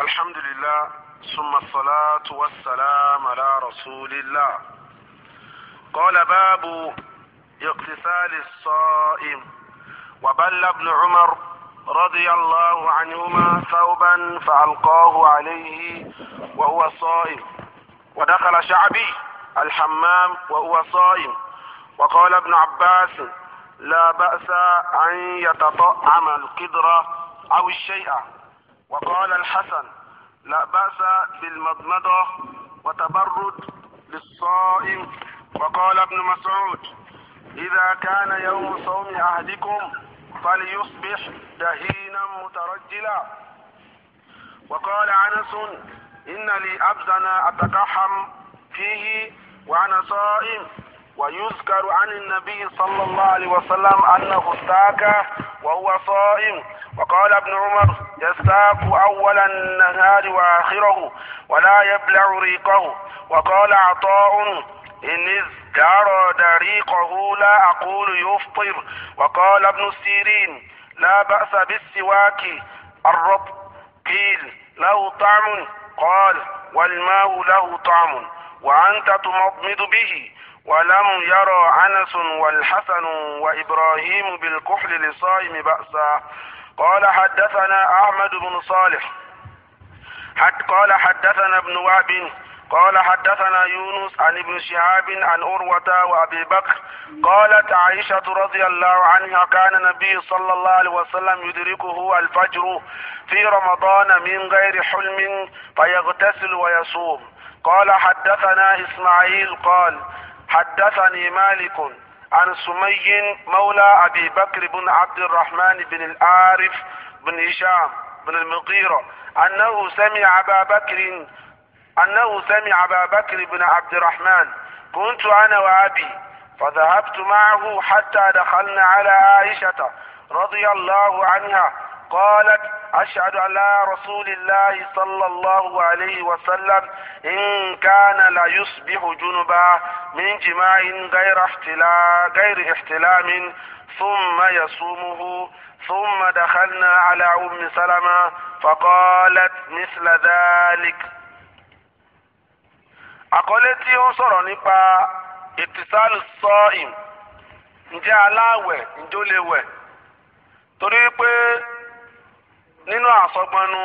الحمد لله ثم الصلاة والسلام على رسول الله قال باب اغتسال الصائم وبل ابن عمر رضي الله عنهما ثوبا فألقاه عليه وهو صائم ودخل شعبي الحمام وهو صائم وقال ابن عباس لا بأس أن يتطعم القدرة أو الشيء وقال الحسن لا بأس بالمضمضة وتبرد للصائم وقال ابن مسعود إذا كان يوم صوم عهدكم فليصبح دهينا مترجلا وقال أنس إن لي أبزنا اتكحم فيه وأنا صائم ويذكر عن النبي صلى الله عليه وسلم أنه استاك وهو صائم وقال ابن عمر يستاك أول النهار وآخره ولا يبلع ريقه وقال عطاء إن ازدار دريقه لا أقول يفطر وقال ابن السيرين لا بأس بالسواك الرب قيل له طعم قال والماء له طعم وأنت تمضمض به ولم يرى أنس والحسن وإبراهيم بالكحل لصائم بأسا قال حدثنا أحمد بن صالح حد قال حدثنا ابن وهب قال حدثنا يونس عن ابن شهاب عن أروة وأبي بكر قالت عائشة رضي الله عنها كان النبي صلى الله عليه وسلم يدركه الفجر في رمضان من غير حلم فيغتسل ويصوم قال حدثنا إسماعيل قال حدثني مالك عن سمي مولى أبي بكر بن عبد الرحمن بن العارف بن هشام بن المغيرة أنه سمع أبا بكر أنه سمع أبا بكر بن عبد الرحمن كنت أنا وأبي فذهبت معه حتى دخلنا على عائشة رضي الله عنها قالت أشهد على رسول الله صلى الله عليه وسلم إن كان لا يصبح جنبا من جماع غير احتلام غير احتلام ثم يصومه ثم دخلنا على أم سلمة فقالت مثل ذلك أقولتي tí ó ń sọ̀rọ̀ nípa ìtìsálù sọ́ọ̀ìm ǹjẹ́ nínú àsọgbọnú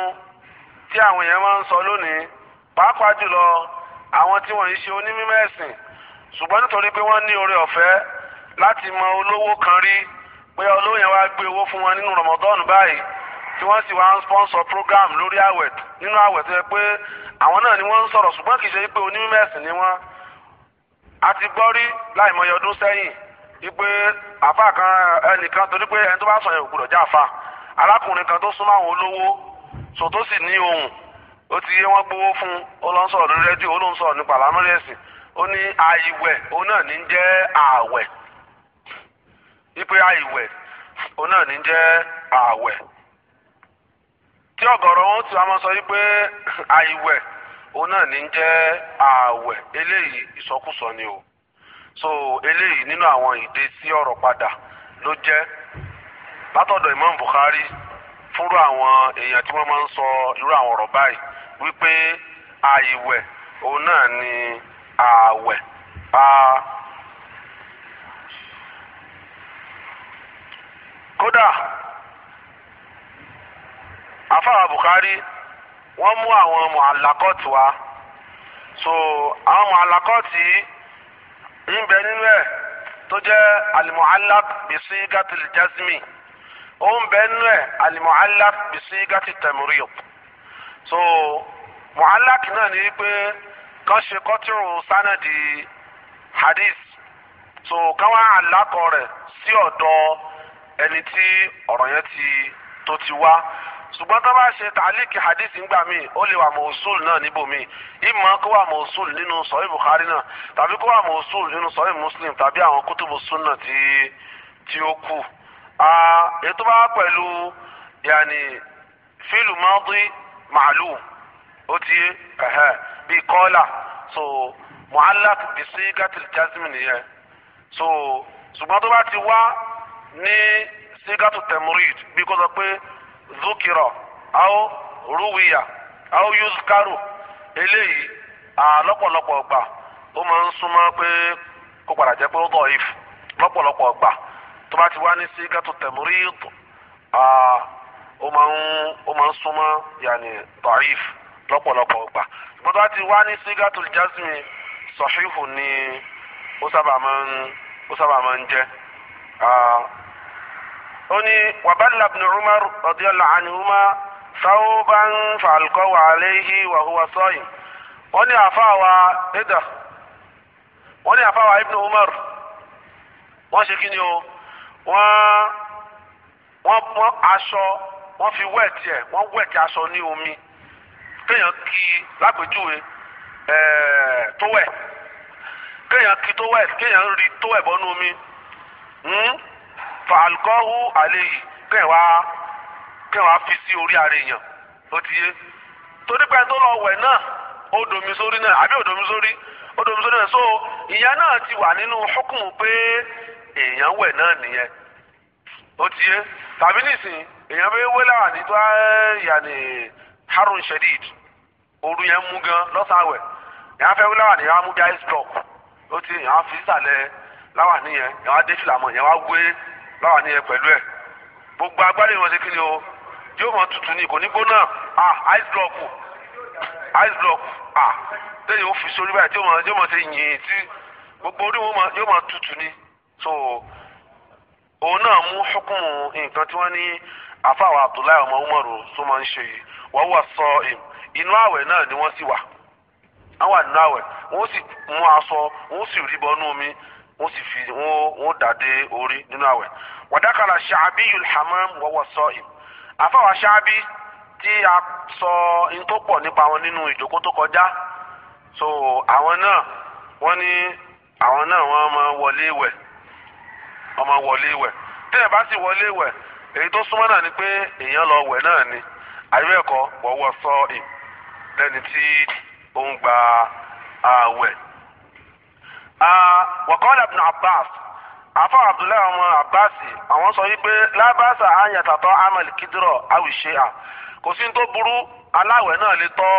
tí àwọn èèyàn máa ń sọ lónìí pàápàá jùlọ àwọn tí wọ́n ń ṣe onímọ̀ ẹ̀sìn ṣùgbọ́n nítorí pé wọ́n ní oore ọ̀fẹ́ láti mọ olówó kan rí pé olówó yẹn wá gbé owó fún wọn nínú Ramadan báyìí tí wọ́n sì wá ń sponsor program lórí àwẹ̀ nínú àwẹ̀ tó yẹ pé àwọn náà ni wọ́n ń sọ̀rọ̀ ṣùgbọ́n kì í ṣe pé onímọ̀ ẹ̀sìn ni wọ́n a ti gbọ́ rí láìmọye ọdún sẹ́yìn wípé àfa kan ẹnìkan torí pé ẹni tó bá sọ yẹn kò gbọdọ̀ já àfa arákùnrin kan tó súnmọ́ àwọn olówó so tó sì ní ohun ó ti yé wọn gbowó fún ó lọ ń sọ̀rọ̀ lórí rédíò ó ló ń sọ̀rọ̀ nípa àlámọ́rí ẹ̀sìn ó ní àìwẹ̀ òun náà ní jẹ́ ààwẹ̀ wípé àìwẹ̀ òun náà ní jẹ́ ààwẹ̀ tí ọ̀gọ̀rọ̀ wọn ti wá sọ wípé àìwẹ̀ òun náà ní jẹ́ ààwẹ̀ eléyìí ìsọkúsọ ni o so eléyìí nínú àwọn ìdè sí ọ̀rọ̀ padà ló jẹ́ látọ̀dọ̀ Imam Bukhari fúnrú àwọn èèyàn tí wọ́n máa ń sọ irú àwọn ọ̀rọ̀ báyìí wípé àìwẹ̀ òun náà ni ààwẹ̀ kódà afáwà Bukhari wọ́n mú àwọn ọmọ àlàkọ́tì wá so àwọn ọmọ àlàkọ́tì ń bẹ nínú ẹ̀ tó jẹ́ al-mu'allaq bi sigatil ó ń bẹ nínú ẹ̀ al-mu'allaq bisigati at so mu'allaq náà ni pé kan ṣe kọ́tìrù sanadi hadith so kan wá àlákọ rẹ̀ sí ọ̀dọ̀ ẹni tí ọ̀rọ̀ yẹn ti tó ti wá ṣùgbọ́n tó bá ṣe tàlíkì hadith ńgbà míì ó lè wà mọ̀ọ́sùl náà níbòmí ìmọ̀ kó wà mọ̀ọ́sùl nínú sọ̀rọ̀ Bukhari náà tàbí kó wà mọ̀ọ́sùl nínú sọ̀rọ̀ Muslim tàbí àwọn kútùbù sunna tí ó kù. ètò bá pẹ̀lú yàní fílù mọ́dí màálù ó ti yé bíi kọ́là so mu'allaq bisi gatil jazmi nìyẹn so ṣùgbọ́n tó bá ti wá ní sigatu temurid bí kò sọ pé zukiro aw ruwiya aw yuzkaru eléyìí lọ́pọ̀lọpọ̀ gbà ó máa ń súnmọ́ pé kó padà jẹ́ pé ó dọ̀ if lọ́pọ̀lọpọ̀ tó bá ti wá ní sígátù tẹ̀múrìtù ó máa ń súnmọ́ yàní da'if lọ́pọ̀lọpọ̀ gbà ṣùgbọ́n tó bá ti wá ní sígátù jazmi sọ̀híhù ni ó sábà máa ń jẹ́ ó ní wàbálà ibn umar radiyallahu anhuma sáwọ́bán fàlùkọ́wà aléhi wàhùwà sọ́yìn wọ́n ní àfáwà ẹ̀dà wọ́n ní àfáwà ibn umar wọ́n ṣe kí ni o wọ́n wọ́n wọ́n aṣọ wọ́n fi wẹ́ẹ̀tì ẹ̀ wọ́n wẹ́ẹ̀tì aṣọ ní omi kéèyàn kí lápèjúwe ẹ̀ẹ́ eh, tó wẹ̀ kéèyàn kí tó wẹ̀ kéèyàn rí tó wẹ̀ bọ́nú omi hmm? fa alikọ́hu àlejì kéèyàn wá kéèyàn wá fi sí orí ara èèyàn ó ti yé torí pé tó lọ wẹ̀ náà ó domi sórí náà àbí ó domi sórí ó domi sórí náà so ìyẹn náà ti wà nínú hukumu pé. èèyàn wẹ̀ náà nìyẹn ó ti yé tàbí nìsín èèyàn bẹ wé láàánú tó ní harun shadid ooru yẹn mú gan lọ́sàn èèyàn fẹ́ wé láàánú yẹn á mú bí ice block ó ti yàn á fi sísàlẹ̀ láwàní yẹn yàn á dé filamọ yàn wá wé láwàní yẹn pẹ̀lú ẹ̀ gbogbo agbárí wọn ṣe kí ni o yóò mọ tutù ní kò ní gbóná ah ice block ice block ah lẹ́yìn ó fi sórí báyìí yóò mọ ṣe yìn tí gbogbo orí wọn yóò mọ tutù ní. so òun náà mú hukumu nǹkan tí wọ́n ní àfàwọ̀ abdullahi ọmọ umaru tó máa ń ṣe yìí wọ́n wà sọ inú àwẹ̀ náà ni wọ́n sì wà wọ́n wà nínú àwẹ̀ wọ́n sì mú aṣọ wọ́n sì rí bọ́nú omi wọ́n sì fi wọ́n dàdé orí nínú àwẹ̀ wàdákàlà ṣáàbí yulhamam wọ́n wà sọ àfàwọ̀ ṣáàbí tí a sọ ntọ́pọ̀ nípa wọn nínú ìjókòó tó kọjá so àwọn náà wọ́n ní àwọn náà wọ́n máa wọlé wẹ̀ ọmọ wọlé wẹ̀ téèyàn bá sì wọlé èyí tó súnmọ́ náà ni pé èèyàn lọ wẹ̀ náà ni àyẹ̀kọ́ wọ́wọ́ sọ ìm lẹ́ni tí ó ń gba àwẹ̀. wàkọ́lá abbas ọmọ abbas àwọn sọ wípé lábàṣà àwìṣe à kò sí tó burú aláwẹ̀ náà lè tọ́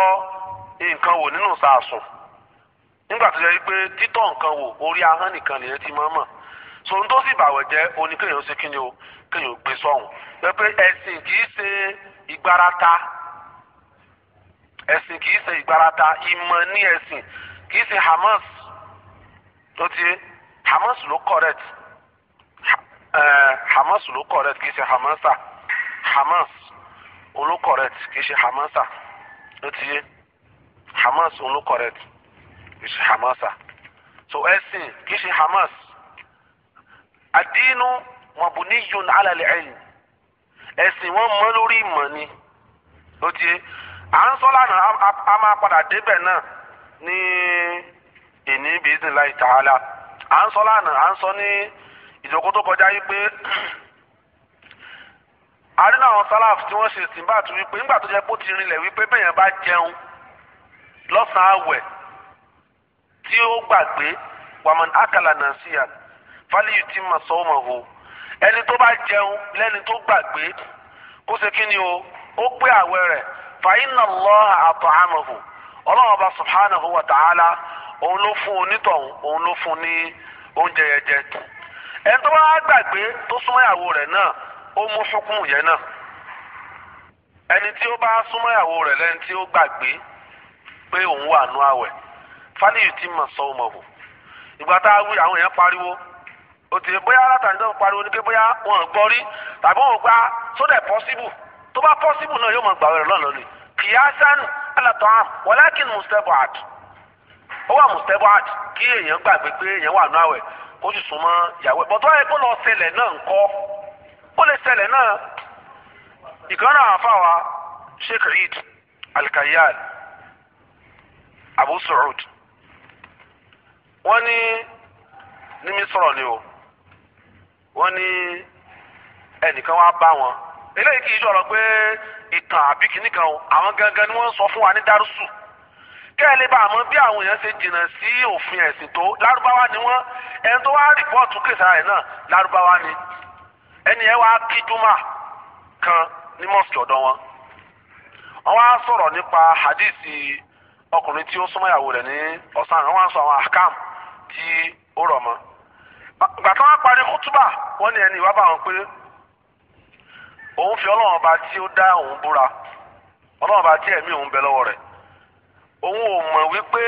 nǹkan wò nínú sàásùn nígbà tó yẹ wípé títọ́ nǹkan wò orí ahọ́n so n tó sì bàwẹ̀ jẹ́ oní kéèyàn ṣe kí ni o kéèyàn gbé sọ́hùn pẹ́pẹ́ ẹ̀sìn kì í ṣe ìgbárata ẹ̀sìn kì í ṣe ìgbárata ìmọ̀ ní ẹ̀sìn kì í ṣe Hamas tó ti Hamas ló correct Hamas ló correct kì í ṣe Hamasa Hamas ló correct kì í ṣe Hamasa tó ti Hamas ló correct kì í ṣe Hamasa so ẹ̀sìn kì í ṣe Hamas àdínú mabuniyun ala al-ilm ẹ̀sìn wọn mọ lórí ìmọ̀ ni ó ti à ń sọ lánàá a máa padà débẹ̀ náà ní ìní bi'iznillahi ta'ala à ń sọ lánàá à ń sọ ní ìjókòó tó kọjá yìí pé àrínà àwọn sálàf tí wọ́n ṣe sìnbàtú wípé nígbà tó jẹ́ pé ó ti rinlẹ̀ wípé bẹ́ẹ̀ bá jẹun lọ́sàn-án àwẹ̀ tí ó gbàgbé wàmọ̀n àkàlà nàṣíyàn fáliyùtì mà sọ́mọ̀hó ẹni tó bá jẹun lẹ́ni tó gbàgbé kó ṣe kí ni o ó pé fayin rẹ̀ fàyínà lọ́hà àtọ̀hámọ̀hó ọlọ́run ọba subhanahu wa ta'ala òun ló fún onítọ̀hún òun ló fún ní oúnjẹ yẹn jẹ ẹni tó bá gbàgbé tó súnmọ́ rẹ̀ náà ó mú ṣùkùn yẹn náà ẹni tí ó bá rẹ̀ tí ó gbàgbé pé òun wà nú àwẹ̀ pariwo o ti bóyá látàrí tó ń pariwo ni pé bóyá wọn gbọ́ rí tàbí wọn gba sódà pọ́síbù tó bá pọ́síbù náà yóò mọ̀ gbàwẹ̀rẹ̀ náà lọ́lẹ̀ kìyàsán alatọ́ham wọlákin mustabuad ó wà mustabuad kí èèyàn gbàgbé pé èèyàn wà nù àwẹ̀ kó sì súnmọ́ ìyàwó ẹ̀ bọ́tọ́ ẹ̀kọ́ lọ ṣẹlẹ̀ náà ń kọ́ ó lè ṣẹlẹ̀ náà ìkànnà àfàwà sheikh eid alkayyal abu suud wọ́n ní ní mi sọ̀rọ̀ ni o wọ́n ní ẹnìkan wá bá wọn eléyìí kì í sọ̀rọ̀ pé ìtàn àbí kìíní kan àwọn gangan ni wọ́n sọ fún wa ní dárúsù kẹ́ẹ̀lẹ́ bá àmọ́ bí àwọn èèyàn ṣe jìnnà sí òfin ẹ̀sìn tó lárúbáwá ni wọ́n ẹni tó wá rìpọ́ọ̀tù kèsà rẹ̀ náà lárúbáwá ni ẹni ẹ wá kí júmà kan ní mọ́sùkì ọ̀dọ̀ wọn. wọ́n wá sọ̀rọ̀ nípa hadisi ọkùnrin tí ó súnmọ́ ìyàwó rẹ̀ ní ọ̀sán wọ́n wá àwọn àkàm tí ó rọ̀ mọ́ ìgbà tí wọ́n parí kútúbà wọ́n ní ẹni ìwà bá wọn pé òun fi ọlọ́run ọba tí ó dá òun búra ọlọ́run ọba tí ẹ̀mí òun bẹ lọ́wọ́ rẹ̀ òun ò mọ̀ wípé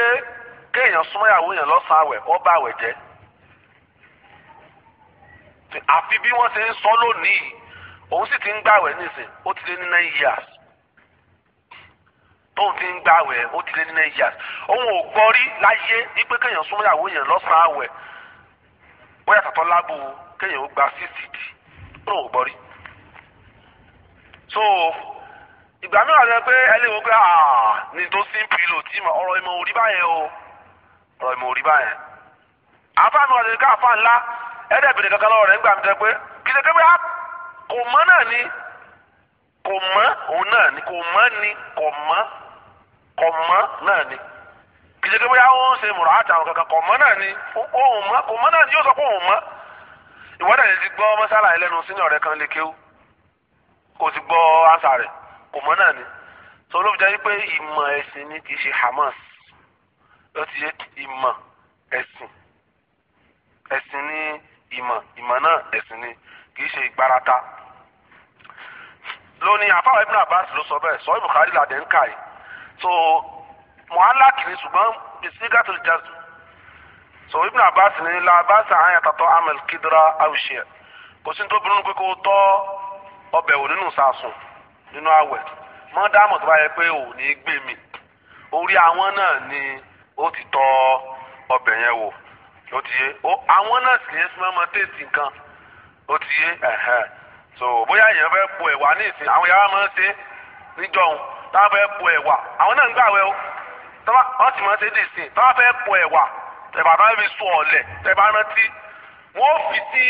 kéèyàn súnmọ́ ìyàwó yẹn lọ́sàn-án àwẹ̀ ó bà àwẹ̀ jẹ́ àfi bí wọ́n ṣe ń sọ lónìí òun sì ti ń gbàwẹ̀ nísìn ó ti lé ní nine years tóun ti ń gbàwẹ̀ ó ti lé ní nine years òun ò gbọ́ rí láyé wípé kéèyàn súnmọ́ ìyàwó yẹn lọ́sàn-án àwẹ̀ ó yàtọ̀ tó kéèyàn gba sísìtì ó lóun gbọ́ rí. so ìgbà mìíràn rẹ pé ẹlẹ́wọ̀n pé ah, ní tó simple lò tí ọ̀rọ̀ ìmọ̀ òrí báyẹn o ọ̀rọ̀ ìmọ̀ òrí báyẹn. àáfàá mi wà lórí káàfáà ńlá ẹ̀ẹ́dẹ̀gbẹ̀rẹ̀ kankan lọ́wọ́ rẹ̀ ń gbà mí tẹ́ pé kìlẹ̀kẹ́ pé ah, kò mọ́ náà ni kò mọ́ òun náà ni kò mọ́ ni kò mọ́ kò mọ́ náà ni kì í ṣe pé bóyá ó ń ṣe mùrọ̀ àtàwọn kankan kọ̀ mọ́ náà ni òun mọ́ kò mọ́ náà ni yóò sọ pé òun mọ́ ìwọ́dà yẹn ti gbọ́ mọ́sálà ẹlẹ́nu sínú ọ̀rẹ́ kan lè kéwú kò ti gbọ́ àṣà rẹ̀ kò mọ́ náà ni tó ló fi pé ìmọ̀ ẹ̀sìn ni kì í ṣe Hamas ó ti yẹ ìmọ̀ ẹ̀sìn ẹ̀sìn ni ìmọ̀ ìmọ̀ náà ẹ̀sìn ni kì í ṣe ìgbarata lónìí àfáwọn Ibn Abbas ló sọ bẹ́ẹ̀ sọ Bukhari làdẹ̀ ń kà yìí so muhalaki ni ṣùgbọ́n bisigatu jazu so ibn abbas ni la abasa an yatatọ amal kidra awuṣe kò sí ní tó burú pé kó tọ́ ọbẹ̀ wò nínú sàásùn nínú àwẹ̀ mọ́ dáàmú tó bá yẹ pé ò ní gbé mi orí àwọn náà ni ó ti tọ́ ọbẹ̀ yẹn wò ó ti yé àwọn náà sì ní ẹsùn mọ́ tètè nǹkan ó ti yé ẹ̀hẹ́ so bóyá èèyàn fẹ́ po ẹ̀wà ní ìsìn àwọn yàrá máa ń ṣe níjọ́ òun táwọn fẹ́ po ẹ̀wà àwọn náà ń gbàwẹ̀ o tọ́ba wọ́n ti máa ṣe dì sí tọ́ba fẹ́ pọ̀ ẹ̀wà tẹ̀bà bá fi sọ ọ̀lẹ̀ tẹ̀bà rántí wọ́n fi sí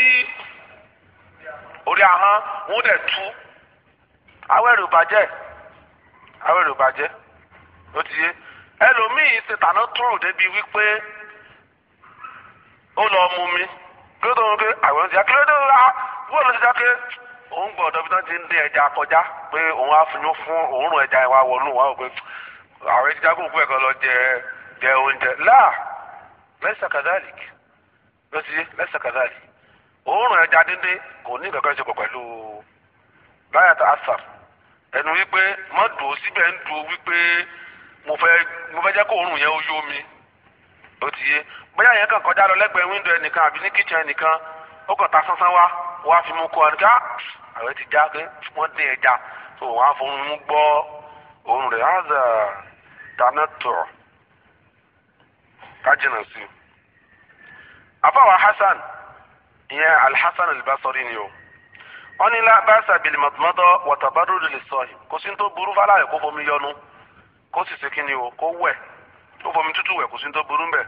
orí ahọ́n wọ́n dẹ̀ tú awẹ́rù bàjẹ́ awẹ́rù bàjẹ́ ló ti yé ẹlòmíì ṣe tàná túrù débi wípé ó lọ mú mi kí ló tó ń gbé àwọn ìjà kí ló tó ń ra wọ́n lọ ti dákẹ́ òun gbọ́dọ̀ bí wọ́n ti ń dín ẹja kọjá pé òun á fi yún fún òórùn ẹja ìwà wọ̀lú wọn ò pé àwọn ẹni dágùn fún ẹ̀kọ́ lọ jẹ jẹ oúnjẹ láà lẹ́sà kàdáàlìkì ló ti lẹ́sà kàdáàlìkì òórùn ẹja dídín kò ní kankan ṣe pọ̀ pẹ̀lú láyà tá a sàr ẹnu wípé má dùn ó síbẹ̀ ń dùn wípé mo fẹ́ mo fẹ́ jẹ́ kó òórùn yẹn ó yó mi ló ti yé bóyá yẹn kàn kọjá lọ lẹ́gbẹ̀ẹ́ wíńdò ẹnìkan àbí ní kíchìn ẹnìkan ó kàn ta sánsán wá wá fi mú kọ ẹnìkan àwọn ti já pé wọ́n dín ẹja tó wọ́n á fún un mú gbọ́ òórùn rẹ̀ áza dáná tọ̀ ká jìnnà sí. àfàwà hasan ìyẹn alhassan albasori ni o la ní lábàṣà bìlìmọ̀tòmọ́tò wọ̀tàbádùrù lè sọ yìí kò sí ní tó burú fáláyé kó fomi yọnu kó sì ṣe kíni o kó wẹ̀ kó fomi tútù wẹ̀ kò sí ní tó burú mbẹ̀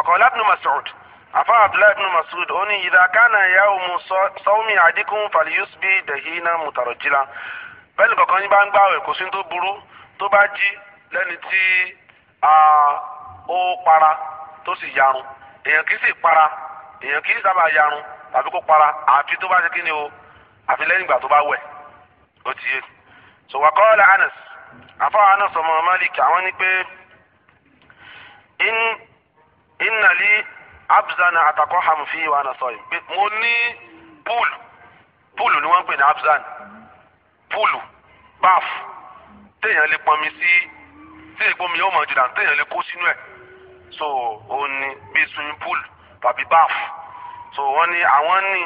ọ̀kọ̀ lábìnú masoud afa abdullahi ibn masud ó ní ìdákànnà ìyá òmu sọ́ọ́mì àdínkùn fàlíyùsbí dẹ̀hínà mùtàrọ̀jìlá bẹ́ẹ̀ ni kọ̀ọ̀kan yín bá ń gbàwẹ̀ kò sí ní tó burú tó bá lẹ́ni tí ó para tó sì yarun èèyàn kì í sì para èèyàn kì í sábà yarun tàbí kó para àfi tó bá ṣe kí ni o àfi lẹ́yìn ìgbà tó bá wẹ̀ ó ti yé so wàkọ́ọ́lá Anas àfọwọ́ Anas ọmọ Malik àwọn ni pé in innali abzana àtàkọ́ hamufi wa ana sọ yìí pé mo ní púùlù púùlù ni wọ́n ń pè ní abzan púùlù báàfù téèyàn lè pọnmi sí. Si, tí èpo mi yóò mọ̀ jù dàn téèyàn lè kó sínú ẹ̀ so òun ni bíi swimming pool tàbí baff so wọ́n ní àwọn ní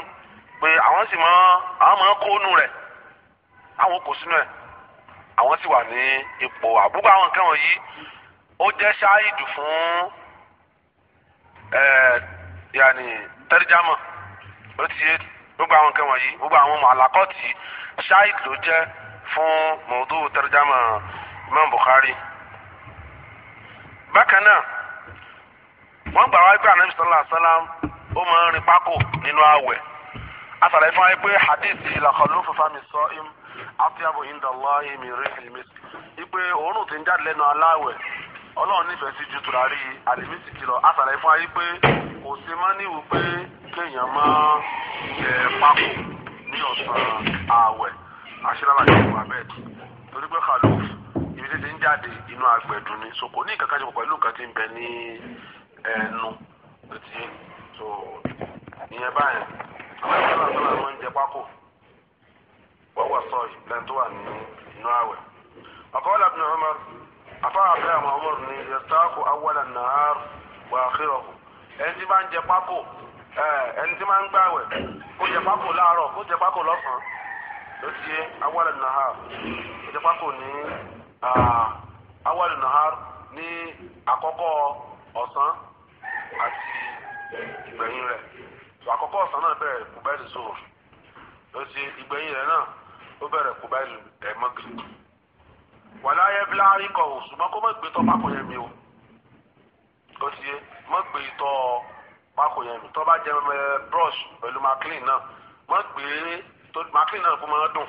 pé àwọn sì mọ àwọn mọ kónú rẹ̀ àwọn kò sínú ẹ̀ àwọn sì wà ní ipò àbúgbò àwọn nǹkan wọ̀nyí ó jẹ́ ṣáàyìdù fún ẹ̀ yàní tẹ́rìjàmọ̀ ó ti yé gbogbo àwọn nǹkan wọ̀nyí gbogbo àwọn ọmọ àlàkọ́tì ṣáàyìdù ló jẹ́ fún mọ̀ọ́dún tẹ́rìjàmọ̀ Imam Bukhari. bákan náà wọ́n gbà wáyé pé anabi sallallahu alaihi wasallam ó máa rin pákó nínú àwẹ̀ asàlẹ̀ fún wáyé pé hadith fúnfà mi sọ im àtìyàbò ìdàlọ́ ìmì rí ipe òórùn tí ń jáde lẹ́nu aláwẹ̀ ọlọ́run nífẹ̀ẹ́ sí ju tùràrí àlèmísì kìlọ̀ asàlẹ̀ fún wáyé pé kò sí níwò pé kéèyàn pákó ní ọ̀sán torí pé kàlùfù. tí ti ń jáde inú agbẹ̀dùn ni so kò ní ìkankan ṣe pẹ̀lú nǹkan tí ń bẹ ní ẹnu ti so ìyẹn báyẹn àwọn ìṣẹ́ náà sọ́nà ló ń jẹ pákó wọ́n wà sọ ìpìlẹ̀ tó wà ní inú àwẹ̀. ọ̀kọ́lá ibn Umar afárá abẹ́rẹ́ àwọn ọmọ rẹ̀ ní yẹtáàkù awọ́lá nàár wà áhírọ̀kù ẹni tí máa ń awali nahar ní àkọ́kọ́ ọ̀sán àti ìgbẹ̀yìn rẹ̀ tó àkọ́kọ́ náà bẹ̀rẹ̀ kùbẹ́ẹ̀lì zuhur ló ìgbẹ̀yìn rẹ̀ náà ó bẹ̀rẹ̀ kùbẹ́ẹ̀lì ẹ̀ wàlá yẹ bí láàrin kọ o ṣùgbọ́n kó má gbé tọ́ o ó má gbé tọ́ pákó yẹn mi tọ́ bá jẹ brush pẹ̀lú maclean náà má gbé maclean náà kó má dùn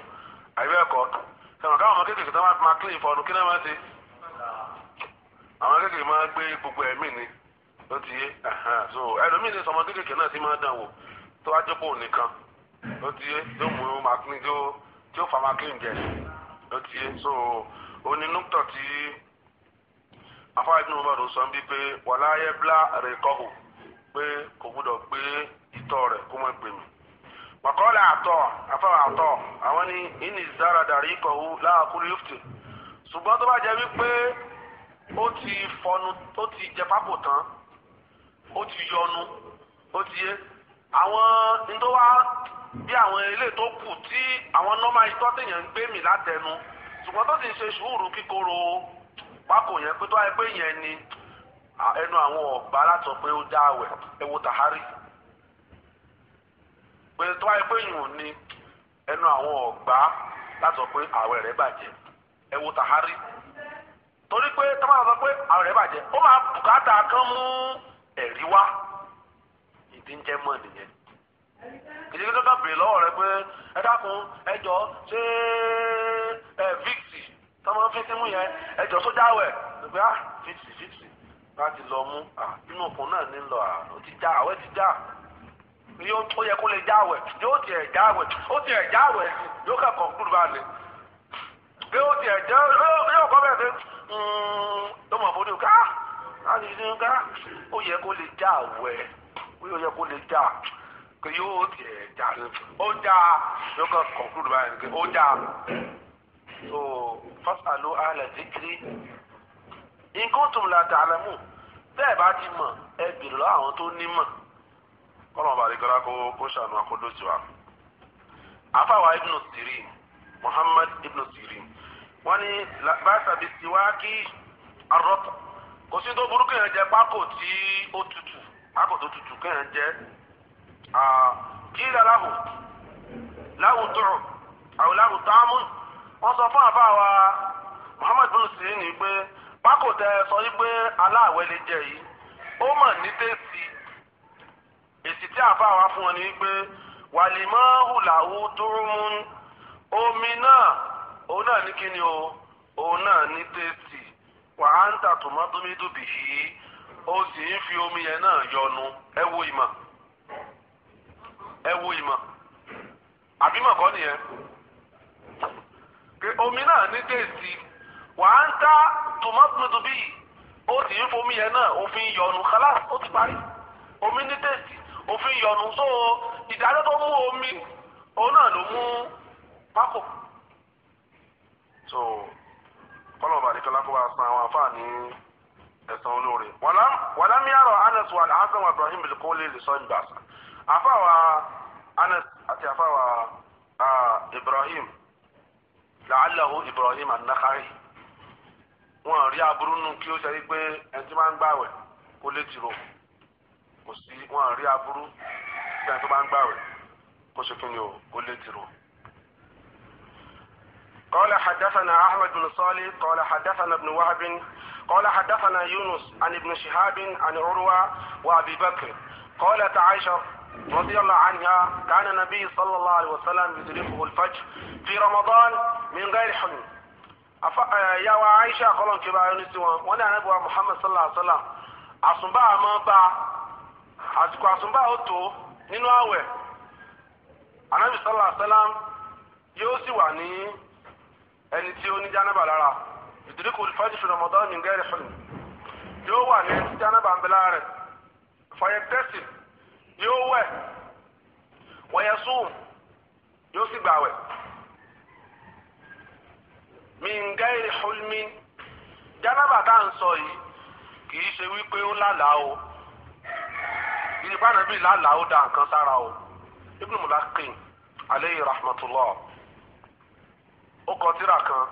ẹ̀rọ káwọn ọmọ kékeré tó máa máa kílè fọnù kí náà máa ṣe àwọn kékeré máa gbé gbogbo ẹ̀mí ni ló ti yé so ẹlòmíì ní sọmọ kékeré náà ti máa dàn wò tó wá jókòó nìkan ló ti yé tó mú máa kílè tí ó fa máa kílè jẹ ló ti yé so onínúktọ̀ tí afáàdínú bọ̀dọ̀ sọ bí pé wàláyé blá rẹ̀ kọ́hù pé kò gbúdọ̀ gbé itọ́ rẹ̀ kó mọ̀ gbèmí wàkọ́lá àtọ̀ àfọwọ́ àtọ̀ àwọn ní ìní ìzára dàrí ìkọ̀wé láàkúrú yófùtì ṣùgbọ́n tó bá jẹ́ wípé ó ti fọnu ó ti jẹ pápò tán ó ti yọnu ó ti yé àwọn ntọ́wá bí àwọn ilé tó kù tí àwọn nọ́mà itọ́ tèèyàn ń gbé mì látẹnu ṣùgbọ́n tó ti ṣe sùúrù kíkorò pákó yẹn pé tó wáyé pé yẹn ni ẹnu àwọn ọ̀gbá látọ̀ pé ó dá àwẹ̀ ẹ̀wò tàhárì pé tó wáyé pé yùn ní ẹnu àwọn ọ̀gbá láti sọ pé àwẹ̀ rẹ̀ bàjẹ́ ẹ wo tàhárí torí pé tó máa sọ pé àwẹ̀ rẹ̀ bàjẹ́ ó máa bùkátà kán mú ẹ̀rí wá ìdí ń jẹ́ mọ́ nìyẹn kìdìkì tó kàn bèrè lọ́wọ́ rẹ pé ẹ dákun ẹ jọ ṣé ẹ vixi tó máa ń fi símú yẹn ẹ jọ sójà wẹ̀ lọ́gbẹ́ ah vixi vixi láti lọ mú ah inú òkun náà ní lọ ah ti já àwẹ̀ ti já ni ó yẹ kó lè jáwẹ̀ yóò tiẹ̀ jáwẹ̀ ó tiẹ̀ jáwẹ̀ yóò kẹ́ kọ̀ọ̀kúrú bá lè bí ó tiẹ̀ jẹ́ yóò kọ́ bẹ́ẹ̀ pé ó mọ̀ fún ká láti ní ká ó yẹ kó lè jáwẹ̀ ó yẹ kó lè já pé yóò tiẹ̀ já ó já yóò kẹ́ kọ̀ọ̀kúrú bá lè ó já so fasalu ala zikiri nǹkan tó ń la dàlámù bẹ́ẹ̀ bá ti mọ̀ ẹ bèrè lọ àwọn tó ní mọ̀. kọlọ ọba rí kọ́lá kó ṣàánú akọ́dọ̀tì wa. afáwa ibn sirin muhammad ibn sirin wọ́n ní bàtà bíi tiwákì arọ́tọ̀ kò sí tó burú kéèyàn jẹ pákó tí ó tutù pákó tó tutù kéèyàn jẹ kíra láwù láwù dùrù láwù táàmù sọ fún àfáwa muhammad ibn sirin ni pé pákó tẹ sọ yí pé lè jẹ yìí ó mà ní èsì tí àfa wa fún ọ ni pé wàlímọ́ hùlàwù túrúmú omi náà òun náà ní kíni o òun náà ní tẹ́sì wà á ń tàtò mọ́tòmídù bìí ó sì ń fi omi yẹn náà yọnu ẹ wo ìmọ̀ ẹ wo ìmọ̀ àbí nìyẹn pé omi náà ní tẹ́sì wà á ń tá tòmọ́tòmídù bìí ó sì ń fomi yẹn náà òfin yọnu kálá ó ti parí omi ní tẹ́sì òfin yọnu so ìdájọ́ tó mú omi òun náà ló mú pákó. so kọ́lọ̀ bàdé kọ́lá kó bá san àwọn àǹfààní ẹ̀sán olóore. wàlá miyàrá anas wa alhassan wa ibrahim bilkoli lè sọ ìgbà àṣà àfàwà anas àti àfàwà ibrahim làálàhù ibrahim an-Nakhai wọn rí aburú nù kí ó ṣe wípé ẹni tí máa ń gbàwẹ̀ kó lè tìrò kò sí wọn rí aburú bí ẹni tó bá ń gbàwẹ̀ kó ṣe kí ni o kó lè dìrò. قال حدثنا أحمد بن صالح قال حدثنا ابن وهب قال حدثنا يونس عن ابن شهاب عن عروة وأبي بكر قالت عائشة رضي الله عنها كان النبي صلى الله عليه وسلم يدركه الفجر في رمضان من غير حلم يا عائشة قالوا كبار يونس وانا نبوى محمد صلى الله عليه وسلم أصنبها ما با àsìkò àsùnbà ó tó nínú àwẹ̀ anabi sallallahu alayhi wa sallam yóò sì wà ní ẹni tí ó ní jánaba lára ìdíríkù fájì fi Ramadan ní gẹ́rẹ́ fún mi yóò wà ní ẹni tí jánaba ń bẹ lára fọyẹ tẹ́sì yóò wẹ̀ wọ̀yẹ sùn yóò sì gbàwẹ̀ min gẹ́rẹ́ fún mi jánaba tá à ń sọ yìí kì í ṣe wípé ó lálàá o kì í bá nàbí làálàá ó da nǹkan sára o Ibn Mulaqqin aleyhi rahmatullah ó kọ tírà kan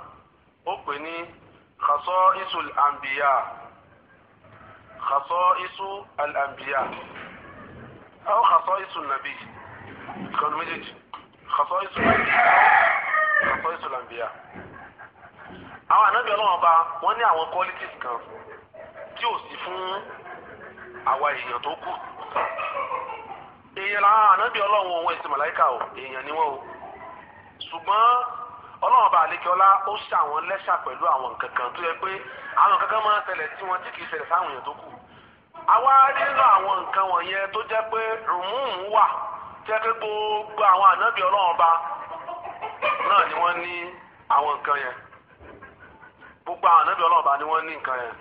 ó pè ní Khasa'isul Anbiya Khasa'isul Anbiya àwọn Khasa'isun Nabi ìkànnì méjèèjì Khasa'isul Anbiya Khasa'isul Anbiya àwọn ànábì ọlọ́wọ́n wọ́n ní àwọn qualities kan tí ò sí fún àwa èèyàn tó kù èèyàn làwọn ànábì ọlọ́run òun ẹ̀sìn màláìkà o èèyàn ni wọ́n o ṣùgbọ́n ọlọ́run bá àlékiọlá ó ṣe àwọn lẹ́ṣà pẹ̀lú àwọn nǹkan kan tó yẹ pé àwọn nǹkan kan máa ń ṣẹlẹ̀ tí wọ́n tí kì í ṣẹlẹ̀ sáwọn èèyàn tó kù àwa nínú àwọn nǹkan wọ̀nyẹn tó jẹ́ pé rùmùmù wà jẹ́ pé gbogbo àwọn ànábì ọlọ́run bá náà ni wọ́n ní àwọn nǹkan yẹn gbogbo àwọn ànábì ọlọ́run bá ni wọ́n ní nǹkan yẹn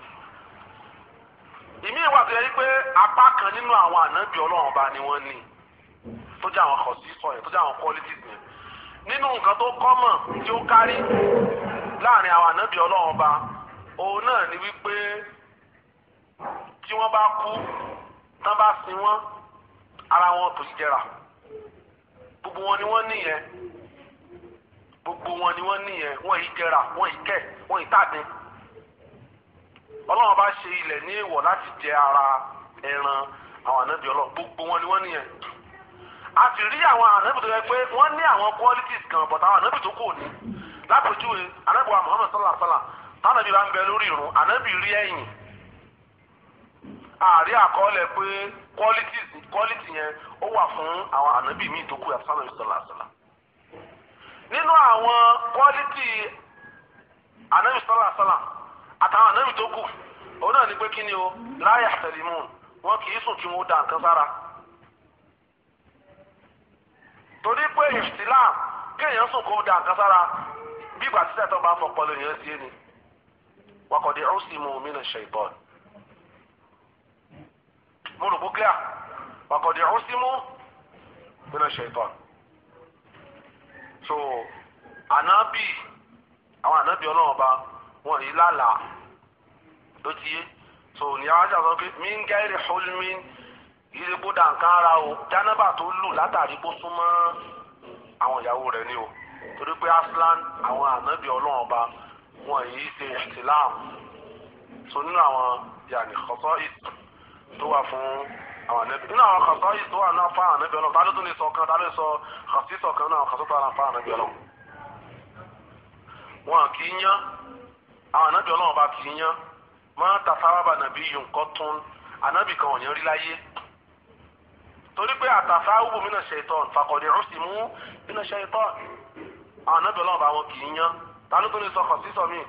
ìmí ìwà tó yẹ pé apá kan nínú àwọn ànábì ọlọ́run bá ni wọ́n ní tó jẹ́ àwọn kọ̀ọ̀sì sọ yẹn tó jẹ́ àwọn qualities yẹn nínú nǹkan tó kọ́mọ̀ tí ó kárí láàrin àwọn ànábì ọlọ́run bá òun náà ni wípé tí wọ́n bá kú tán bá sin wọ́n ara wọn kò sí jẹrà gbogbo wọn ni wọ́n nìyẹn gbogbo wọn ni wọ́n nìyẹn wọ́n yìí jẹrà wọ́n yìí kẹ́ wọ́n yìí tàdé ọlọ́run bá ṣe ilẹ̀ ní èèwọ̀ láti jẹ ara ẹran àwọn ànábì ọlọ́ gbogbo wọn ni wọ́n nìyẹn a sì rí àwọn ànábì tó yẹ pé wọ́n ní àwọn qualities kan but àwọn ànábì tó kò ní lápèjúwe ànábì wa Muhammad sallallahu alaihi tánàbí bá ń bẹ lórí ìrun ànábì rí ẹ̀yìn àárí àkọọ́lẹ̀ pé qualities quality yẹn ó wà fún àwọn ànábì míì tó kù yàtọ̀ sálọ̀ ìsọ̀lá àṣàlà nínú àwọn quality ànábì sọ̀lá àṣàlà àtàwọn ànábì tó kù òun náà ní pé kí o la yahtalimun wọn kì í sùn kí wọn da nǹkan sára torí pé ìfìtìláàmù kéèyàn sùn kó da nǹkan sára bí ìgbà tí sẹ́tọ̀ bá fọpọ́ lóyún ẹ̀ sí ẹni wakọ̀dé ọ̀sìmù min ash-shaytan mo rò bókè à wakọ̀dé ọ̀sìmù min so ànábì àwọn ànábì ọlọ́wọ́n wọn yìí lálàá ló ti yé so ní arájà sọ pé mí ń gẹ́rì holmi ilé kódà nǹkan ara o jánábà tó lù látàrí kó súnmọ́ àwọn ìyàwó rẹ̀ ni o torí pé aslan àwọn ànábì ọlọ́run ọba wọn yìí ṣe ìsìláàmù so nínú àwọn yàní kọ́sọ́ ìtù tó wà fún àwọn ànábì nínú àwọn kọ́sọ́ ìtù tó wà náà fún àwọn ànábì ọlọ́run ta ló tún lè sọ kan ta ló sọ kọ́sí sọ kan náà kọ́sọ́ tó wà náà fún àwọn ànábì ọlọ́run wọn kì í yán àwọn ànábì ọlọ́run bá kì í yán máa ta sábàbà nàbí yìí nǹkan tún ànábì kan ọ̀yàn rí láyé torí pé àtàfà wù mí náà ṣètọ́n fàkọ̀dé rúṣì mú mí náà ṣètọ́n àwọn ànábì ọlọ́run bá wọn kì í yán tani tó lè sọkàn sísọ mí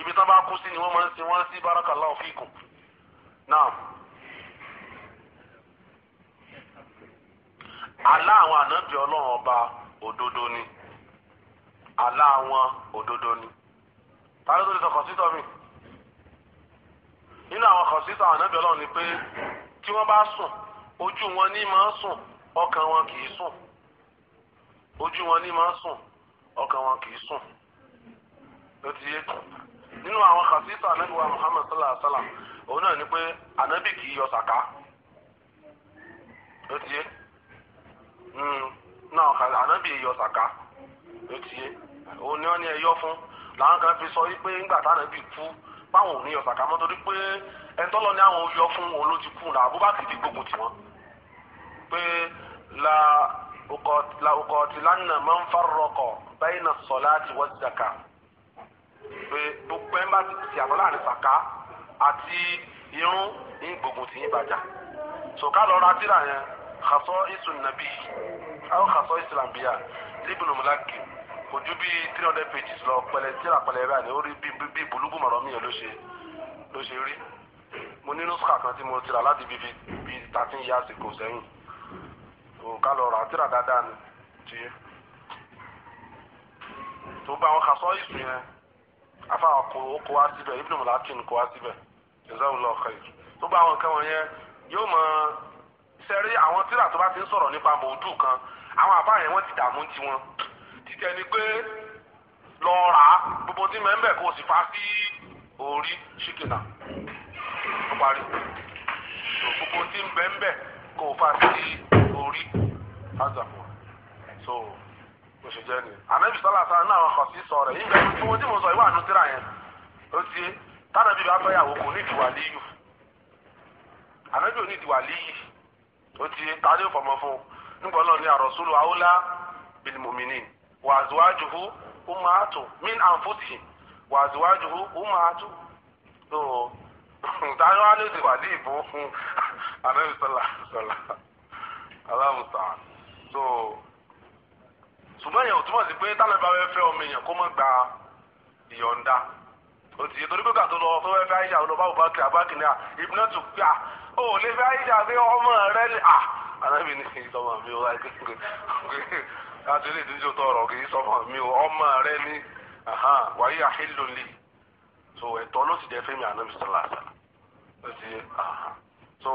ibi tán bá kú sí ni wọ́n máa ń sin wọ́n sí barakallahu fikum náà. àlá àwọn ànábì ọlọ́run ọba òdodo ni àlá àwọn òdodo ni tàbí tó lè sọ kọ̀sítọ̀ mi nínú àwọn kọ̀sítọ̀ àwọn ọlọ́run ni pé tí wọ́n bá sùn ojú wọn ní máa sùn ọkàn wọn kìí sùn ojú wọn ní máa ọkàn wọn sùn ló ti yé nínú àwọn kọ̀sítọ̀ ànábì wa Muhammad sallallahu alayhi wa sallam òun náà ni pé ànábì kìí yọ sàká ló ti yé hmm. yọ sàká ló ti yé òun ni wọ́n làwọn kan fi sọ wípé ńgbà tá ànábì kú báwọn ò ní yọ sàkà mọ́ torí pé ẹ̀ńtọ́lọ́ ni àwọn yọ fún òun ló ti kú náà Abubakar ti gbógun tiwọn pé la ọkọ̀ ti lánàá máa ń fárọkọ̀ báyìí náà sọ láti wọ́n zaka pé gbogbo ẹ̀ ń ti àbọ̀ láàrin sàkà àti irun ní gbógun ti yín bàjá sọ̀ká lọ ra tíra yẹn xasọ́ isu nàbí àwọn xasọ́ isu làǹbíyà libnu mulakim kò ju bí three hundred pages lọ pẹlẹ tíra pẹlẹ báyìí ó rí bí bí bùlùbù mọ̀rọ̀ mi yẹn ló ṣe ló ṣe rí mo ní nùsùkà kan tí mo tira láti bí bí bí thirteen years ago sẹ́yìn òǹkà lọ rà tíra dáadáa ni ti tó bá wọn kà sọ ìsù yẹn afa kò kó wá síbẹ̀ ibùdó mọ̀lá kí ni kó wá síbẹ̀ ìṣẹ́wọ̀n lọ kẹ́ tó bá wọn kẹ́ wọn yẹn yóò mọ sẹ́rí àwọn tíra tó bá ti ń sọ̀rọ̀ nípa mòódù kan àwọn àbá yẹn wọ́n ti dààmú tiwọn títẹ̀ ni pé lọ rà á gbogbo tí mẹ́ńbẹ̀ kò sì fa sí orí ṣìkìnà ó parí so gbogbo tí mẹ́ńbẹ̀ kò fa sí orí azàpọ̀ so bó ṣe jẹ́ ni ànábì sọ́lá sọ́lá náà wọ́n sí sọ rẹ̀ yín bẹ́ẹ̀ tí wọ́n tí mo sọ ìwà ànútìrà yẹn ó ti yé tánàbí bá fẹ́ kò ní ìdìwà líyù ànábì ò ní ìdìwà líyù ó ti yé tani ó fọmọ fún un nígbà náà ni àròsúlù àwòlá bìlìmùmínì wa azwajuhu ummahatu min anfusihim wa azwajuhu so táwọn wá ló ti wà ní ìbò fún anabi sọlá sọlá aláwùsà so ṣùgbọ́n èèyàn túmọ̀ sí pé tálẹ̀ bá fẹ́ ọmọ èèyàn kó mọ̀ gba ìyọ̀ǹda òtì yìí torí pé lọ fẹ́ fẹ́ àyíṣà lọ bá bùbákì àbákìní à ìbínú tù pé à ó lè fẹ́ àyíṣà pé ọmọ rẹ ni à anábì mi ó wáyé kékeré láti ilé ìdíjọ tó ọ̀rọ̀ kì í sọ fún mi o ọmọ rẹ ní wàyí àhílòlì so ẹ̀tọ́ ló sì jẹ́ fẹ́mi ànábì sọlá àṣàlà ló ti so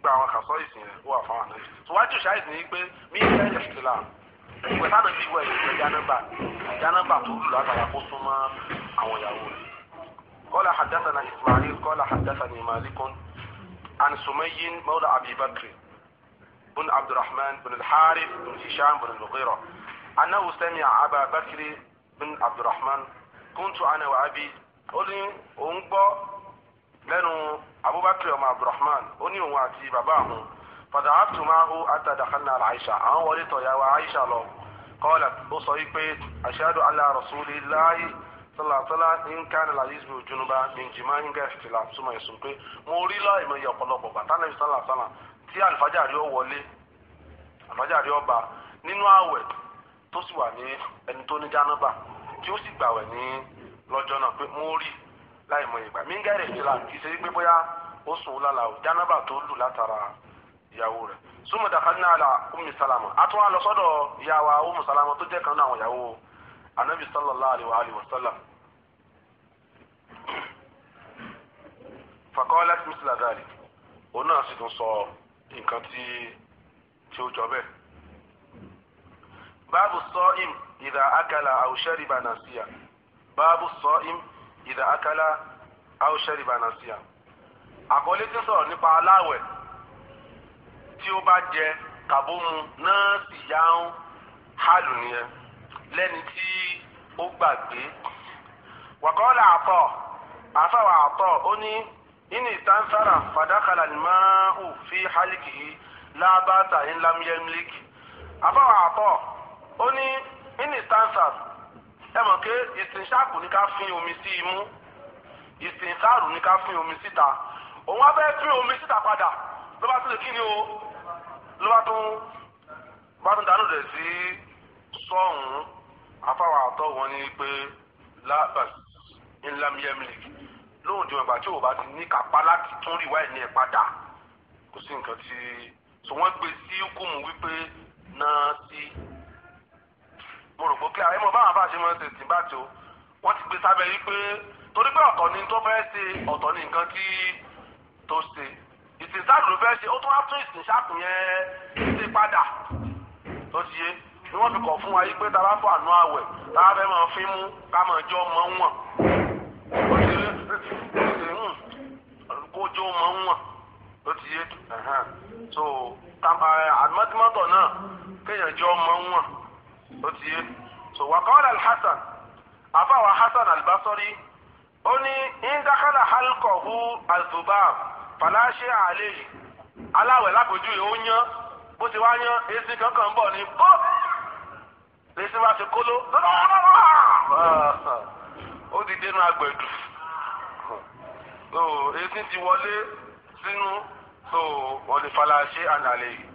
gba àwọn kàṣọ ìsìn rẹ wà fún ànábì so wájú ṣáà ìsìn yìí pé mí ìfẹ́ yẹ fìlà ìwé sáà bí ìwé ìwé jánábà jánábà tó lù látara kó súnmọ́ àwọn ìyàwó rẹ kọ́lá haddathana ismail kọ́lá haddathani malikun an sumayyin mawla abi bakri بن عبد الرحمن بن الحارث بن هشام بن المغيرة أنه سمع أبا بكر بن عبد الرحمن كنت أنا وأبي أولي أنبا لأنه أبو بكر وما عبد الرحمن أني وأتي باباه فذهبت معه حتى دخلنا على عائشة أنا ولدت يا وعائشة له قالت أصيبت أشهد على رسول الله sọlá sọlá nǹkan ní alayis bí ojúnubá من jìmá nǹkan ìfìlà súnmọ́ ìsúnpé mo rí láì mọ iye ọ̀pọ̀lọpọ̀ bàtà الله sọlá sọlá tí alifajari ó wọlé alifajari ọba nínú àwẹ̀ tó sì wà ní ẹni tó ní tí ó sì gbàwẹ̀ ní lọjọ náà pé mo rí láì mọ ìgbà mí ń bóyá ó sùn lálà ò tó lù látara ìyàwó dàkánná àlà Salama ìyàwó Salama tó kan náà àwọn ìyàwó anabi sallallahu alayhi wa sallam fakọ́lá mísìlá òun náà sì tún nǹkan tí tí ó jọ bẹ́ẹ̀. báàbù sọ́ìm ìdá akala àwùṣẹ́rìbà nàṣíà báàbù sọ́ìm ìdá akala àwùṣẹ́rìbà nàṣíà. àkọlé tí ń sọ̀rọ̀ nípa aláwẹ̀ tí ó bá jẹ kàbómu náà sì yá ń hàlù nìyẹn lẹ́ni tí ó gbàgbé. wàkọ́lá àtọ̀ àfàwà àtọ̀ ó ní ini tansara fadakala alma'u fi halkihi la bata in lam yamlik abawa ato ó ní ini tansar ẹ mọ̀ pé ìsìnṣàkù ní ká fi omi sí imú ìsìnṣàrù ní ká fi omi síta òun á fẹ́ fi omi síta padà ló bá tún kí ni o ló bá bá tún dánú rẹ̀ sí sọ́hún afáwà àtọ̀ wọn ni pé lábàs in lam yamlik lóhùn ìdíwọ̀n ìgbà tí ò bá ti ní kápá láti tún rí wáìnì ẹ̀ padà kò sí nǹkan tí so wọ́n gbé sí hukumu wípé náà sí mo rò pé kí àwọn ẹ̀mọ́ báwọn bá ṣe máa ń ṣe tì bá tó wọ́n ti gbé sábẹ́ wípé torí pé ọ̀tọ̀ ni tó fẹ́ ṣe ọ̀tọ̀ ni nǹkan tí tó ṣe ìsìnsáàdù ló fẹ́ ṣe ó tún á tún ìsìnsáàdù yẹn ṣe padà tó ti yé ni wọ́n fi kọ̀ fún wa yí pé tá a bá fọ àánú àwẹ̀ tá a fẹ́ máa fi mú ká máa jọ mọ́ wọn kójó máa ń wọ̀n ló ti yé so àmọ́tímọ́tò náà kéèyàn jọ máa ń wọ̀n ló ti yé so wàkọ́lá alhassan afáwà hassan albasori ó ní indakala halkọ̀hu azubab falaṣẹ àlẹyìn aláwẹ̀ lápèjúwe ó yán bó ti wá yán èsì kankan ń bọ̀ ní bó lèsì bá ti kóló ó ti dénú agbẹ̀dù so etí ti wọlé sínú so wọ́n lè falaṣẹ́ àlàlẹ yìí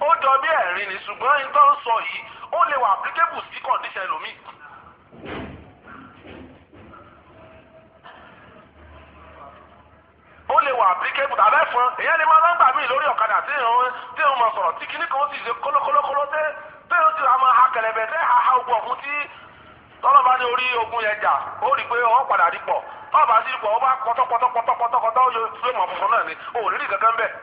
ó jọ bí ẹ̀rín ni ṣùgbọ́n ẹni tó ń sọ yìí ó lè wà applicable sí condition lomi. ó lè wà applicable tàbí ẹ̀fọn èyàn lè máa lọ́gbà míì lórí ọ̀kadà tí èèyàn tí èèyàn máa sọ̀rọ̀ tí kinní kan ó sì ṣe kólókólókóló tẹ́ tẹ́ ó ti wà máa ha kẹlẹ̀bẹ̀ tẹ́ ha ha ogun ọ̀fun tí tọ́lọ́ba ní orí ogun yẹn jà ó rí i pé ọ padà rí pọ̀ tọ́lọ́ba sí pọ̀ ọ bá kọ́tọ́kọ́tọ́kọ́tọ́kọ́tọ́ yóò tún mọ̀ fúnfún náà ni ò rí rí kankan bẹ́ẹ̀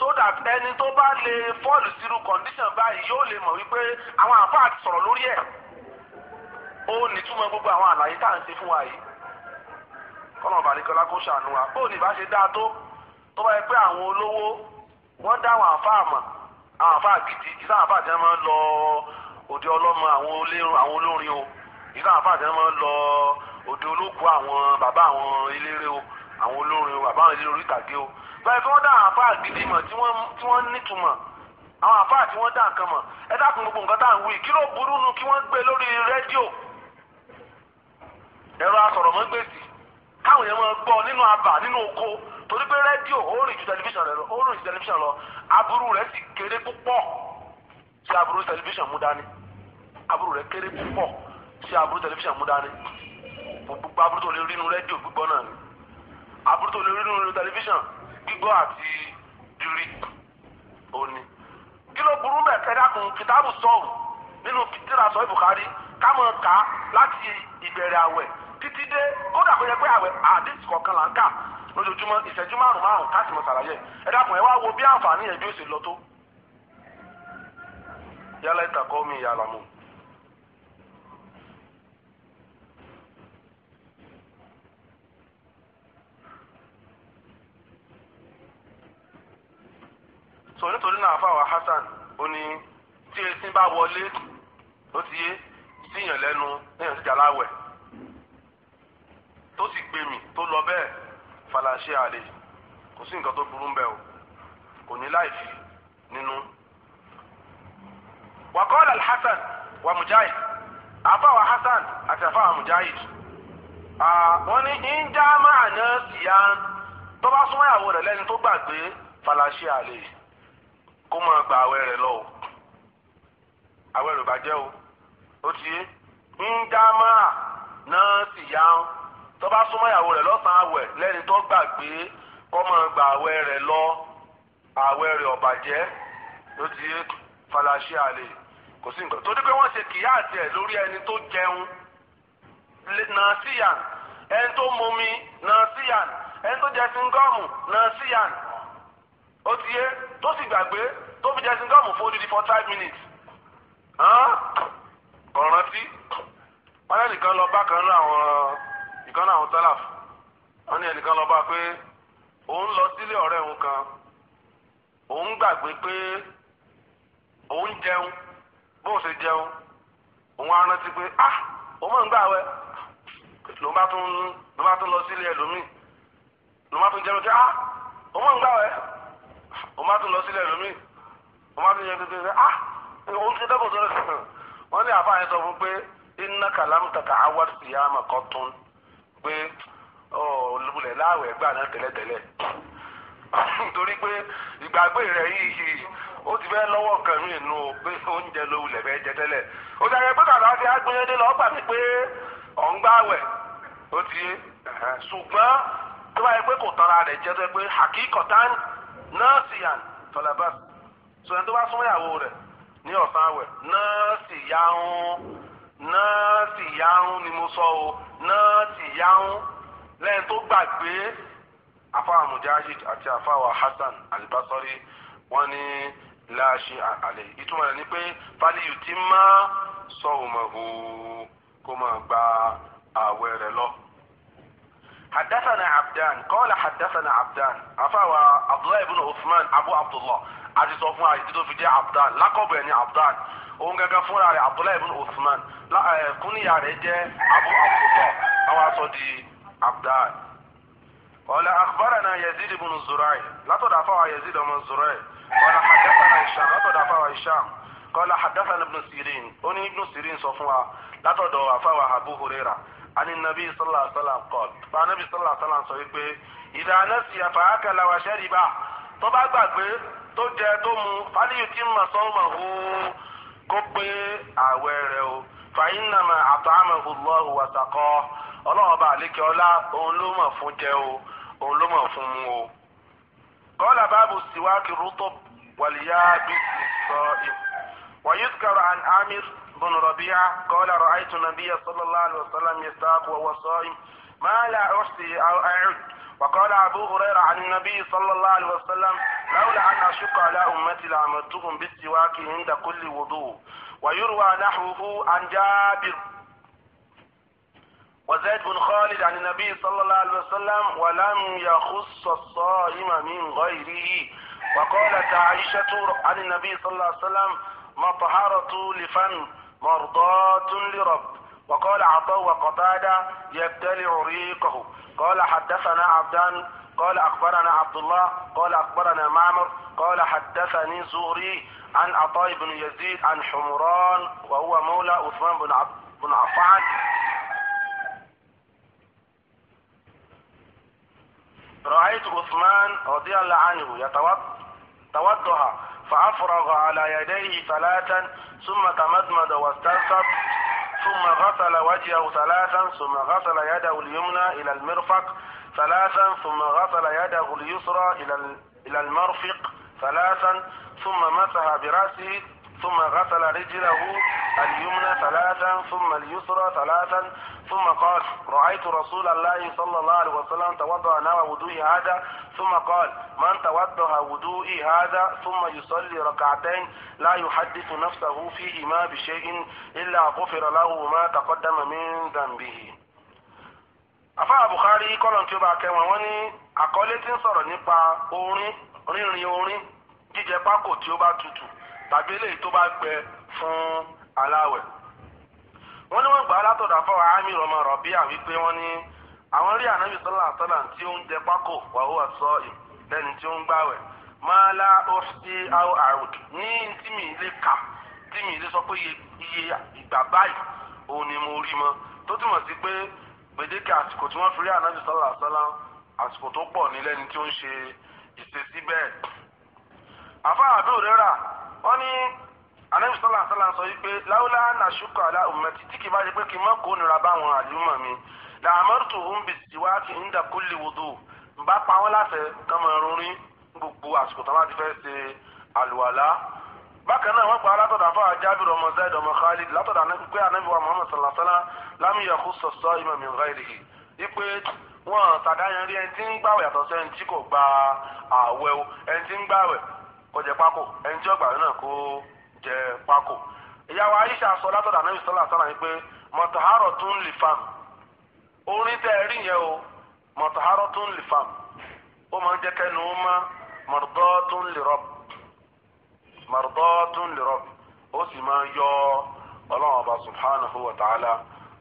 so that ẹni tó bá lè fọ́ọ̀lù sírú condition báyìí yóò lè mọ̀ wípé àwọn àfáà ti sọ̀rọ̀ lórí ẹ̀ ó nìtúmọ̀ gbogbo àwọn àlàyé tá à ń ṣe fún wa yìí kọ́nà balẹ̀kọ́lá kó ṣàánú wa bó ní bá dáa tó tó bá yẹ pé àwọn olówó wọ́n dá àwọn àfáà mọ̀ àwọn àfáà gidi kí àfáà jẹ́ máa ń lọ òde ọlọ́mọ àwọn olórin o ìlú àwọn àfáàtẹ́ máa ń lọ òde olóko àwọn bàbá àwọn eléré o àwọn olórin o bàbá àwọn eléré orí ìtàgé o báyìí tí wọ́n dá àwọn àfáà gidi mọ̀ tí wọ́n nítumọ̀ àwọn àfáà tí wọ́n dá nǹkan mọ̀ ẹ dákun gbogbo nǹkan tá à ń wí kí ló burú nu kí wọ́n gbé lórí rédíò ẹ̀rọ asọ̀rọ̀mọ́gbèsì káwọn yẹn máa gbọ́ nínú abà nínú oko torí pé rédíò ó rìn ju tẹlifíṣàn rẹ lọ ó rìn ju tẹlifíṣàn lọ aburú rẹ̀ sì kéré púpọ̀ sí aburú tẹlifíṣàn mú dání aburú rẹ kéré púpọ̀ sí aburú tẹlifíṣàn mú dání gbogbo aburú tó lè rí inú rédíò gbígbọ́ náà ni aburú tó lè rí inú tẹlifíṣàn gbígbọ́ àti rírí òní. kí ló burú bẹ́ẹ̀ kẹ́dákun kìtàbù sọ̀rù nínú tíra sọ ibùkárí kámọ̀ ká láti ìbẹ̀rẹ̀ àwẹ̀ títí dé kódà kó yẹ pé àwẹ̀ àdìs kọ̀ọ̀kan là ń kà lójoojúmọ́ ìṣẹ́jú márùn márùn káàsì mọ̀ sàlàyé ẹ̀dákun ẹ̀ wá wo bí àǹfààní ẹ̀jú èsì lọ tó. yálà ìtàkọ́ mi ìyá àlàmú. so nítorí náà fáwọn Hasan ó ní tí etí bá wọlé ó ti yé síyàn lẹ́nu níyàn sí jaláwẹ̀ tó sì gbé mi tó lọ bẹ́ẹ̀ falasẹ́ àlè kò sí nǹkan tó burú bẹ́ẹ̀ o kò ní láìfi nínú. wàkọ́ọ̀lá Hasan wa Mujahid àfáwà Hasan àti àfáwà Mujahid wọ́n ní ń máa náà síyá tó bá súnmọ́ ìyàwó rẹ̀ lẹ́ni tó gbàgbé falasẹ́ àlè yìí kó máa gba àwẹ̀ rẹ̀ lọ o àwẹ̀ rẹ̀ bàjẹ́ o ó ti yé ń dá máa náà sì yá ń tó bá súnmọ́ ìyàwó rẹ̀ lọ́sàn-án àwẹ̀ lẹ́ni tó gbàgbé kó máa gba àwẹ̀ rẹ̀ lọ àwẹ̀ rẹ̀ ọ̀bàjẹ́ ó ti yé falasẹ́ àlè kò sí nǹkan torí pé wọ́n ṣe kìyà àti ẹ̀ lórí ẹni tó jẹun náà sì yá ẹni tó mumi náà sì yá ẹni tó jẹ singọ́ọ̀mù náà sì yá ó ti yé tó sì gbàgbé tó fi jẹ singọ́ọ̀mù fún odidi for five minutes ọ̀ràn tí wọ́n ní nìkan lọ bá kan ní àwọn ìkan náà àwọn tálàf wọ́n ní ẹnìkan lọ bá pé òun lọ sílé ọ̀rẹ́ òun kan òun gbàgbé pé òun jẹun bóun ṣe jẹun òun á rántí pé ah òun máa ń gbààwẹ̀ ló bá tún ló bá tún lọ sílé ẹlòmíì ló bá tún jẹun pé ah òun máa ń gbààwẹ̀ òun bá tún lọ sílé ẹlòmíì. wọ́n ti yẹ kékeré ah òun ti dẹ́kun tó lè sùn wọ́n ní àbá yẹn sọ fún pé iná kàlámù tàkà awárí ìyáàmà kan tún pé olùbùlẹ̀ láàwẹ̀ gbà náà tẹ́lẹ̀tẹ́lẹ̀ torí pé ìgbàgbé rẹ̀ yìí ó ti fẹ́ lọ́wọ́ kan mí nù pé oúnjẹ ló wulẹ̀ fẹ́ jẹ tẹ́lẹ̀ ó dàgbẹ́ pé kàlá fi ágbéyédé lọ gbà mí pé ọ̀ ń gbàwẹ̀ ó ti yé ṣùgbọ́n tó bá yẹ pé kò tọ́ra rẹ̀ jẹ́ tó yẹ pé hakikatan nọ́ọ̀sì yàn tọ́lá bá sọ̀rọ̀ tó bá súnmọ́ ìyàwó rẹ̀ ní ọ̀sán àwẹ̀ nọ́ọ̀sì yahun nọ́ọ̀sì yahun ni mo sọ o nọ́ọ̀sì yahun lẹ́yìn tó gbàgbé afáwà mujahid àti afáwà hasan alibasori wọ́n ní láàṣì àlẹ́ ìtumọ̀ rẹ̀ ni pé fáliyù ti má sọ̀hùnmọ̀hù kó máa gba àwẹ̀ rẹ̀ lọ. حدثنا عبدان قال حدثنا عبدان عفوا عبد الله بن عثمان ابو عبد الله àti sọ fún àyè tó fi jẹ́ abdul lákọ̀bẹ̀ ni abdul òun gẹ́gẹ́ fúnra rẹ̀ abdullahi ibn usman kúníyà rẹ̀ jẹ́ abu abdullah àwọn aṣọ di abdul. قال أخبرنا يزيد بن زرعي لا تدافع يزيد بن زرعي قال حدثنا هشام لا تدافع هشام قال حدثنا ابن سيرين أني ابن سيرين صفوا لا تدافع أبو هريرة عن النبي صلى الله عليه وسلم قال فالنبي صلى الله عليه وسلم صحيح إذا نسي فأكل وشرب طبعا tó jẹ tó mu fáliyù tí mà sọ́mà hó kó pé àwẹ̀ rẹ̀ o fàyín nàmà àtàmàhù lọ́hù wàtàkọ́ ọlọ́ọ̀bà àlékè ọlá òun ló mọ̀ fún jẹ o òun ló mọ̀ fún mu o. kọ́lá báàbù síwáàkì rútọ̀ wàlíyá bí sọ ìkú. ويذكر عن عامر بن ربيعة قال رأيت النبي صلى الله عليه وسلم يساق وهو صائم ما لا أحصي أو أعد وقال أبو هريرة عن النبي صلى الله عليه وسلم لولا أن أشق على أمتي لأمرتهم بالسواك عند كل وضوء ويروى نحوه عن جابر وزيد بن خالد عن النبي صلى الله عليه وسلم ولم يخص الصائم من غيره وقالت عائشة عن النبي صلى الله عليه وسلم مطهرة لفن مرضاة لرب وقال عطاء وقتادة يبتلع ريقه قال حدثنا عبدان قال أخبرنا عبد الله قال أخبرنا معمر قال حدثني زهري عن عطاء بن يزيد عن حمران وهو مولى عثمان بن عب... بن عفان رأيت عثمان رضي الله عنه يتوضأ فأفرغ على يديه ثلاثا ثم تمدمد واستنصب ثم غسل وجهه ثلاثا ثم غسل يده اليمنى إلى المرفق ثلاثا ثم غسل يده اليسرى إلى إلى المرفق ثلاثا ثم مسح برأسه ثم غسل رجله اليمنى ثلاثا ثم اليسرى ثلاثا ثم قال رأيت رسول الله صلى الله عليه وسلم توضأ نوى وضوئي هذا ثم قال من توضأ وضوئي هذا ثم يصلي ركعتين لا يحدث نفسه فيهما بشيء إلا غفر له ما تقدم من ذنبه afa Bukhari kọlọm tí ó bá kẹwọn wọn ní àkọlé tí ń sọ̀rọ̀ nípa orin rínrin tàbí eléyìí tó bá gbẹ fún aláwẹ̀ wọ́n ní wọ́n gbà látọ̀dọ̀ afọ àmì ọmọ rọ̀bíà wípé wọ́n ní àwọn rí ànábì sọlá àtọ́là tí ó ń jẹ pákó wàhùwà sọ lẹ́ni tí ó ń gbàwẹ̀ máa la ó àrùn ní tí mi lè kà tí mi lè sọ pé iye ìgbà báyìí òun ni mo rí mọ́ tó túmọ̀ sí pé gbèdéke àsìkò tí wọ́n fi rí ànábì sọlá àtọ́là àsìkò tó pọ̀ ní lẹ́ni tí ó ń ṣe ìṣesí bẹ́ẹ̀ àfáà àbí òrérà wọ́n ní anabi sọlá sọlá sọ wípé láwùlá nàṣùkọ àlá ummati tí kì bá ṣe pé kí n má kó nira bá àwọn àlùmọ̀ mi làmọ́tò ń bì síwá ti ń dà kó lè wòdò ń bá pa wọ́n láṣẹ kán máa rúnrín gbogbo àsìkò tó bá ti fẹ́ ṣe àlùwàlá bákan náà wọ́n gba látọ̀dọ̀ afọ ajábìrì ọmọ zaid ọmọ khalid látọ̀dọ̀ pé anabi wa muhammad sọlá sọlá lámìyà kó sọsọ ìmọ̀ mi ghairihi wípé wọn tàdáyanrí ẹni tí ń gbàwẹ̀ yàtọ̀ sí ẹni tí kò gba àwẹ̀ o ẹni tí ń gbàwẹ̀ kó jẹ pákó ẹni tí ó gbà náà kó jẹ pákó ìyá wa Aisha sọ látọ̀dọ̀ anabi sọlá sọlá yìí pé mọ̀tàhárọ̀ tún lè fam orin tẹ́ ẹ rí yẹn o mọ̀tàhárọ̀ tún lè fam ó máa ń jẹ́ kẹ́nu ó má mọ̀rọ̀dọ́ tún lè rọ̀ mọ̀rọ̀dọ́ tún lè rọ̀ ó sì máa yọ ọlọ́run ọba subhanahu wa ta'ala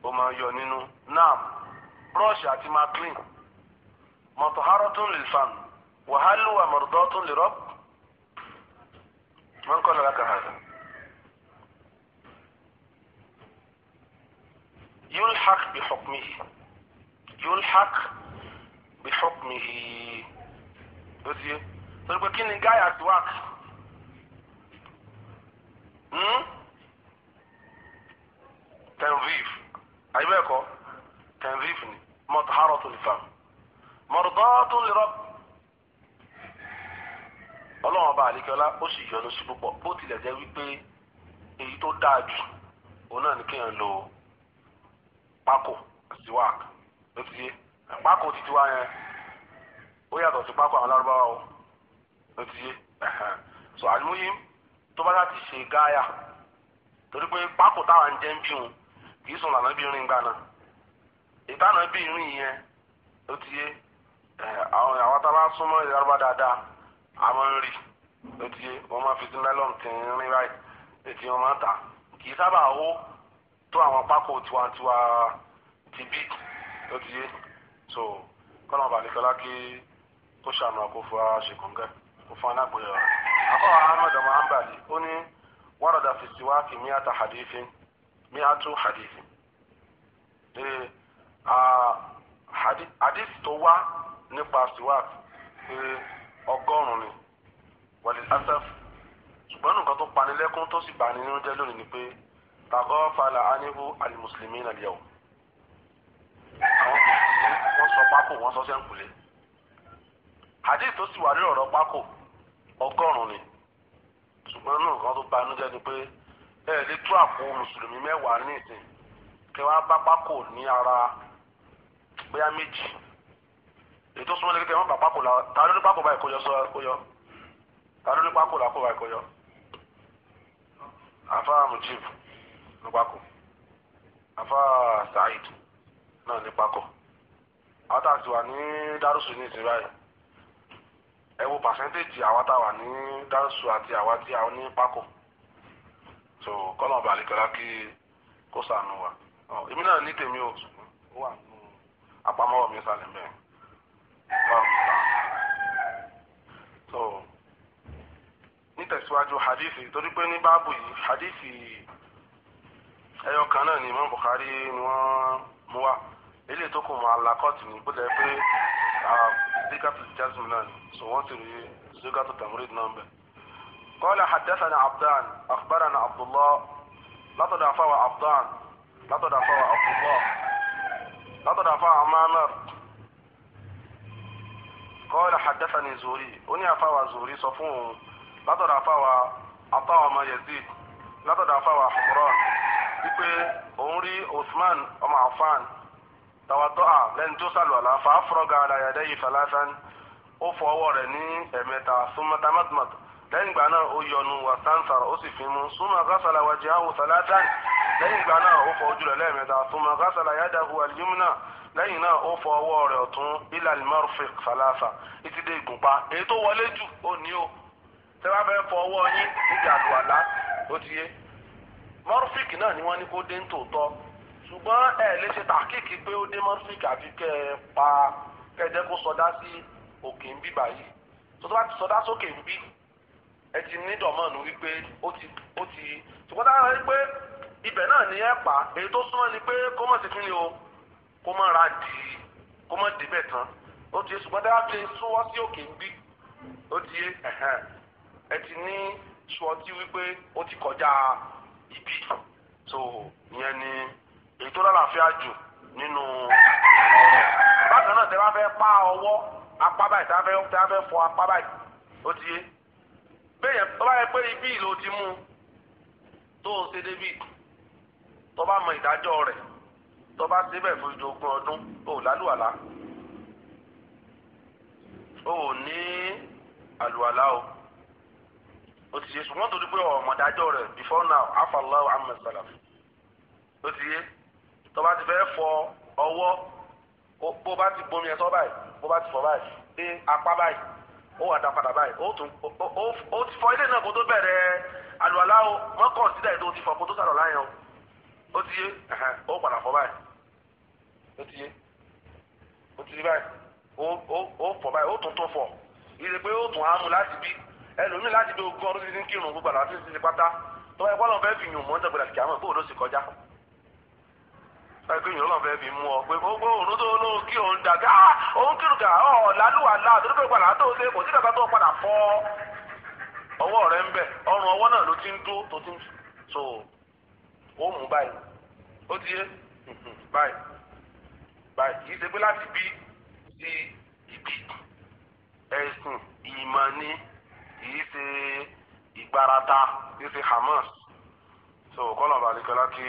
ó máa yọ nínú naam brush àti maclean mọ̀tàhárọ̀ tún lè fam wàhálùwà mọ̀rọ̀dọ́ tún lè rọ̀ من قال لك هذا يلحق بحكمه يلحق بحكمه بزي طيب كين جاي ادواك امم تنظيف اي بقى تنظيف مطهره الفم مرضاه لرب ọlọ́run ọba àlekíọ́lá ó sì yọ́nú sí púpọ̀ bó tilẹ̀ jẹ́ wípé èyí tó dáa jù òun náà ní kéèyàn lo pákó siwak ló ti yé pákó títí wá yẹn ó yàtọ̀ sí pákó so àlùmúyìn tó bá láti ṣe gáyà torí pé pákó ń jẹ́ ń sùn lànà bí rìn gbà náà ìtànà bí rìn yẹn ló ti yé àwọn àwọn tá a bá súnmọ́ ìdárúbá àwọn ń rí etí wọn máa fi sí mẹlọm tí ń rí báyìí etí wọn máa ń tà kì í sábà wó tó àwọn pákó tiwantiwa ti bí ó yé so kọ́nà ọba àdìkọ́lá kí kó ṣàánú àkófò àṣekọ̀ǹgẹ́ kó fún alágbèrè rẹ̀ akọ́wà ahmed ọmọ ambali ó ní wàrọ̀dà fìsíwá kì mí àtà hadithi mí àtú hadithi ee hadith tó wá nípa siwak ee ọgọ́rùn-ún ni wọlé asaf ṣùgbọ́n nǹkan tó panilẹ́kún tó sì bani nínú jẹ́ lónìí ni pé tàgọ́ falà ánihu alimusulmi nàlẹ́ o àwọn mùsùlùmí wọ́n sọ pákó wọ́n sọ sẹ́ńkulé hadith tó sì wà lórí ọ̀rọ̀ pákó ọgọ́rùn-ún ni ṣùgbọ́n nǹkan tó bani jẹ́ ni pé ẹ lè tú àpò mùsùlùmí mẹ́wàá ní ìsìn kí wọ́n bá pákó ní ara bóyá méjì ètò súnmọ́ ní kékeré wọ́n gbà pákó la ta ló ní pákó báyìí kó yọ sọ kó yọ ta ló ní pákó la kó báyìí kó yọ afa mujib ní pákó afa saheed náà ní pákó àwọn tá a ti wà ní dárúsù ní ìsìn báyìí ẹ wo pàṣẹ́ntéèjì àwa tá a wà ní dárúsù àti àwa tí a ní pákó so kọ́nà ọba àlekọ́lá kí kó sànù wa èmi náà ní tèmi o wà nù àpamọ́ mi sálẹ̀ mẹ́rin. so nítẹ̀síwájú hadithi torí pé ní báàbù yìí hadithi ẹyọ kan náà ni imam Bukhari ni wọ́n mú wá eléyìí tó kù mọ́ alakọ́tì ní gbọ́dọ̀ pé zikatu náà so wọ́n ti rí zikatu tamrid náà bẹ̀. قال حدثنا عبدان أخبرنا عبد الله لا تدافع عبدان لا تدافع عبد الله لا تدافع kọ́ọ̀lá hadathani zori ó ní àfáwà zori sọ fún òun látọ̀dọ̀ àfáwà àtàwọn ọmọ yazid látọ̀dọ̀ àfáwà humran wípé òun rí usman ọmọ afan tàwátọ́ à lẹ́ni tó sàlùwàlá fa afroga alayadé yìí falasan ó fọ ọwọ́ rẹ̀ ní ẹ̀mẹ́ta súnmọ́tà mọ́tòmọ́t lẹ́yìn ìgbà náà ó yọnu wà sánsàrà ó sì fi súnmọ́ gásàlà wàjẹ́ àwòsàlá dání lẹ́yìn ìgbà náà ó fọ ojú rẹ̀ lẹ́ẹ̀mẹ́ta súnmọ́ gásàlà yàdàhù àlìyúmù lẹ́yìn náà ó fọ ọwọ́ rẹ̀ ọ̀tún ilal marfiq falafa títí dé ìgúnpá èyí tó wọlé jù ó ní o tẹ́ bá fẹ́ fọ ọwọ́ yín níbi àlùwàlá ó ti yé marfiq náà ni wọ́n ní kó dé ń tòótọ́ ṣùgbọ́n ẹ lè ṣe tàkìkì pé ó dé marfiq àfi kẹ́ ẹ pa kẹ́ ẹ jẹ́ kó sọdá sí òkè ń bí báyìí tó tó bá ti sọdá sókè ń bí ẹ ti ní dọ̀mọ́ọ̀nù wípé ó ti ó ti ṣùgbọ́n dáhùn ibẹ̀ náà ni ẹ pa èyí tó súnmọ́ ni pé kó mọ̀ sí kí ni o kó má ra di kó má débẹ̀ tán ó ti yé ṣùgbọ́n dára fi sún wá sí òkè ń bí ó ti yé ẹ ti ní ṣọtí wípé ó ti kọjá ibi so ìyẹn ni èyí tó lálàáfíà jù nínú bákan náà tẹ bá fẹ́ pa ọwọ́ apá báyìí tá a fẹ́ tá a fẹ́ fọ apá báyìí ó ti yé bẹ́ẹ̀ yẹn bá yẹ pé ibi ìlò ti mú tó o ṣe débi tó bá mọ ìdájọ́ rẹ̀ tó bá síbẹ̀ fún ìjogún ọdún ò lálùwàlá ò ní àlùwàlá o o ti yé ṣùgbọ́n torí pé ọ̀mọ̀dájọ́ rẹ̀ before now afallahu amma salaf o ti yé tó bá ti fẹ́ fọ ọwọ́ bó bá ti bomi ẹ̀sọ́ báyìí bó bá ti fọ báyìí dé apá báyìí ó wà dá padà báyìí ó tún ó ti fọ ilé náà kó tó bẹ̀rẹ̀ àlùwàlá o mọ́kàn sílẹ̀ tó ti fọ kó tó sàrọ̀ láyẹn o o ti yé ó padà fọ báyìí. ó ti yé ó ti rí báyìí ó fọ̀ báyìí tuntun fọ, ìdè pe o tun á mú láti ẹlòmíì láti bí ogún ọdún títí kírun gbogbo àlàáfíà si ti pátá tọ́wọ́ ẹ̀kọ́ lọ́n fẹ́ fi yùn mọ́ sì kọjá ẹgbẹ́ fi mú ọ pé gbogbo òun tó kí òun dà gá ah, òun kírun gà kò sí kàkà tó padà fọ́ ọwọ́ rẹ ń bẹ̀ ọrùn ọwọ́ náà ló ti ń tó ti ń so ó mú báyìí ó ti yé hmm, hmm, báyìí. báyìí kì í ṣe pé láti bí sí ibi ẹ̀sùn ìmọ̀ ni kì í ṣe ìgbarata kì í ṣe Hamas so kọ́nà balẹ̀kọ́lá kí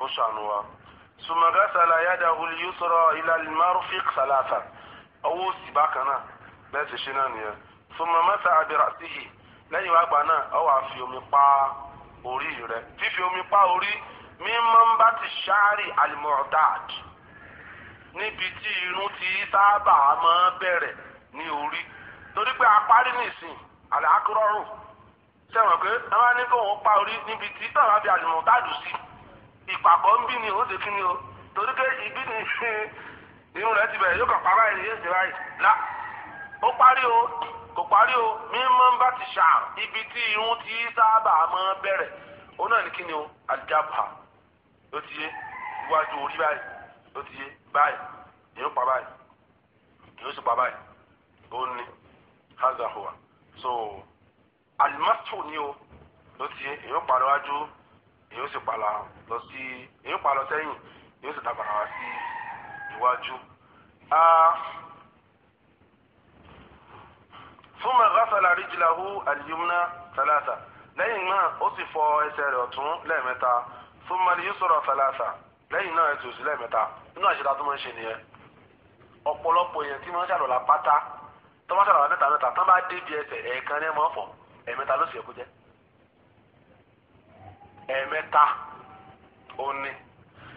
kó ṣàánú wa. sùmọ̀gá sàlàyé dàgùlì yóò sọ̀rọ̀ ìlàlí márùfíìk sàlàtà owó sì bákan náà bẹ́ẹ̀ ti ṣe náà nìyẹn. sùmọ̀ mẹ́ta àbẹ̀rẹ̀ síhì lẹ́yìn wàá gbà náà ọ wàá fi omi pa orí rẹ̀ fífi omi pa orí mímọ́ ń bá ti ṣáárì àlùmọ̀ọ́dáàdì níbi tí irun ti sábà máa bẹ̀rẹ̀ ní orí torí pé apárí nìsín àlàkúrọ̀rùn sẹ́wọ̀n pé ẹ máa ní kí òun pa orí níbi tí tàwọn àbí àlùmọ̀ dájú sí ìpàkọ́ ń bí ni ó ṣe kí ni o torí pé ìbí ni irun rẹ̀ ti bẹ̀rẹ̀ yóò kàn pa báyìí ni yóò ṣe báyìí la ó parí o kò parí o mímọ́ ń bá ti ṣà ibi tí irun ti sábà máa bẹ̀rẹ̀ ó náà ní kí ni o àjábà ló ti yé iwájú orí báyìí ló ti yé báyìí èyí ó pa báyìí èyí ó sì pa báyìí ó ní haza so alimọ́tò ni o ló ti èyí ó pa lọ́wájú èyí ó sì pa lọ sí èyí ó pa lọ sẹ́yìn èyí ó sì dàgbàrà wá sí iwájú. ثم غسل رجله اليمنى ثلاثة lẹ́yìn náà ó sì fọ ẹsẹ̀ rẹ̀ ọ̀tún lẹ́ẹ̀mẹ́ta ثم اليسرى ثلاثة lẹ́yìn náà ẹsẹ̀ òsì lẹ́ẹ̀mẹ́ta nínú àṣìlá tó máa ń ṣe nìyẹn ọ̀pọ̀lọpọ̀ èèyàn tí wọ́n ṣàlọ́lá pátá tó bá ṣàlọ́lá mẹ́ta mẹ́ta tó bá dé bí ẹsẹ̀ ẹ̀ẹ̀kan ní ẹ̀mọ́ ọ̀fọ̀ ẹ̀ẹ̀mẹ́ta ló sì yẹ kó jẹ́ ẹ̀ẹ̀mẹ́ta òní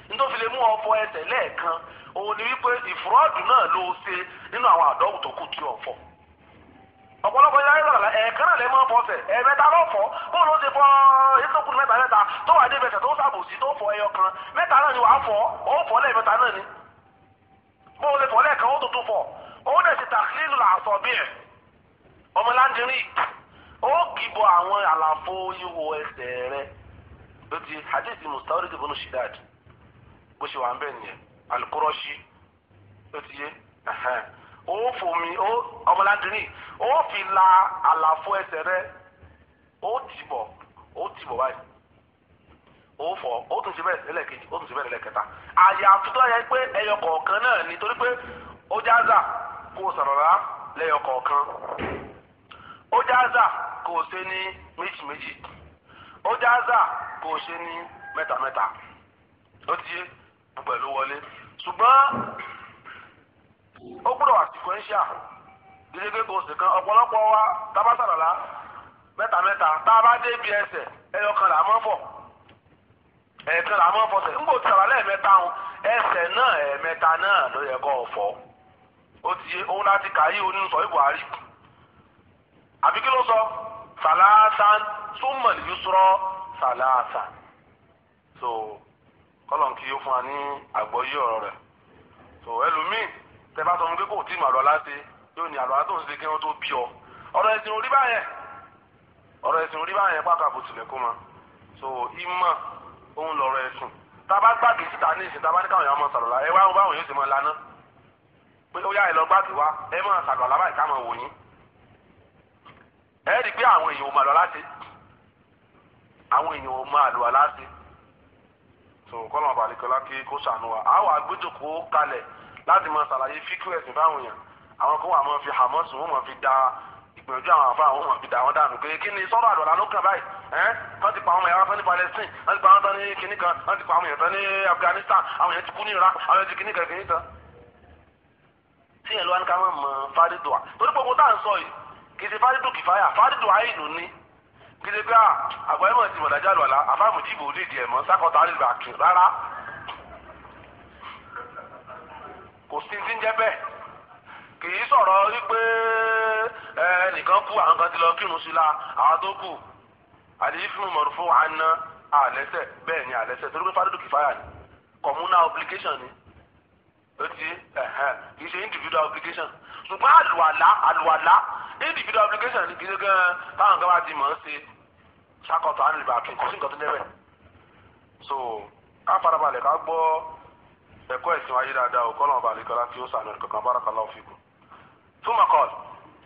nítorí lè mú ọ̀fọ̀ ẹsẹ̀ lẹ́ẹ̀kan òun ni wípé ìfúrọ́ọ̀dù náà ló ṣe nínú àwọn àdọ́wù tó kù tí ọ̀fọ̀ ọ̀pọ̀lọpọ̀ ilé ayélujára ẹ̀ẹ̀kan náà lè mọ bọ́ọ̀sẹ̀ ẹ̀ẹ̀mẹ́ta ló fọ́ bóòlù ó ti fọ mẹ́ta mẹ́ta tó wà dé bẹ̀sẹ̀ tó sàbòsí tó fọ ẹyọ kan mẹ́ta náà ni wàá fọ ó fọ náà ni bóòlù fọ lẹ́ẹ̀kan ó tuntun fọ ti ó kìbọ àwọn àlàfo ihò ẹsẹ̀ rẹ hadithi O fò mí ó o ó fi la àlàfo ẹsẹ̀ rẹ ó o ó tìbọ̀ báyìí ó fọ̀ ó tún ṣe bẹ́ẹ̀ lẹ́ẹ̀kejì ó tún ṣe bẹ́ẹ̀ lẹ́ẹ̀kẹta àyà àtúntò yẹ pé ẹyọ kọ̀ọ̀kan náà ni torí pé ó jáza kó o sọ̀rọ̀ rà lẹ́yọ kọ̀ọ̀kan ó jáza kó o ṣe ní méjì méjì ó jáza kó o ṣe ní mẹ́ta mẹ́ta ó ti yé gbogbo ẹ̀ wọlé ṣùgbọ́n. ó gbọ́dọ̀ wà sequential ìdílé kò sì kan ọ̀pọ̀lọpọ̀ wa tábà sàràlà mẹ́ta mẹ́ta tá a bá dé ibi ẹsẹ̀ ẹyọ kan là á mọ́ fọ̀ ẹ̀ẹ̀kan là á mọ́ fọ̀ sẹ̀ ńgbò tí sàràlà ẹ̀mẹ́ta ń ẹsẹ̀ náà ẹ̀ẹ̀mẹ́ta náà ló yẹ ti yé òun láti kà yí onínú sọ Buhari àbí kí ló sọ sàlàsà yusrọ̀ so kọ́lọ̀ kí ó fún wa ní àgbọ́yé ọ̀rọ̀ rẹ̀ so ẹlòmíì. tẹ́fà sọ wọn pé kò tí ì mọ àlọ́ láti yóò ní àlọ́ àti òun ṣe kí wọ́n tó bí ọ ọ̀rọ̀ ẹ̀sìn orí báyẹn ọ̀rọ̀ ẹ̀sìn orí báyẹn pàkà bó tilẹ̀ kó ma so ìmọ̀ òun lọ̀rọ̀ ẹ̀sùn tába gbàgbé síta ní ìsìn tába ní káwọn èèyàn máa sàlọ̀lá ẹ wá wọn báwọn yóò ṣe máa lana pé ó yá ẹ lọ gbàgbé wa ẹ máa sàlọ̀lá báyìí ká máa wò yín ẹ rí i pé àwọn èèyàn ò máa lọ láti láti máa ṣàlàyé fíkú ẹ̀sìn fáwọn èèyàn àwọn kan wà máa fi hàmọ́sù wọ́n máa fi da ìgbìyànjú àwọn àfa àwọn máa fi da wọn dànù pé kí ni sọ́dọ̀ àdọ̀là ló kàn báyìí ẹ́ wọ́n ti pa àwọn ẹ̀yà tán ní Palestine wọ́n ti pa àwọn tán ní kinní kan wọ́n ti pa àwọn èèyàn tán ní Afghanistan àwọn èèyàn ti kú ní Iraq àwọn èèyàn ti kinní kan kinní kan. tí ìyẹn ló wá ní ká máa mọ torí gbogbo tá à ń sọ yìí kì í ṣe fárídù kìfáyà fárídù àìnù ni kì í ṣe pé ah, àgbáyé kò sí sí ń jẹ́ bẹ́ẹ̀ kì í sọ̀rọ̀ wípé ẹnìkan kú àwọn kan ti lọ kírun sí la àwọn tó kù àdéhùn mọ̀rùfó àná àlẹ́sẹ̀ bẹ́ẹ̀ ni àlẹ́sẹ̀ torí pé fádúdú kìfáyà ni communal obligation ni ó ti kì í ṣe individual obligation ṣùgbọ́n àlùwàlá àlùwàlá individual obligation ni kì í ṣe gan táwọn kan bá ti mọ̀ ọ́n ṣe ṣàkóso ànilùbà kí kò sí nǹkan tó ń jẹ́ bẹ́ẹ̀ so ká farabalẹ̀ ká gbọ́ ẹ̀kọ́ ẹ̀sìn wáyé dáadáa òkọ náà balẹ kọlá kí ó sànù kankan barakallahu fikum. túmọ̀ kọ́l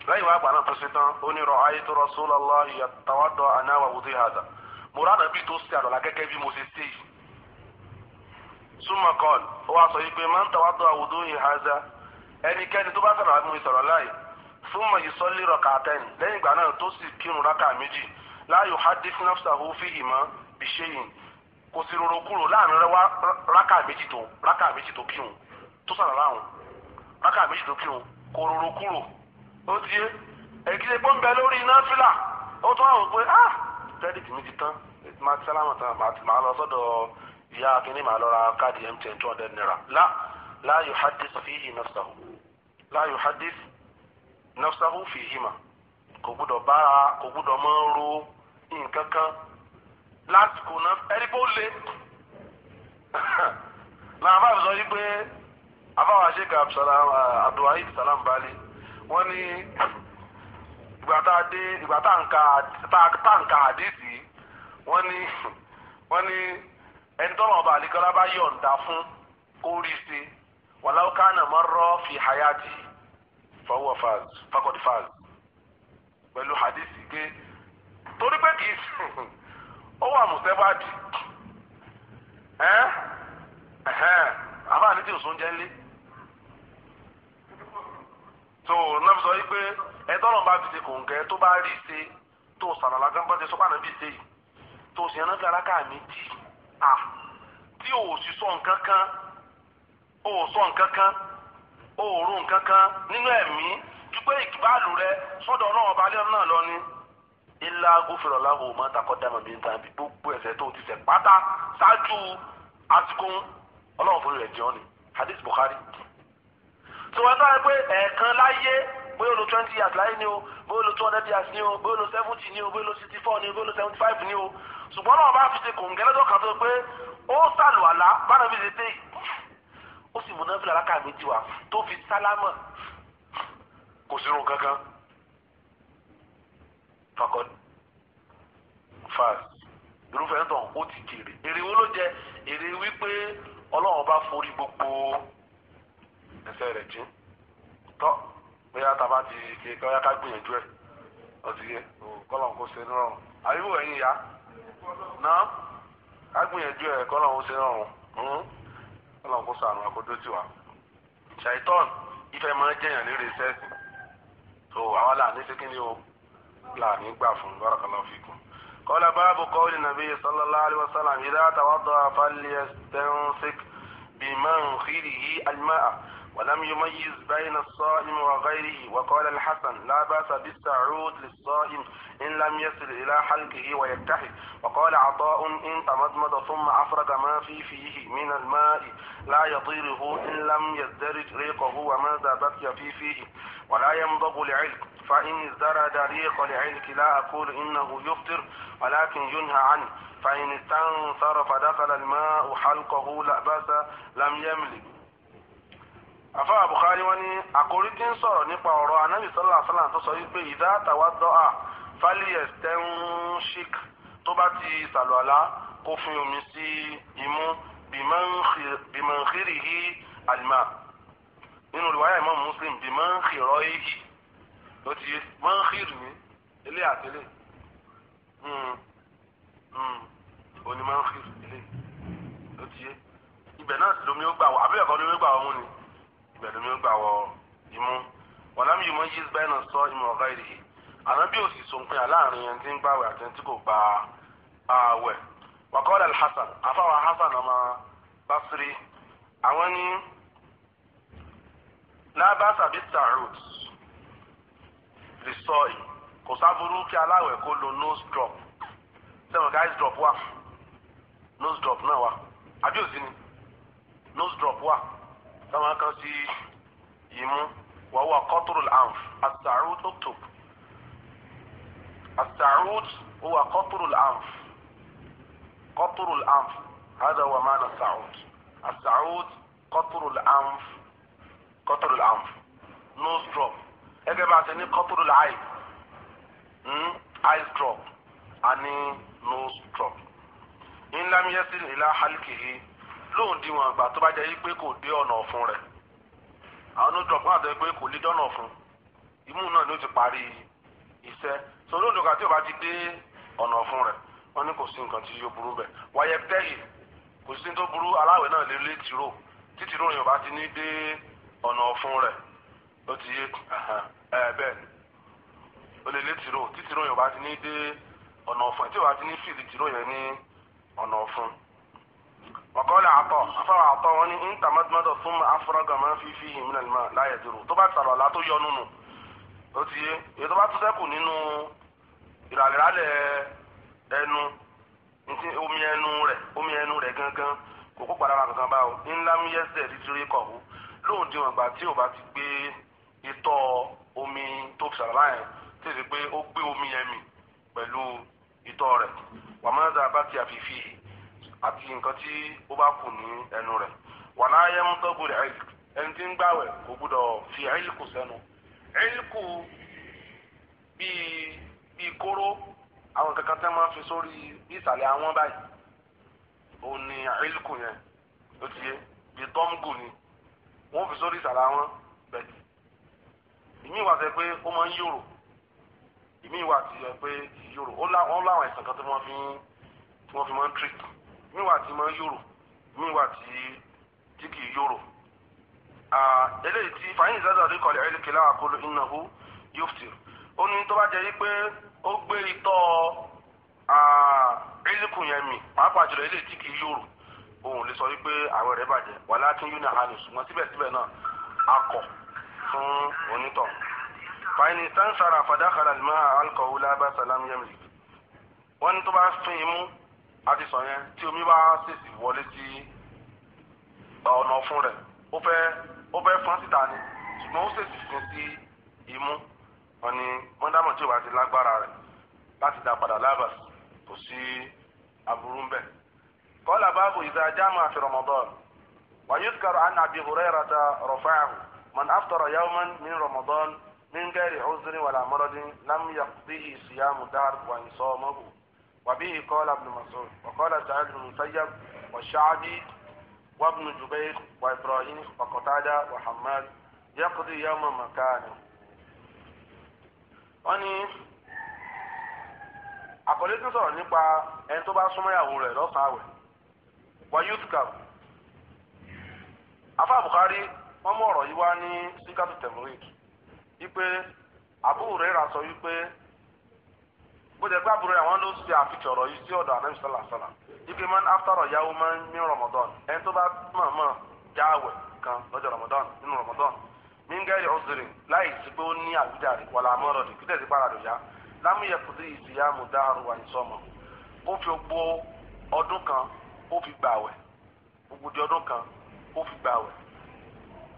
lẹ́yìn wá gbà náà tó ṣe tán ó ní rọ ayé tó rasulullahi yatawadda ana wa wudhi hada mo rà nàbí tó ṣe àdọ̀là gẹ́gẹ́ bí mo ṣe ṣe yìí. túmọ̀ kọ́l ó wá sọ yìí pé man tawadda wuduhi hada ẹnikẹ́ni tó bá sọ̀rọ̀ kò sì rorò kúrò láàrin rẹwà rákà méjì tó rákà méjì tó kírun tó sàrà láàrùn rákà méjì tó kírun kò rorò kúrò ó ti yé èkìtì pọ́n bẹ lórí náfìlà ó tún àwọn pé ah credit mi ti tán máa ti sálámà tán màá lọ sọ́dọ̀ ìyá akínní màá lọ ra káàdì mtn two hundred naira la la yuhaddis fihi nafsahu la yuhaddis nafsahu fihima kò gbúdọ̀ bára kò gbúdọ̀ mọ́ ro nǹkan kan lásìkò náà ẹni bó le làwọn bá sọ yí pé àbáwá sheik eh, abdulwahid salam bali wọn ní ìgbà tá a dé ìgbà tá a ń ka àdìsí wọn ní wọn ní ẹni tọ́lọ̀ ọba àlìkọ́lá bá yọ̀ǹda fún kó rí sí wàláwó kánà mọ́rọ́ fi hayati fọwọ́ faz fakọ́dí faz pẹ̀lú hadisi pé torí pé kì í sùn. wa wà mùsẹ́bàdì ẹ́ ẹ̀hẹ́n àbá ní tí òsùn jẹ́ lé tó náà sọ wípé ẹ̀dọ́rọ̀ bá fi ṣe kòǹgẹ́ tó bá rí ṣe tó sàlàlà gánbọ́n ti sọ́pà náà ṣe yìí tó sì ẹran gara káà mí tì à tí sì sọ nǹkan kan sọ nǹkan ọba náà ni. ilá gófìrọ̀ láwo máa takọ̀ dáàmà bíi nǹkan àbí gbogbo ẹ̀ṣẹ̀ tó ti ṣẹ̀ pátá ṣáájú àsìkò ọlọ́run fún rẹ̀ jẹun ni hadith Bukhari. tiwọn náà pé ẹ̀ẹ̀kan láyé bóyá olo twenty years láyé ni o bóyá olo two hundred years ni o bóyá olo seventy ni o bóyá olo sixty four ni o bóyá olo seventy five ni o ṣùgbọ́n náà bá fi ṣe kòǹgẹ́lẹ́dọ̀ kan tó pé ó sàlù àlá bára mi ṣe dé ó sì múná fìlà lákàmì tiwa tó fi sálámà kò sí irun kankan fakọ fas irúfẹ́ tán ó ti jèrè èrè wo ló jẹ èrè wípé ọlọ́run bá forí gbogbo ẹsẹ̀ rẹ̀ jẹ́ tọ́ bóyá tá a bá ti ṣe kí ọyá ká gbìyànjú ẹ̀ ọtí yẹ kọ́lọ́n kó ṣe nírọ̀rùn àyíwò ẹ̀yìn ya náà ká gbìyànjú ẹ̀ kọ́lọ́n kó ṣe nírọ̀rùn kọ́lọ́n hmm? kó sànù àkójọ tiwa ṣàìtọ́n ìfẹ́ máa ń jẹ̀yàn lérè sẹ́ẹ̀sì tó àwa là ní sékìní o لا gbà بارك الله فيكم قال باب قول النبي صلى الله عليه وسلم إذا توضأ فليستنسك بمنخره الماء ولم يميز بين الصائم وغيره وقال الحسن لا بأس بالسعود للصائم إن لم يصل إلى حلقه ويتحد وقال عطاء إن تمضمض ثم أفرغ ما في فيه من الماء لا يطيره إن لم يزدرج ريقه وماذا بقي في فيه ولا يمضغ لعلق فإن ازدرى دريق لعلك لا أقول إنه يفطر ولكن ينهى عنه فإن استنثر فدخل الماء حلقه لا لم يملك afa Bukhari wọ́n ní àkórí tí ń sọ̀rọ̀ nípa ọ̀rọ̀ anabi sọlá sọlá tó sọ wípé ìdá àtàwà dọ́à fáliyẹs tẹ́ńṣík tó bá ti sàlùwàlá kó fún omi sí imú bìmọ̀nkìrì yìí àlìmá nínú ìwáyà Imam Muslim bìmọ̀nkìrọ̀ yìí ló ti yé mọ́ńkìrì hmm. hmm. ní ilé àtẹlé òní mọ́ńkìrì ilé ló ti yé ibẹ̀ náà sì lomi ó gbà wọ abẹ́rẹ́ kan lomi ó gbà wọ mú ni ibẹ̀ lomi ó gbà wọ imú wọn lámì yìí mọ́ yí bẹ́ẹ̀ náà sọ ìmọ̀ ọ̀gá ìrìhì àná bí òsì sọ̀npẹ́yà láàrin ẹni tí ń gbàwẹ̀ àti ẹni tí kò gba àwẹ̀ wàkọ́lá alhassan afáwọn hasan ọmọ basiri àwọn ní lábàṣà bíi sàrúùtù rìsọ́ọ̀ì kò sáburú kí aláwẹ̀ kó lo nose drop sẹ́wọ̀n guys drop wà nose drop náà wà àbí òsì ni nose drop wà táwọn kan sí ìmú wà wà kọ́tùrù àǹf àtàrúd octob àtàrúd wà kọ́tùrù àǹf kọ́tùrù àǹf هذا هو معنى السعود السعود قطر الأنف قطر الأنف nose drop gẹ́gẹ́ bá a ti ní kọ́tùrù láàyè hmm? eye drop àní nose drop ńlámiyẹsì nílá hálìkìhì lóun di wọn àgbà tó bá jẹ́ yí pé kò dé ọ̀nà ọ̀fun rẹ̀ àwọn nose drop náà tó yẹ pé kò lé dọ́nà ọ̀fun imú náà ló ti parí iṣẹ́ sọ̀rọ̀ lóun dọ̀gà tí ò bá ti dé ọ̀nà ọ̀fun rẹ̀ wọ́n ní kò sí nǹkan tí yóò burú bẹ́ẹ̀ wáyé tẹ́yì kò sí tó burú aláwẹ̀ náà lé lé tìró títí lóyún ọba ti ní dé ọ̀nà ọ̀fun rẹ̀ ó ti yé ẹ olele tiro o lè lé tìró tí ti ní dé ti ni fi tiro yẹn ni atọ atọ wọn fún afúrágà máa fi fi hìn mílẹ̀ mímọ́ láyé dúró tó bá sàrọ̀ ọ̀la tó yọ nínú o ti yé èyí tó bá tún nínú ẹnu omi ẹnu rẹ omi ẹnu rẹ gangan kò kó padà wà kankan báwo ńlá mú títí rí kọ̀ọ̀hún ti gbé ìtọ̀ omi tó fi sàrà yẹn tí èsì pé ó gbé omi yẹn mì pẹ̀lú ìtọ̀ rẹ̀ wàmọ́nàdà bá ti àfìfì àti nǹkan tí ó bá kù ní ẹnu rẹ̀ wàlá ayẹ́mú tó gbọdọ̀ ẹ̀lì ẹni tí ń gbàwẹ̀ kò gbọdọ̀ fi ẹ̀lì sẹ́nu ẹ̀lì bíi bíi kóró àwọn kankan tẹ́ máa fi sórí ìsàlẹ̀ àwọn báyìí òun ni ẹ̀lì kù yẹn ó ti yé bíi tọ́ǹgù ni wọ́n fi sórí ìsàlẹ̀ àwọn bẹ̀tì ìmí ìwà sẹ pé ó máa ń yòrò ìmí ìwà ti sẹ pé yòrò ó láwọn ẹ̀sán kan tí wọ́n fi tí wọ́n fi máa ń trick ìmí ìwà ti máa ń yòrò ìmí ìwà ti tí kì í yòrò. eléyìí tí fàyín ìzáza rí kọlẹ̀ ẹ̀lẹ́kẹ̀ láàkóló ìnáwó yófùtì ó ní tó bá jẹ́ yí pé ó gbé itọ́ ẹ̀lẹ́kùn yẹn mì pàápàá jùlọ eléyìí tí kì í yòrò òun lè sọ wípé àwọn rẹ̀ bàjẹ́ wàlá kí yúnà hànú ṣùgbọ́n síbẹ̀síbẹ̀ náà akọ̀ fún onítọ̀ fàyín sánsara fàdákàlà ní máa alkọ̀wé lábá sàlám yẹmìlì wọ́n ní tó bá fún imú àti sàn yẹn tí omi bá ṣèṣì wọlé sí ọ̀nà ọ̀fun rẹ̀ ó fẹ́ fún síta ni ṣùgbọ́n ó ṣèṣì fún sí imú wọn ni mọ́dámọ̀ tí ò bá ti lágbára rẹ̀ láti dá padà lábàs kò sí aburú ń bẹ̀. قال باب إذا جامع في رمضان ويذكر عن أبي هريرة رفعه من أفطر يوما من رمضان من غير عذر ولا مرض لم يقضه صيام دهر وإن صامه وبه قال ابن مسعود وقال سعيد بن المسيب والشعبي وابن جبير وإبراهيم وقتادة وحماد يقضي يوم مكانه أني àkọlé tó sọ̀rọ̀ nípa ẹni tó bá súnmọ́ ìyàwó rẹ̀ lọ́sàn-án àwẹ̀ wayuth cap afa Bukhari wọn mú ọrọ yìí wá ní síkàtù tẹ̀múrìk wípé sọ wípé bóde gbé àbúrò rẹ̀ wọ́n ló ṣe àfihàn isi yìí sí ọ̀dọ̀ àlẹ́ ìṣọ̀lá ṣọ̀lá wípé man after ọ̀yáwó man min Ramadan ẹni tó bá kan lọ́jọ́ Ramadan nínú Ramadan mingari láì sí pé ó ní lámúyẹ kùdí ó kan ó fi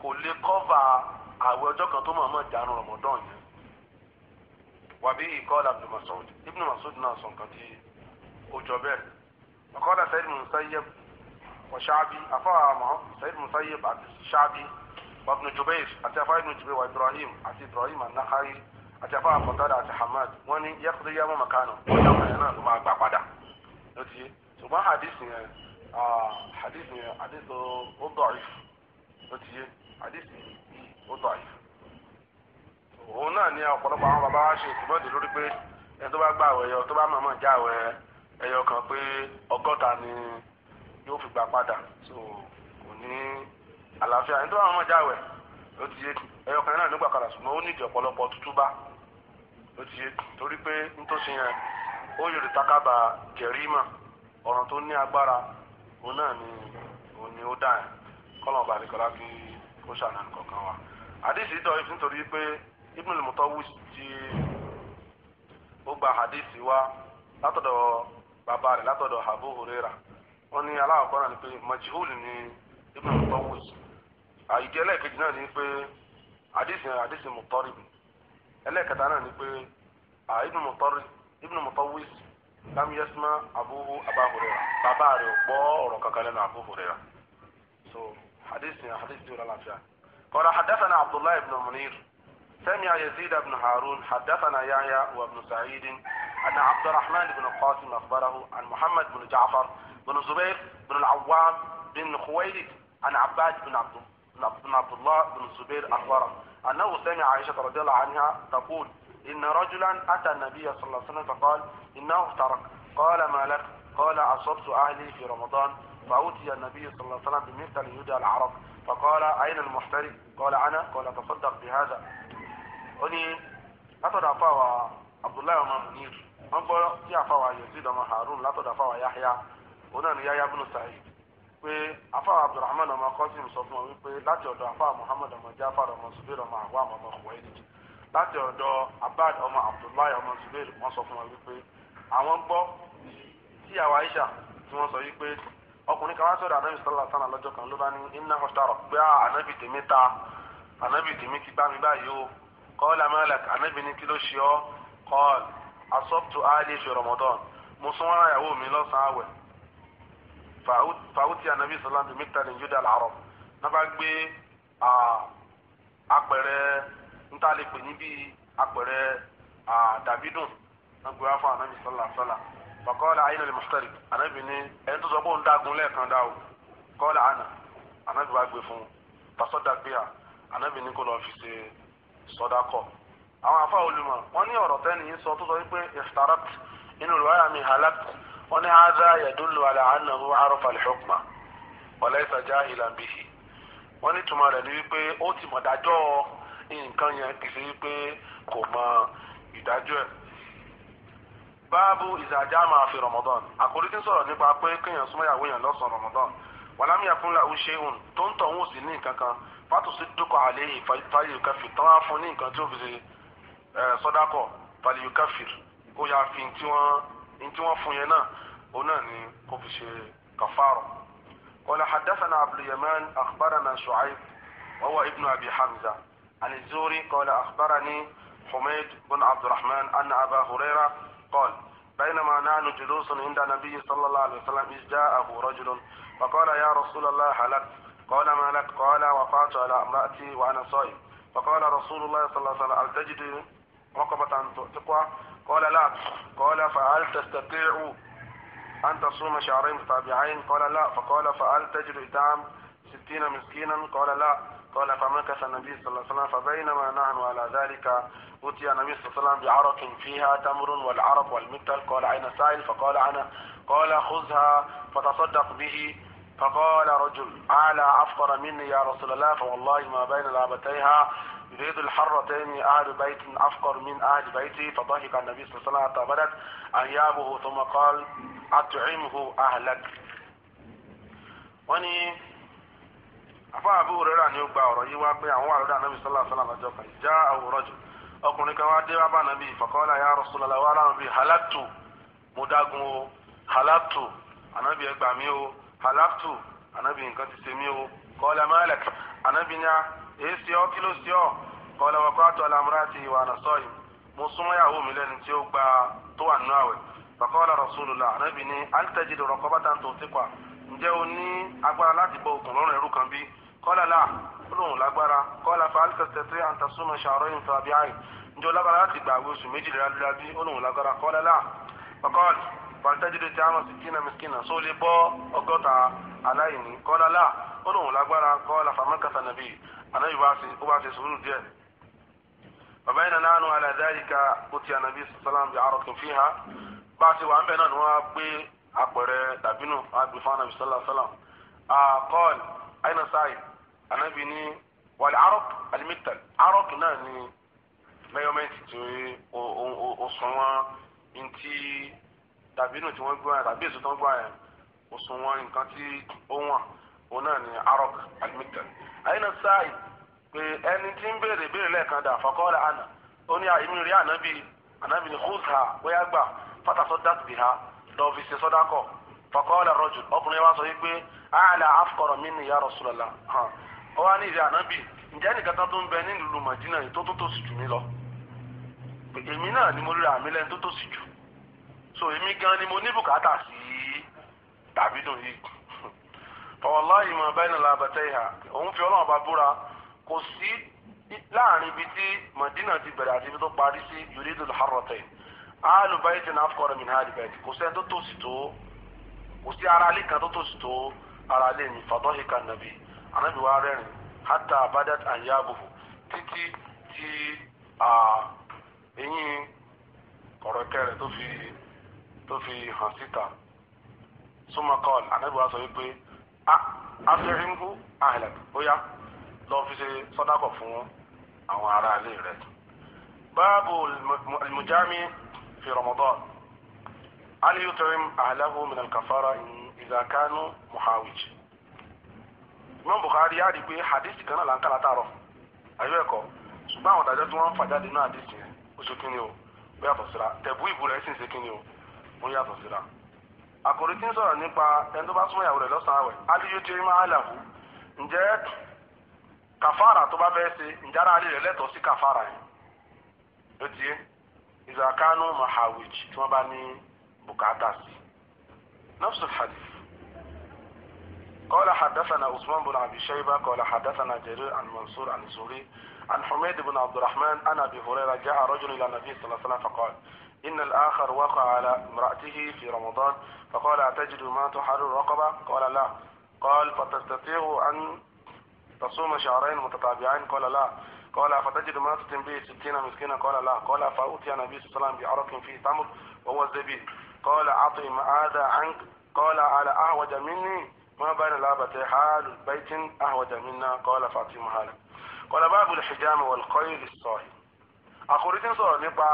kò lè kọ́va àwẹ̀ ọjọ́ kan tó mọ̀ọ́mọ̀ jánu rọmọdán yẹn wàbí ìkọ́lá Ibn Mas'ud Ibn Mas'ud náà sọ nǹkan tí ó jọ bẹ́ẹ̀ ọ̀kọ́lá Said Musayyib wa Sha'bi afọ́wàmọ́ Said Musayyib àti Sha'bi wa Ibn Jubayr àti afọ́ Ibn Jubayr wa Ibrahim àti Ibrahim an-Nakhai àti afọ́ àkọ́tàdà àti Hamad wọ́n ní yẹ́kúndé yẹ́mọ́ makano wọ́n yà wọ́n yẹn náà ló máa gbà padà lọ́tí ṣùgbọ́n hadith yẹn ah, hadith yẹn hadith ó dọ̀rí àdìsí ó tọ̀ àyè òun náà ni ọpọlọpọ awọn bàbá wa ṣe ìtìmọ́dé lórí pé ẹni tó bá tó bá pé ọgọ́ta ni yóò fi so kò ní àlàáfíà ẹni tó bá mọ̀ọ́mọ̀ ló ti yé ẹyọ kan náà nígbà torí pé nítòsí yẹn ó takaba tó ní agbára òun náà ni òun ni ó dà kó ṣàlàyé kọ̀ọ̀kan wa àdìsí dọ̀ ifun torí pé ibn al-Mutawwis ti ó gba àdìsí wa látọ̀dọ̀ bàbá rẹ̀ látọ̀dọ̀ Abu Hurairah wọ́n ní aláwọ̀kọ́ náà ni pé majhul ni ẹlẹ́ẹ̀kejì náà ni pé ẹlẹ́ẹ̀kẹta náà ni pé Abu bàbá rẹ̀ gbọ́ ọ̀rọ̀ kankan lẹ́nu Abu حديثنا حديث دول العشاء قال حدثنا عبد الله بن منير سمع يزيد بن هارون حدثنا يعيا وابن سعيد أن عبد الرحمن بن القاسم أخبره عن محمد بن جعفر بن الزبير بن العوام بن خويلد عن عباد بن عبد بن عبد الله بن الزبير أخبره أنه سمع عائشة رضي الله عنها تقول إن رجلا أتى النبي صلى الله عليه وسلم فقال إنه افترق قال ما لك قال أصبت أهلي في رمضان فأوتي النبي صلى الله عليه وسلم بمثل يدى العرب فقال أين المحترق قال أنا قال تصدق بهذا أني أتدى فاوى عبد الله بن منير من قال يا فاوى يزيد بن هارون لا تدى فاوى يحيى أنا يحيى بن سعيد pé afáwọn abdulrahman ọmọ kọ́sìm sọ fún ọ wípé láti ọ̀dọ̀ afáwọn muhammad ọmọ jafar ọmọ ọmọ ọ ọkùnrin kan wá sọ̀rọ̀ ànábì sọ̀rọ̀ àtàlà lọ́jọ́ kan ló bá ní iná ọ̀ṣọ́rọ̀ pé ah, ànábì tèmi ta o kọ́ọ̀lù amẹ́lẹ̀kì anọbi ní kí ló ṣe ọ́ kọ́ọ̀lù asọ́pùtù áálí fi rọmọdọ́n mo sún wọn àyàwó mi lọ́sàn-án àwẹ̀ fàáwùtì sọ̀rọ̀ àti mẹ́ta ní yúdà làárọ̀ náà fọkọ́lá ayé lè mọ̀sítẹ́rì ànábì ní ẹni tó sọ pé òun dágun lẹ́ẹ̀kan dá o kọ́lá àná ànábì wá gbé fún tasọ́dà gbé à ànábì ní kó lọ fi ṣe sọ́dà kọ́ àwọn afa olùmọ̀ wọ́n ní ọ̀rọ̀ tẹ́ni yìí sọ tó sọ wípé iftarat inú rẹ̀ mi halak wọ́n ní hadha yadullu ala annahu arafa al-hukma wa laysa jahilan ní tuma rẹ̀ ni wípé ó ti mọ̀ dájọ́ nǹkan yẹn kì ṣe wípé kò mọ ìdájọ́ ẹ̀ báàbù ìdàjàmà àfi rọmọdán àkórí tí ń sọ̀rọ̀ nípa pé kéèyàn súnmọ́ ìyàwó èèyàn lọ́sàn rọmọdán wàlámìyà fún làwọn ṣe òun tó ń tọ̀hún sí ní nǹkan kan fàtòsí dúkọ̀ àlẹ́ yìí fàlìyùká fi tán á fún ní nǹkan tí ó fi ṣe sọ́dákọ̀ fàlìyùká fi yà fi tí wọ́n fún yẹn náà òun náà ni kó fi ṣe kàfàrọ̀. قال حدثنا عبد اليمان أخبرنا شعيب وهو ابن أبي حمزة عن الزوري قال أخبرني حميد بن عبد الرحمن أن أبا هريرة قال بينما نحن جلوس عند النبي صلى الله عليه وسلم إذ جاءه رجل فقال يا رسول الله هلكت قال ما لك قال وقعت على امرأتي وأنا صائم فقال رسول الله صلى الله عليه وسلم هل تجد رقبة تقوى قال لا قال فهل تستطيع أن تصوم شهرين متابعين قال لا فقال فهل تجد ايتام ستين مسكينا قال لا قال فمكث النبي صلى الله عليه وسلم فبينما نحن على ذلك أتي النبي صلى الله عليه وسلم بعرق فيها تمر والعرق والمثل قال أين سائل فقال أنا قال خذها فتصدق به فقال رجل أعلى أفقر مني يا رسول الله فوالله ما بين لابتيها يريد الحرتين أهل بيت أفقر من أهل بيتي فضحك النبي صلى الله عليه وسلم اعتبرت بدت أنيابه ثم قال أطعمه أهلك وني afọ Abu Hurairah ni ó gba ọ̀rọ̀ yìí wá pé àwọn wà lọ́dọ̀ anábì sallallahu alaihi àjọ kan já àwòrán jù ọkùnrin kan wá ya Rasulullah wà láwọn bíi halatu mo dágun o halatu anábì ẹgbà mi o halatu anábì nǹkan ti ṣe mí o qala anábì ní a èyí sí ọ kí ló sí ala wa ana mo mi lẹ́ni tí ó gba tó wà nínú àwẹ̀ ní kọ́lá là olóhùn lágbára kọ́lá fàálì tẹ̀tẹ̀tẹ̀ àǹtasúnmọ̀ ṣàárọ̀ yìí tàbí àyè njẹ́ lágbára láti gbà àwọn oṣù méjì léralérabi olóhùn lágbára kọ́lá là ọkọ́l pàtẹ́jìdè tí a mọ̀ sí kínà mìskínà só lè bọ́ ọgọ́ta aláìní kọ́lá là olóhùn lágbára kọ́lá fàmọ́kàtà nàbí ànábì bá ṣe sùúrù díẹ̀ bàbá yìí nànánú alàdáríkà ó ti ànàbí sàlám bí arọkùn fi hàn bá a ṣe wà ń náà ni wọ́n gbé àpẹẹrẹ dàbínú àgbẹ̀fọ́ ànàbí sàlám sàlám àkọ́l àyìnà sáyid anabi ní wàlẹ arọk arọk náà ní mẹyọmẹtì tí ó sún wọn ntí tàbí inú tí wọn gbọ yẹn tàbí èso tí wọn gbọ yẹn ó sún wọn nǹkan tí ó wọn òun náà ní arọk pé ẹni tí ń béèrè béèrè lẹ́ẹ̀kan dà fọkọ́ra àná ó ní àyèmí rí ànábì ha ṣe ọkùnrin wa sọ mi rọ̀ ọwọ́ ní ìrìn ànábì ǹjẹ́ nìkan tó ń bẹ nílùú màjínà yìí tó tó sì mí lọ èmi náà ni mo ríra àmì lẹ́nu tó tó sì jù so èmi gan ni mo ní bùkátà sí tàbí dùn yìí fọwọ́láyìí mọ̀ bẹ́ẹ̀ ni ìhà òun fi ọlọ́run bá búra kò sí láàrin ibi tí màdínà ti bẹ̀rẹ̀ àti ibi tó parí sí yorùdó lọ́hárọ̀tẹ̀ alùbáyìí ti náà mi anabi wa rẹ́rìn hata abadat anyabuhu títí tí eyín kọ̀rọ̀kẹ́ rẹ̀ tó fi tó fi hàn síta súnmọ́ kọ́ọ̀lù anabi wa sọ wípé afẹ́rìngú ahlẹ̀ bóyá lọ́ọ́ fi ṣe sọ́dákọ̀ fún àwọn aráalé rẹ̀. báàbù almujami fi ramadan ali yutrim ahlahu min alkafara idha kanu muhawij. Imam bukari yá rí hadisi kan náà là ń kàlà tààrọ̀ ayọ́ ẹ̀kọ́ ṣùgbọ́n àwọn ìdájọ́ tí wọ́n ń fàjà dínú hadisi yẹn ó ṣe o ó yàtọ̀ síra tẹ̀bú ìbú rẹ̀ sì ń ṣe o yàtọ̀ síra. àkòrí tí ń sọ̀rọ̀ nípa ẹni àwẹ̀ aliyu ti rí máa làwù ǹjẹ́ kàfàrà tó bá fẹ́ ṣe rẹ̀ sí kàfàrà قال حدثنا عثمان بن ابي شيبه قال حدثنا جرير عن منصور عن الزهري عن حميد بن عبد الرحمن انا ابي هريره جاء رجل الى النبي صلى الله عليه وسلم فقال ان الاخر وقع على امراته في رمضان فقال اتجد ما تحرر الرقبه قال لا قال فتستطيع ان تصوم شهرين متتابعين قال لا قال فتجد ما تتم به ستين مسكينا قال لا قال فأوتي النبي صلى الله عليه وسلم بعرق فيه تمر وهو الزبيب قال أعطي هذا عنك قال على أعوج مني ما بين لابتي حال بيت أهوج منا قال فاطمة هالا قال باب الحجام والقيل الصاهي àkòrí tí ń sọ̀rọ̀ nípa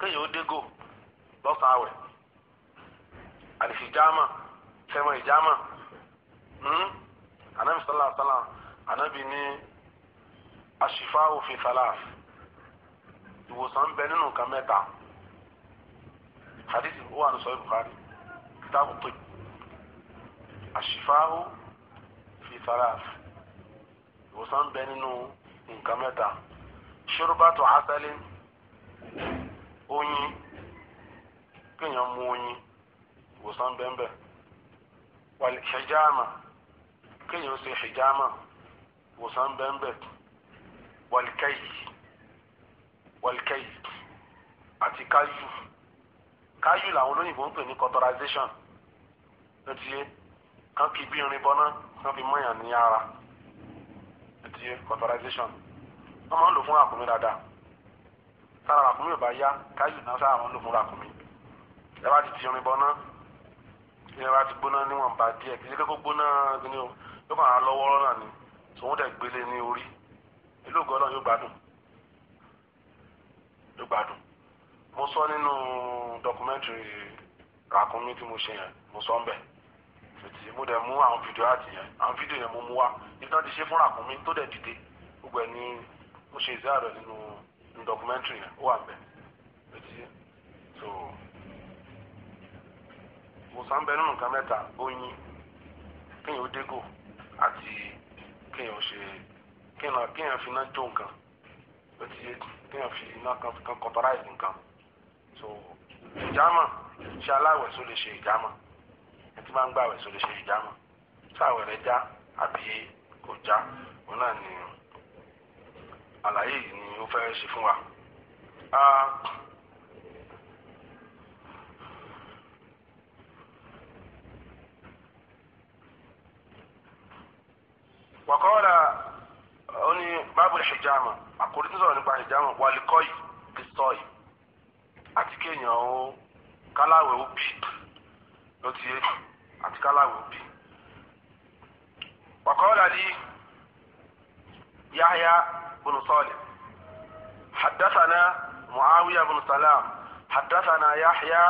kéèyàn ó dégò lọ́sàn-án àwẹ̀ àlìfì jáàmà fẹ́mọ̀ ìjáàmà anábì sálà sálà anábì ní àṣìfà òfin sálàf ìwòsàn bẹ nínú nǹkan mẹ́ta hadith wà ní sọ́yìn Bukhari kitabu tó yìí àṣìfáhù fi taraf ìwòsàn bẹ nínú nǹkan mẹ́ta ṣorúbàtò asálẹ oyin kéèyàn mú oyin ìwòsàn bẹ́ẹ̀ wàlẹ̀ hijama kéèyàn ṣe hijama ìwòsàn bẹ́ẹ̀ wàlìkẹ́yì wàlìkẹ́yì àti káyù káyù làwọn olóyìnbó ń pè ní cauterization ló ti yé kan kì í bí irin bọ́ná kan fi mọ̀yàn ní ara àti cauterization wọ́n máa ń lò fún àkùnrin dáadáa sára àkùnrin ò bá yá káyù náà sára wọn lò fún àkùnrin ẹ bá ti ti irin bọ́ná ẹ bá ti gbóná níwọ̀nba díẹ̀ kì í ṣe kókó gbóná gíní o yóò kàn án lọ́wọ́rọ́ náà ni tòun dẹ̀ gbélé ní orí ìlú ògùn ọlọ́run yóò gbádùn yóò gbádùn mo sọ nínú dọkumẹ́ntìrì ràkúnmí tí mo ṣe yẹn mo sọ ń bẹ́ẹ̀ tòtì mo dẹ̀ mú àwọn fídíò àti yẹn àwọn fídíò yẹn mo mú wá ibi tí wọ́n ti ṣe fúnra kún mi tó dẹ̀ dìde gbogbo ẹ̀ ni mo ṣe ìṣe àrẹ nínú dọkumẹ́ntìrì yẹn ó wà bẹ́ẹ̀ tòtì so mo sàn bẹ nínú nǹkan mẹ́ta oyin kéèyàn ó dégò àti kéèyàn ṣe kéèyàn kéèyàn fi iná jó nǹkan tòtì kéèyàn fi iná kan kọ́tọ́ráìsì nǹkan so ìjàmà ṣe aláwẹ̀ tó lè ṣe ìjàmà ẹ ti máa ń gbàwẹ̀ sórí ṣe ìdáhùn sáwẹ̀ rẹ̀ já àbí kò já òun náà ni àlàyé yìí ni ó fẹ́ ṣe fún wa. wàkọ́ọ̀lá ó ní báàbù ìṣèjáàmù àkórí tó sọ̀rọ̀ nípa ìṣèjáàmù wàlíkọ́yì kìsọ́yì àti kéèyàn ó káláwẹ̀ ó bì í. وقال لي يحيى بن صالح حدثنا معاوية بن سلام حدثنا يحيى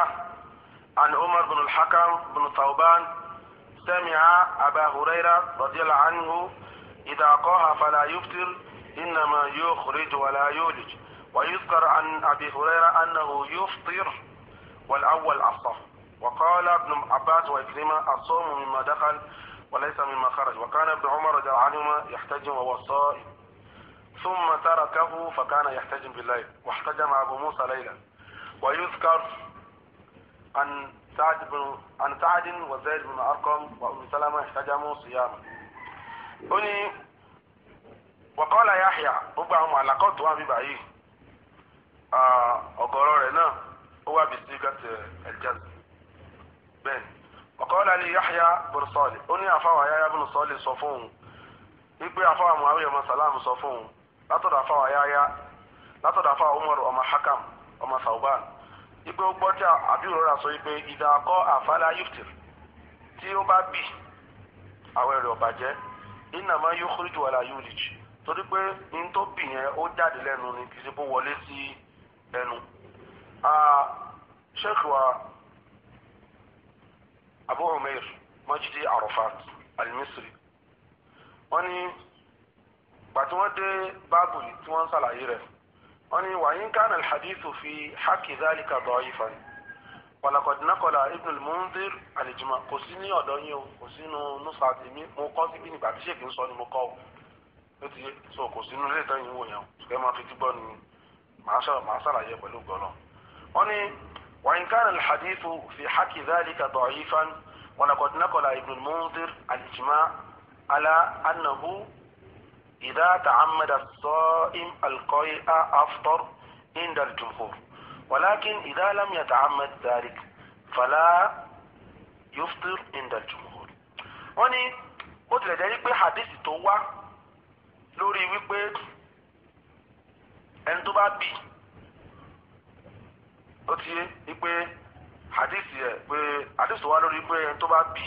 عن عمر بن الحكم بن ثوبان سمع أبا هريرة رضي الله عنه إذا قاها فلا يفطر إنما يخرج ولا يولج ويذكر عن أبي هريرة أنه يفطر والأول أصح وقال ابن عباس وإكرمة الصوم مما دخل وليس مما خرج وكان ابن عمر رضي الله عنهما يحتجم وهو صائم ثم تركه فكان يحتجم بالليل واحتجم أبو موسى ليلا ويذكر أن سعد بن عن سعد وزيد بن أرقم وأم سلمة احتجموا صياما. أني وقال يحيى ربما على àlàkọ́ وابي wà bíbá هنا هو بصيغة náà bẹ́ẹ̀ ọ̀kọ́lá ni yahya bin ó ní àfáwà yahya sọ́ọ̀lì sọ fún wípé àfáwà muawiya ọmọ sọ fún òun látọ̀dọ̀ àfáwà yahya látọ̀dọ̀ àfáwà umar ọmọ hakam ọmọ sauban wípé ó gbọ́ tí àbíwò rẹ̀ sọ wípé ìdá akọ́ yuftir tí ó bá bì àwọn èrè ọ̀bàjẹ́ iná máa yóò torí pé tó bì yẹn ó jáde lẹ́nu ni kì í ṣe bó wọlé sí ẹnu. sheikh wa abu umair majdi arafat almisri wọ́n ní gbàtí wọ́n dé báàbù yìí tí wọ́n ń ṣàlàyé rẹ̀ wọ́n ní wàyín kánà alhadithu fi haki dhalika da'ifan walaqad naqala ibn al-mundhir al-ijma kò sí ní ọ̀dọ̀ yín o kò sínú nusa tèmi mo kọ́ síbí nígbà tí ṣèkì ń sọ ni mo kọ́ o ló ti yé so kò sínú ilé ìtàn yìí wò yẹn o ṣùgbọ́n máa fi ti ni màá ṣàlàyé pẹ̀lú gbọ́lọ́ wọ́n ní وإن كان الحديث في حق ذلك ضعيفا ولقد نقل ابن المنذر الإجماع على أنه إذا تعمد الصائم القيء أفطر عند الجمهور ولكن إذا لم يتعمد ذلك فلا يفطر عند الجمهور wọ́n ní ó بحديث jẹ́ wípé hadisi tó wá ó ti yé wípé hadith yẹ pé hadith wa lórí pé ẹni tó bá bì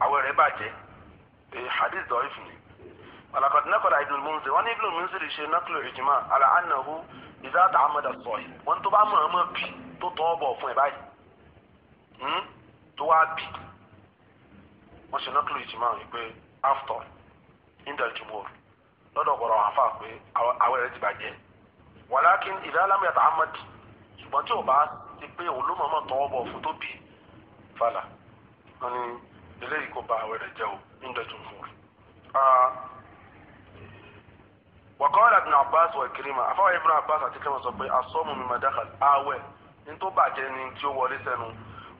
àwẹ̀ rẹ̀ bàjẹ́ hadith dọ̀ ìfì alakọ̀dé nàkọ̀dé Ibn Munzir wọn ní Ibn Munzir ṣe nàkìlò ìjìmá àlà ànàhu ìdá tààmàdà sọ̀yì wọn tó bá mọ̀ọ́mọ̀ bì tó tọ́ bọ̀ fún ẹ̀ báyìí hmm? tó wá bì wọn ṣe nàkìlò ìjìmá wípé after indal jumhur lọ́dọ̀ gbọ́dọ̀ àfa pé àwẹ̀ rẹ̀ ti bàjẹ́ wàlákin ìdá alámúyàtà ahmed ṣùgbọ́n tí ò bá ti pé òun ló mọ̀ọ́mọ̀ tọwọ́ bọ̀ fún tó bì fàlà wọn ni eléyìí kò ba àwẹ̀ rẹ̀ jẹ́ o níjọ́tún fún un. wàkọ́ọ̀lá ibn Abbas wà Ikrima afáwọn ibn Abbas àti Ikrima sọ pé asọ́mu mi máa dákàl àwẹ̀ ní tó bàjẹ́ ni tí ó wọlé sẹ́nu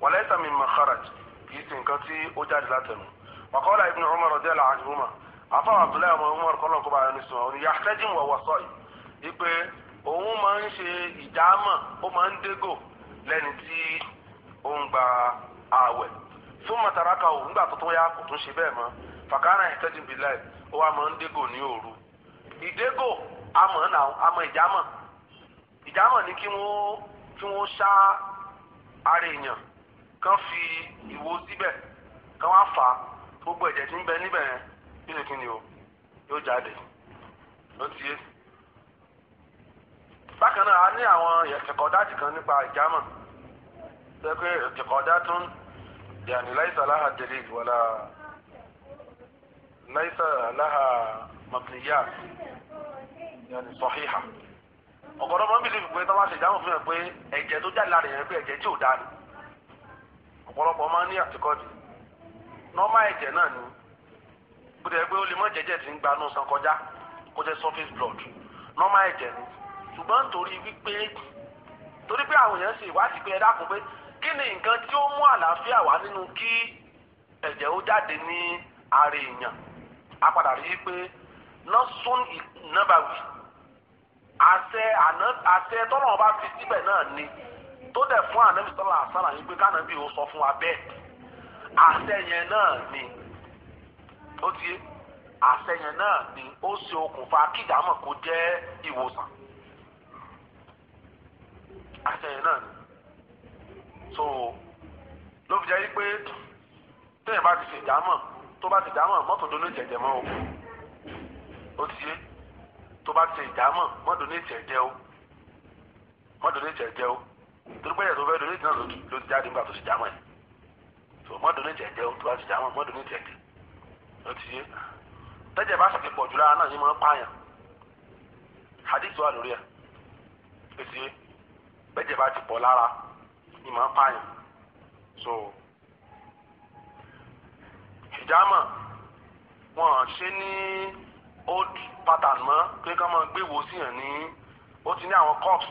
wàlẹ́sà mi máa kharaj kì í ṣe nǹkan tí ó jáde látẹnu wàkọ́ọ̀lá ibn Umar radiyallahu anhuma afáwọn Abdullahi Umar kọ́lọ́ òun máa ń ṣe ìdámọ̀ ó máa ń dégò lẹ́ni tí ó ń gba ààwẹ̀ fún màtàràkà òun gbà tó tó yá kò tún ṣe bẹ́ẹ̀ mọ́ fàkàrà ìtẹ́jú bíláì ó wá máa ń dégò ní òru ìdégò náà ni kí wọ́n kí wọ́n ṣá ara èèyàn kán fi ìwo síbẹ̀ kán wá fà á gbogbo ẹ̀jẹ̀ tí ń bẹ níbẹ̀ yẹn o yóò jáde ló bákan náà a ní àwọn ìtìkọ̀dáàtì kan nípa ìjámọ̀ tó yẹ pé ìtìkọ̀dá tún yàní láìsà láha dèrè wàlà láìsà láha mọ̀kìlíyà yàní sọ̀híhà ọ̀pọ̀lọpọ̀ máa ń pé tọ́wọ́ ṣe ìjámọ̀ fún yẹn pé ẹ̀jẹ̀ tó jáde lára yẹn pé ẹ̀jẹ̀ tí ò ni ọ̀pọ̀lọpọ̀ máa ń ní àtìkọ́dì nọ́mà ẹ̀jẹ̀ náà ni gbọdọ̀ ẹgbẹ́ ó lè jẹ́jẹ́ ń gbanú san kọjá kó ṣùgbọ́n torí wípé torí pé àwọn èèyàn ṣe ìwádìí pé ẹ dákun pé kí ni nǹkan tí ó mú àlàáfíà wá nínú kí ẹ̀jẹ̀ ó jáde ní ara èèyàn a padà rí i pé nọ́sùn ìnábàwì àṣẹ tọ́nà ọba fi síbẹ̀ náà ni tó dẹ̀ fún ànábì sọ́là àṣàlà yìí pé kánàbì ó sọ fún wa bẹ́ẹ̀ àṣẹ yẹn náà ni ó ti àṣẹ yẹn náà ni ó ṣe okùnfà kíjàmọ̀ kó jẹ́ ìwòsàn àtẹ̀yìn náà ni so ló fi jẹ́ yí pé téèyàn bá ti ṣèjámọ̀ tó bá ti jámọ̀ mọ́tò dóná jẹ̀jẹ̀ mọ́ o ó ti yé tó bá ti ṣèjámọ̀ mọ́tò dóná jẹ̀jẹ̀ o mọ́tò dóná jẹ̀jẹ̀ o torí pé ẹ̀sọ́ fẹ́ dóná jẹ̀jẹ̀ náà ló ti jáde nígbà tó ṣèjámọ̀ yẹn so mọ́tò dóná jẹ̀jẹ̀ o tó bá ti jámọ̀ mọ́tò dóná jẹ̀jẹ̀ ó ti yé tẹ́jẹ̀ bá sì ti pọ̀ jù lára náà yín máa ń pààyàn hadith wà lórí ẹ̀ ó ti yé bẹ́jẹ̀ bá ti pọ̀ lára ni màá pààyàn so hijama wọn ṣe ní old pattern mọ́ pé ká máa gbéwò sí yàn ní ó ti ní àwọn cups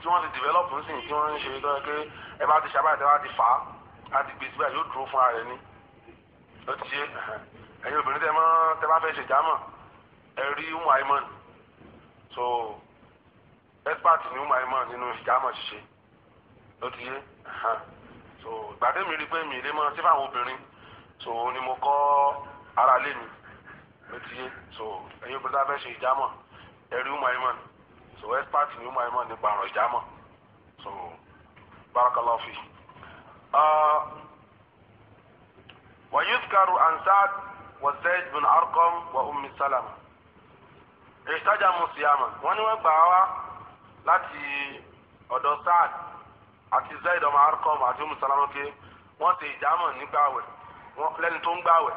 tí wọ́n ti develop nísìnyí tí wọ́n ń ṣe tó yẹ pé ẹ bá ti ṣàbáyé tí wọ́n á ti fà á láti gbé síbẹ̀ yóò dúró fúnra rẹ̀ ni ó ti ṣe ẹ̀yin obìnrin tẹ́ mọ́ tẹ́ bá fẹ́ ṣèjámọ̀ ẹ rí umu aiman so expert ni ó máa mọ̀ nínú ìjàmọ̀ ṣíṣe ló ti yé so ìgbàdé mi rí pé mi lè mọ sí fáwọn obìnrin so ni mo kọ́ ara lé mi ló ti yé so ẹ̀yin obìnrin tá a fẹ́ ṣe ìjàmọ̀ ẹ̀rí ó máa mọ̀ so expert ni ó máa mọ̀ nípa ọ̀rọ̀ ìjàmọ̀ so barakallahu fi. ويذكر عن سعد وزيد بن أرقم وأم سلمة احتجموا صياما ونوى بعوا láti ọ̀dọ̀ Saad àti Zaid ọmọ Arqam àti Umu Salama pé wọ́n ti ìjàmọ̀ nígbà wẹ̀ lẹ́ni tó ń gbà wẹ̀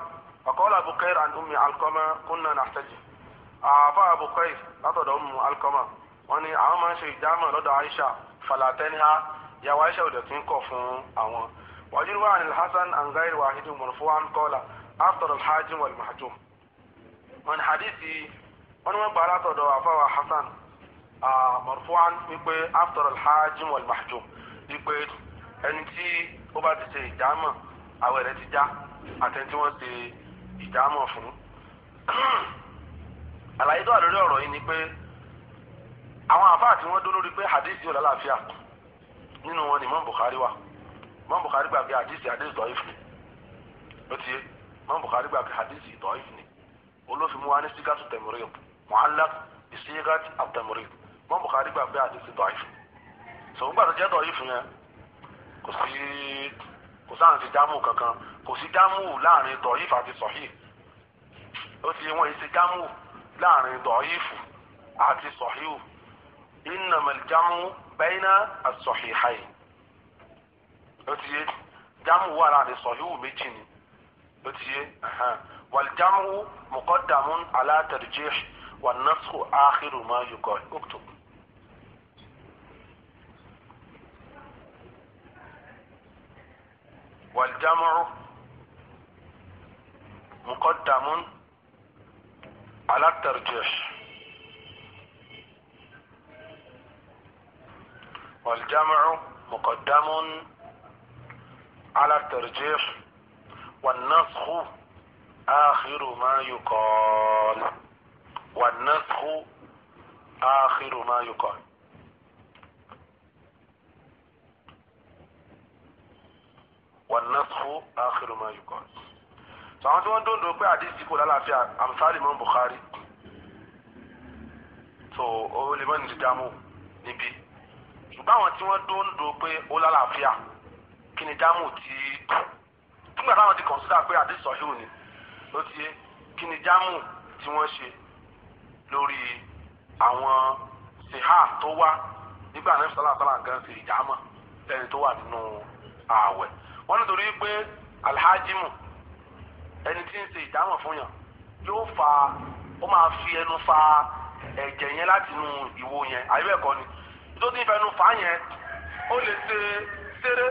ọ̀kọ́lá Bukair and Ummi Alqama kunna nahtaji àfa Bukair látọ̀dọ̀ Ummu Alqama wọ́n ní àwọn máa ń ṣe ìjàmọ̀ lọ́dọ̀ Aisha falatẹ́niha ìyàwó Aisha òde tí ń kọ̀ fún àwọn. wàjú wa ni Hasan an gairi wahidi murfu'an qala after al wal mahjum. wọn hadisi wọn ni wọn gbà látọ̀dọ̀ àfa Hasan marfu'an wípé after alhajim wal mahjum wípé ẹni tí ó bá ti ṣe ìdámọ̀ àwẹ̀ rẹ̀ ti já àtẹni tí wọ́n ṣe ìdámọ̀ fún. àlàyé tó wà lórí ọ̀rọ̀ yìí ni pé àwọn àfáà tí wọ́n dó lórí pé hadith yóò lálàáfíà nínú wọn ni Imam Bukhari wà Imam Bukhari gbà pé hadith hadith da'if ni ó ti yé Imam Bukhari gbà pé hadith da'if ni olófin mu wa ní sígá tó tẹ̀mọ̀rẹ́ mu'allaq bí sígá Imam Bukhari gbà pé àdìsí dọ̀ìfù sọ̀rọ̀ gbà tó jẹ́ dọ̀ìfù yẹn kò sí kò sáà ti jámù kankan kò sí jámù láàrin dọ̀ìfù àti sọ̀hí ó ti wọ́n ṣe jámù láàrin dọ̀ìfù àti sọ̀hí o innamal jámù bayna as-sahihayn ó ti yé jámù wà láàrin sọ̀hí o méjì ni ó ti yé wal jámù muqaddamun ala tarjih wan nasxu akhiru ma والجمع مقدم على الترجيح والجمع مقدم على الترجيح والنسخ آخر ما يقال والنسخ آخر ما يقال wọn náà fún àkèrò tí wọ́n dòndò pé àdìsí kò lálàáfíà àmsáàlì mọ́ Bukhari so ó lè mọ́ ní dídámù níbí ṣùgbọ́n àwọn tí wọ́n dòndò pé ó lálàáfíà kí ni dámù ti nígbà táwọn ti kọ̀nsídà pé àdìsí ọ̀hìn ni ló ti yé kí ni dámù tí wọ́n ṣe lórí àwọn sèhá tó wá nígbà náà sọlá sọlá nǹkan ṣe ìjà mọ́ tó wà nínú ààwẹ̀ wọ́n nítorí pé alhajimu ẹni tí ń ṣe ìdáhùn fún yàn yóò fa ó máa fi ẹnu fa ẹ̀jẹ̀ yẹn láti inú ìwo yẹn àyẹ̀bẹ̀kọ ni tó ti fẹnu fà yẹn ó lè ṣe ṣeré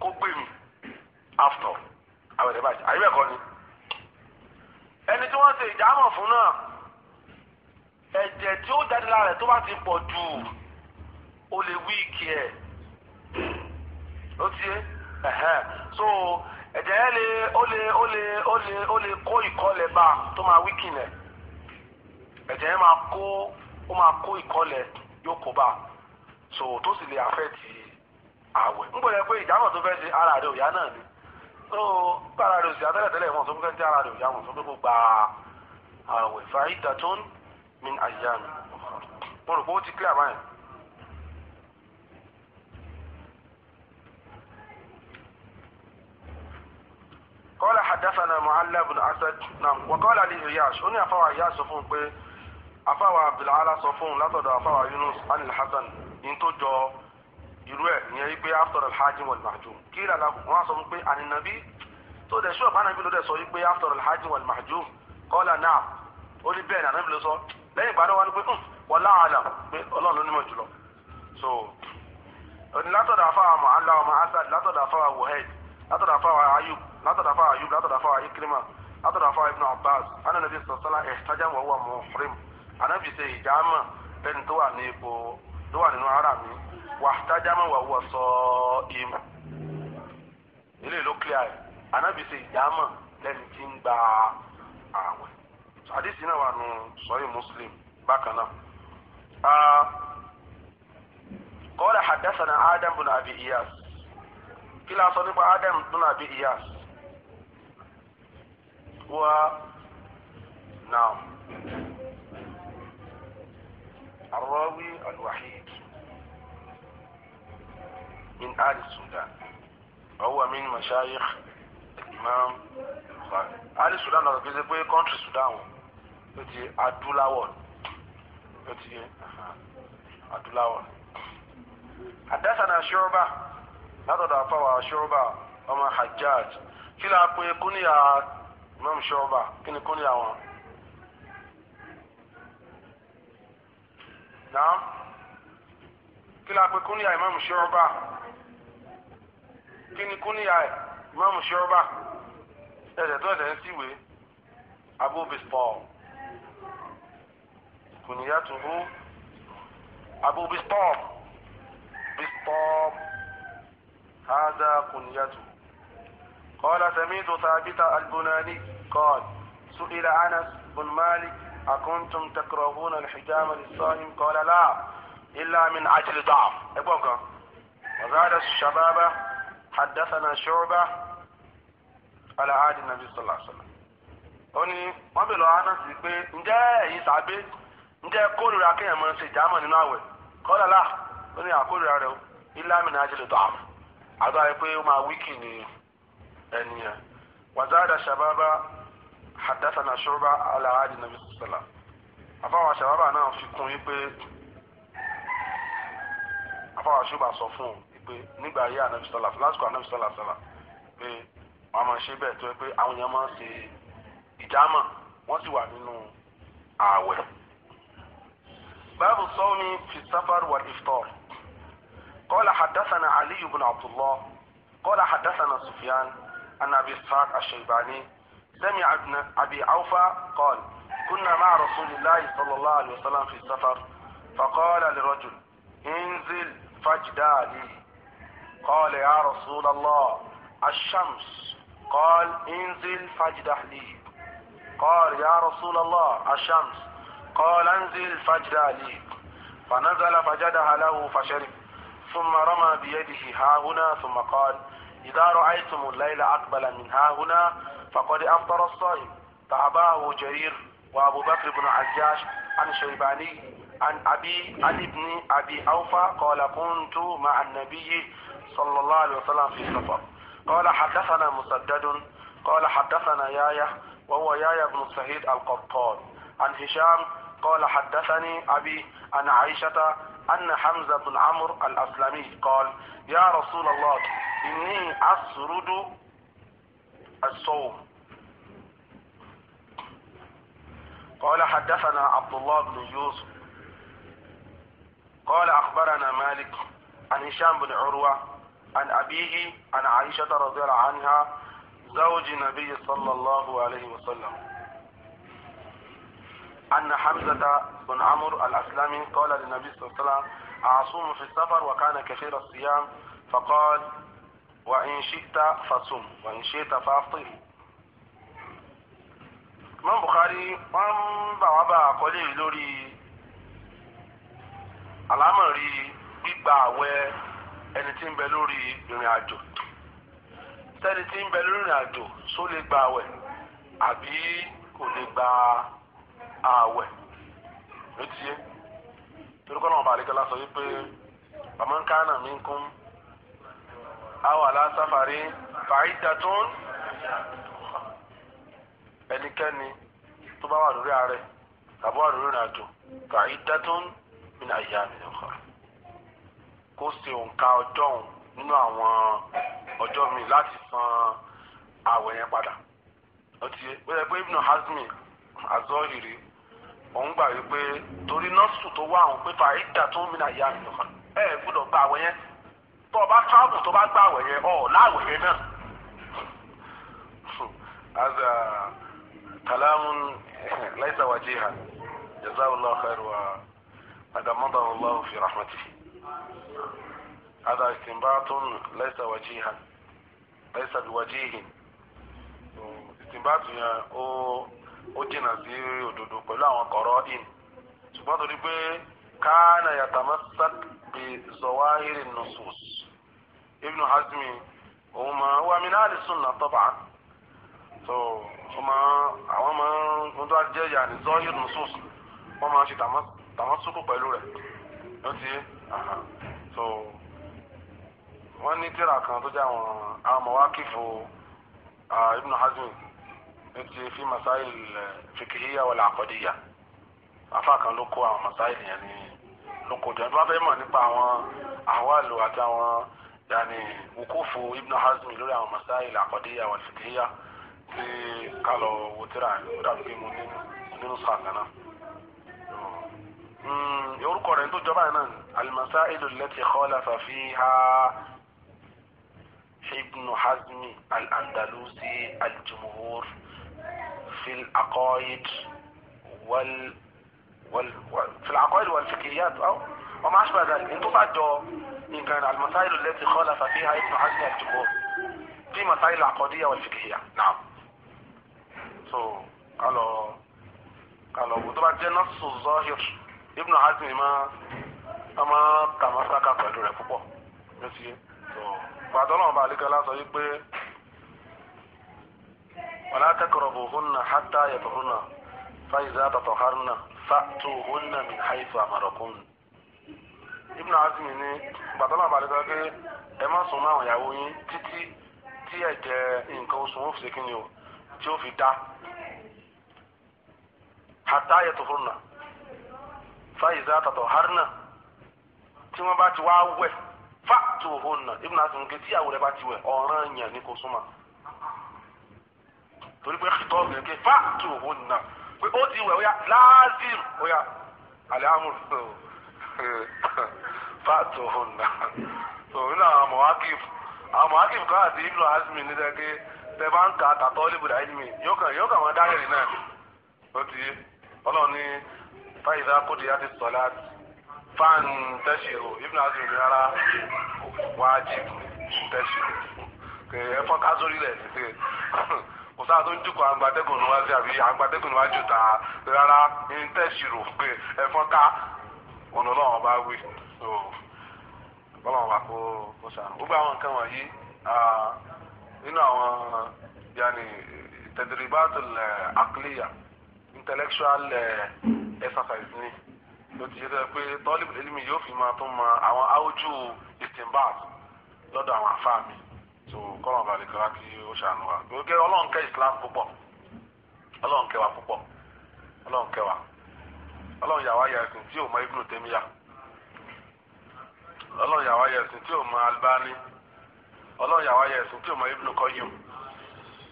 kó gbé mi after àwọn ẹ̀dẹ̀ báyìí àyẹ̀bẹ̀kọ ni ẹni tí wọ́n ṣe ìdáhùn fún náà ẹ̀jẹ̀ tí ó jáde lára rẹ̀ tó bá ti pọ̀ jù ó lè wí kí ẹ̀. ó ti yé so ẹ̀jẹ̀ yẹn lè ó lè ó lè ó lè ó lè kó ìkọlẹ̀ bá a tó máa wíkì nẹ̀ ẹ̀jẹ̀ yẹn máa kó ó máa kó ìkọlẹ̀ yóò kó bá a so tó sì lè àfẹ́tì àwẹ̀ ń gbọ́dọ̀ pé ìdáhùn tó fẹ́ ṣe ara rẹ̀ òyá náà ni so ara rẹ̀ òsì ara rẹ̀ wọn kó gba àwẹ̀ fàáyí min mi mo rò pé ó ti clear báyìí. kọ́lá hadathana mu'alla bin asad nam wakọ́lá ní iyash ó ní àfáwà iyash sọ fún un pé àfáwà abdulhala sọ fún un látọ̀dọ̀ àfáwà yunus anil hasan ní tó jọ irú ẹ̀ ní ẹ̀yí pé after alhaji wal mahjum kí ìlànà wọn sọ fún pé ànínàbí tó dẹ̀ ṣú ọ̀pá nàbí ló dẹ̀ sọ yí pé after alhaji wal mahjum kọ́lá náà ó ní bẹ́ẹ̀ ni ànábì ló sọ lẹ́yìn ìgbà náà pé wallahu alam pé ọlọ́run ló nímọ̀ jùlọ so látọ̀dọ̀ àfáwà mu'alla wa ma'asad látọ̀dọ̀ àfáwà wahid látọ̀dọ̀ àfáwà ayub látọ̀dà fáwọn ayub látọ̀dà fáwọn ikrima látọ̀dà fáwọn ibn abbas anabi sọ̀sọ́lá ẹ̀ṣtájà wọ́n wà muhrim anabi ṣe ìjàmà lẹ́ni tó wà ní ipò tó wà nínú ara mi wàhtájà mọ̀ wà wọ̀ sọ im ilé ló clear ẹ̀ anabi ṣe ìjàmà lẹ́ni tí ń gba àwẹ̀ àdìsí náà wà nù sọ́yìn muslim bákan náà. قال حدثنا آدم بن أبي إياس كلا صديق آدم بن أبي إياس هو نعم الراوي الوحيد من آل السودان هو من مشايخ الإمام البخاري آل السودان lọ fi ṣe pé kọ́ńtì Sudan ló ti adúláwọ̀ ló ti adúláwọ̀ àdásánà ṣọ́ọ́bà látọ̀dọ̀ àfọwà ṣọ́ọ́bà ọmọ Hajjaj kí ló pé kúníyà imam shọba kí ni kúnlẹ̀ àwọn. náà kí la pe kúnlẹ̀ imam shọba kí ni kúnlẹ̀ imam shọba ẹ̀sẹ̀ tó ẹ̀sẹ̀ ń síwèé abu bispọ̀ kùnìyà tùbú abu bispọ̀ bispọ̀ hada kùnìyà tùbú. قال سميد ثابت البناني قال سئل أنس بن مالك أكنتم تكرهون الحجام للصائم قال لا إلا من عجل ضعف أبوك وزاد الشباب حدثنا شعبة على عهد النبي صلى الله عليه وسلم oni wọn bẹ lọ ana si pe njẹ eyi sabi njẹ kóòdù rẹ akéèyàn لا ṣe jàmọ nínú àwẹ kọlọlá oni akóòdù rẹ rẹ ilé àmì náà jẹ lè dọ àmì àgbà rẹ pé ó máa wíkì nìyẹn. ẹnìyàn wàzáàdà sàbábà hadathana shuba alaadi nabi sallam afáwà sàbábà náà fi kún yín pé afáwà shuba sọ fún un pé nígbà ayé anabi sallam lásìkò anabi sallam sallam pé wọn máa ṣe bẹ́ẹ̀ tó yẹ pé àwọn èèyàn máa ń ṣe ìjàmà wọn sì wà nínú ààwẹ̀ báàbù sọ́ọ́ni fi sáfàr wà ìfitọ́r kọ́lá hadathana aliyu bin abdullah kọ́lá hadathana sufyan. عن أبي إسحاق الشيباني سمع ابن أبي عوفة قال كنا مع رسول الله صلى الله عليه وسلم في السفر فقال لرجل انزل فاجدى لي قال يا رسول الله الشمس قال انزل فاجدح لي قال يا رسول الله الشمس قال انزل فاجدح لي فنزل فجدها له فشرب ثم رمى بيده ها هنا ثم قال إذا رأيتم الليل أقبل من ها هنا فقد أفطر الصائم فأباه جرير وأبو بكر بن عجاش عن شيباني عن أبي عن ابن أبي أوفى قال كنت مع النبي صلى الله عليه وسلم في سفر قال حدثنا مسدد قال حدثنا يايا وهو يايا بن سعيد القطان عن هشام قال حدثني أبي عن عائشة أن حمزة بن عمرو الأسلمي قال يا رسول الله إني أسرد الصوم قال حدثنا عبد الله بن يوسف قال أخبرنا مالك عن هشام بن عروة عن أبيه عن عائشة رضي الله عنها زوج النبي صلى الله عليه وسلم أن حمزة بن عمرو الأسلمي قال للنبي صلى الله عليه وسلم أعصوم في السفر وكان كثير الصيام فقال وإن شئت فصم وإن شئت فأفطر Imam Bukhari wọ́n bá wá bá àkọlé yìí lórí àlámọ̀rí gbígba àwẹ̀ ẹni tí ń bẹ lórí ìrìn àjò sẹ́ni tí ń bẹ lórí ìrìn àjò só lè gba àwẹ̀ àbí kò lè gba àwẹ̀ ààwẹ̀ etie torúkọ náà ọba àlekọlá sọ wípé pàmọ́nkánà mi ń kún àwọn aláṣàfàrí fàáìdàtún ẹnikẹ́ni tó bá wà lórí ààrẹ tàbí wà lórí ìrìnàjò fàáìdàtún nínú àyè àmì ọkọ kó ṣe òǹkà ọjọ́ òun nínú àwọn ọjọ́ mi láti san àwẹ̀ yẹn padà ó ti yẹ ó yẹ pé Ibn Hazmi azọ́ọ̀rì rèé. òun gbà wípé torí nọ́ọ̀sù tó wá àwọn pépà ìdá tó mìnà ìyá mi nìkan ẹ ẹ gbọ́dọ̀ gba àwẹ̀ yẹn tó o bá tíráàbù tó bá gba àwẹ̀ yẹn ọ̀ láwẹ̀ yẹn náà. هذا كلام ليس وجيها جزاه الله خير وتغمده الله في رحمته هذا ha, ليس وجيها ليس بوجيه ó si sí òdodo pẹ̀lú àwọn kọ̀rọ̀ in ṣùgbọ́n torí pé káàna yàtàmọ́ bi zowa nùsùs ibnu hazmi òun máa wà mí náà lè sùn náà so wọ́n máa àwọn máa ń tó jẹ́ yàní zọ́hìrì nùsùs wọ́n máa ṣe tàmọ́ pẹ̀lú rẹ̀ ló so wọ́n ní tíra kan tó jẹ́ àwọn àwọn ah, ibnu في مسائل فقهية ولا عقدية afa kan ló kó àwọn masáìlì yẹn ní ló kó jọ nípa fẹ́ mọ̀ nípa àwọn àwàlù àti àwọn yàní wukufu ibn hazmi lórí àwọn masáìlì àkọ́díyà wal fiqhiyya tí kálọ̀ wò tíra ó dàbí pé mo ní nínú sàǹgà náà. Hmm, orúkọ rẹ̀ tó jọba náà al-masā'ilu allatī khālafa fīhā ibn hazmi al-andalusi al-jumhur. Al في العقائد وال وال, في العقائد والفكريات أو وما أشبه ذلك انتم بعد إن كان المسائل التي خالف فيها ابن حزم الجمهور في مسائل العقدية والفقهية نعم so قالوا قالوا وطبعا ده نص الظاهر ابن حزم ما أما تمسك pẹ̀lú rẹ̀ púpọ̀ ló so بعد الله بعد كلا sọ wípé ولا تقربوهن حتى يطهرن فإذا تطهرن فأتوهن من حيث أمركم Ibn Azim ní gbàdánù àbálẹ́ gbà pé ẹ má sùn máa ìyàwó yín títí tí ẹ̀jẹ̀ nǹkan oṣù ó fi ṣe ni o tí fi dá fa iza tataharna tí wọ́n bá ti wá wẹ̀ fa'tuhunna Ibn ti torí pé xitọ́ bẹ̀rẹ̀ pé fáàtù òun nà pé ó ti wẹ̀ óyá láàzìrù óyá alihamud fáàtù òun nà òun náà àwọn mọ̀wákìf àwọn mọ̀wákìf kan àti ibnu azmi ní dẹ́gẹ́ tẹ bá ń ka àtàtọ́ libra ẹ̀yìnmi yóò kàn yóò kàn wọ́n dáhẹ̀rì náà ó ti ọlọ́run ní fáyidá kóde yá ti fan tẹ́sìrò ibnu azmi ní ara wájib tẹ́sìrò ẹ fọ́n ká sórí rẹ̀ kò sáà tó ń jókòó àgbàdẹ́gùn ni wọ́n ṣe àbí àgbàdẹ́gùn ni wọ́n jù tà rárá ń tẹ̀sírò pé ẹ̀fọn ká ọ̀nà náà wọ́n bá wí bọ́lá wọn bá kó kó sànù. gbogbo àwọn nǹkan wọ̀nyí nínú àwọn yanni tẹ̀dẹ̀rìbáàtò lẹ̀ àkìlíyà intellectual exercise ni ló ti ṣe tẹ́ pé tọ́lìbù lẹ́lẹ́mì yóò fi máa tún mọ àwọn áwùjù ìtìǹbà lọ́dọ̀ àwọn àfáà mi. so kọ́nà balẹ̀ kọ́ra kí ó ṣàánú wa gbogbo islam púpọ̀ ọlọ́run kẹ́ wa púpọ̀ ya kẹ́ ti o yàwá yà tí mọ ibùdó tẹ́míyà ọlọ́run yàwá yà ẹ̀sìn tí mọ alibani ọlọ́run yàwá yà ẹ̀sìn tí mọ ibùdó kọ́yìm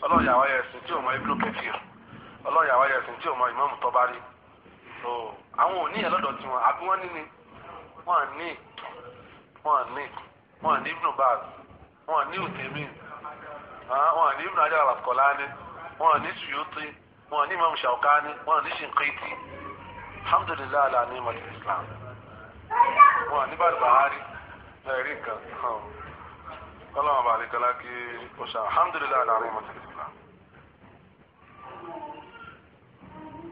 ọlọ́run yàwá yà ẹ̀sìn tí mọ ibùdó kẹfìr yàwá yà tí mọ ìmọ̀mù tọ́bárí so àwọn òní yẹn lọ́dọ̀ tiwọn àbí wọ́n ni wọ́n ní wọ́n ní wọn ní utemin ah, wọn ní ibùdó ajá àlàkọ̀láni wọn ní suyuti wọn ní imam shaukani wọn ní shinkiti alhamdulilayi ala ni imam islam wọn ní balibahari lẹ́ẹ̀rí kan kọ́lọ́mọ̀ bàlíkọ́lá kí o ṣe alhamdulilayi ala ni imam islam.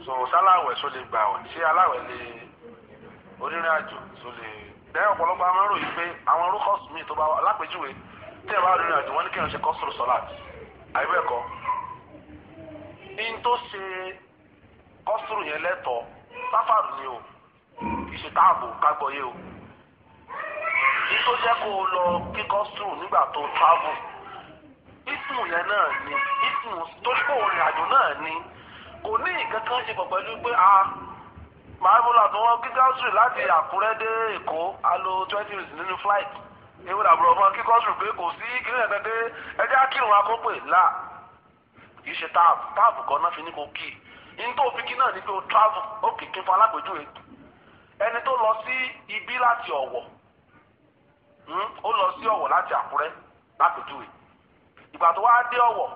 so sáláwẹ̀ só lè gbà ọ̀ ṣé aláwẹ̀ lè onírìn àjò só lè. bẹ́ẹ̀ ọ̀pọ̀lọpọ̀ amáròyìn pé àwọn rúkọ̀sì míì tó bá wà lápèjúwe. tẹ́ bá rìnrìn àjò wọn ní kéèyàn ṣe kọ́sùrù sọ́láàtì àìbẹ́ẹ̀kọ́ in tó ṣe kọ́sùrù yẹn lẹ́tọ̀ọ́ sáfàrù ni o kì í ṣe táàbù kágbọ́yé o in tó jẹ́ kó o lọ kí kọ́sùrù nígbà tó táàbù ìsùn yẹn náà ni ìsùn tó kó rìn àjò náà ni kò ní nǹkan kan ṣe pẹ̀lú pé a ah, màá mú làtọ̀ wọn kí gáàsù láti Àkúrẹ́ dé Èkó a lo twenty minutes nínú flight. ewu làbúrò ọmọ kíkọ́ sùn pé kò sí kíní ẹ̀kan dé ẹjẹ́ akírun akópè là kì í ṣe táàbù táàbù kan náà fi ní kò kì í ní tó fi kí náà ní pé o travel ó kì í kí fún alágbèjúwe ẹni tó lọ sí ibí láti ọ̀wọ̀ hmm, ó lọ sí ọ̀wọ̀ láti àkúrẹ́ lágbèjúwe ìgbà tó wá dé ọ̀wọ̀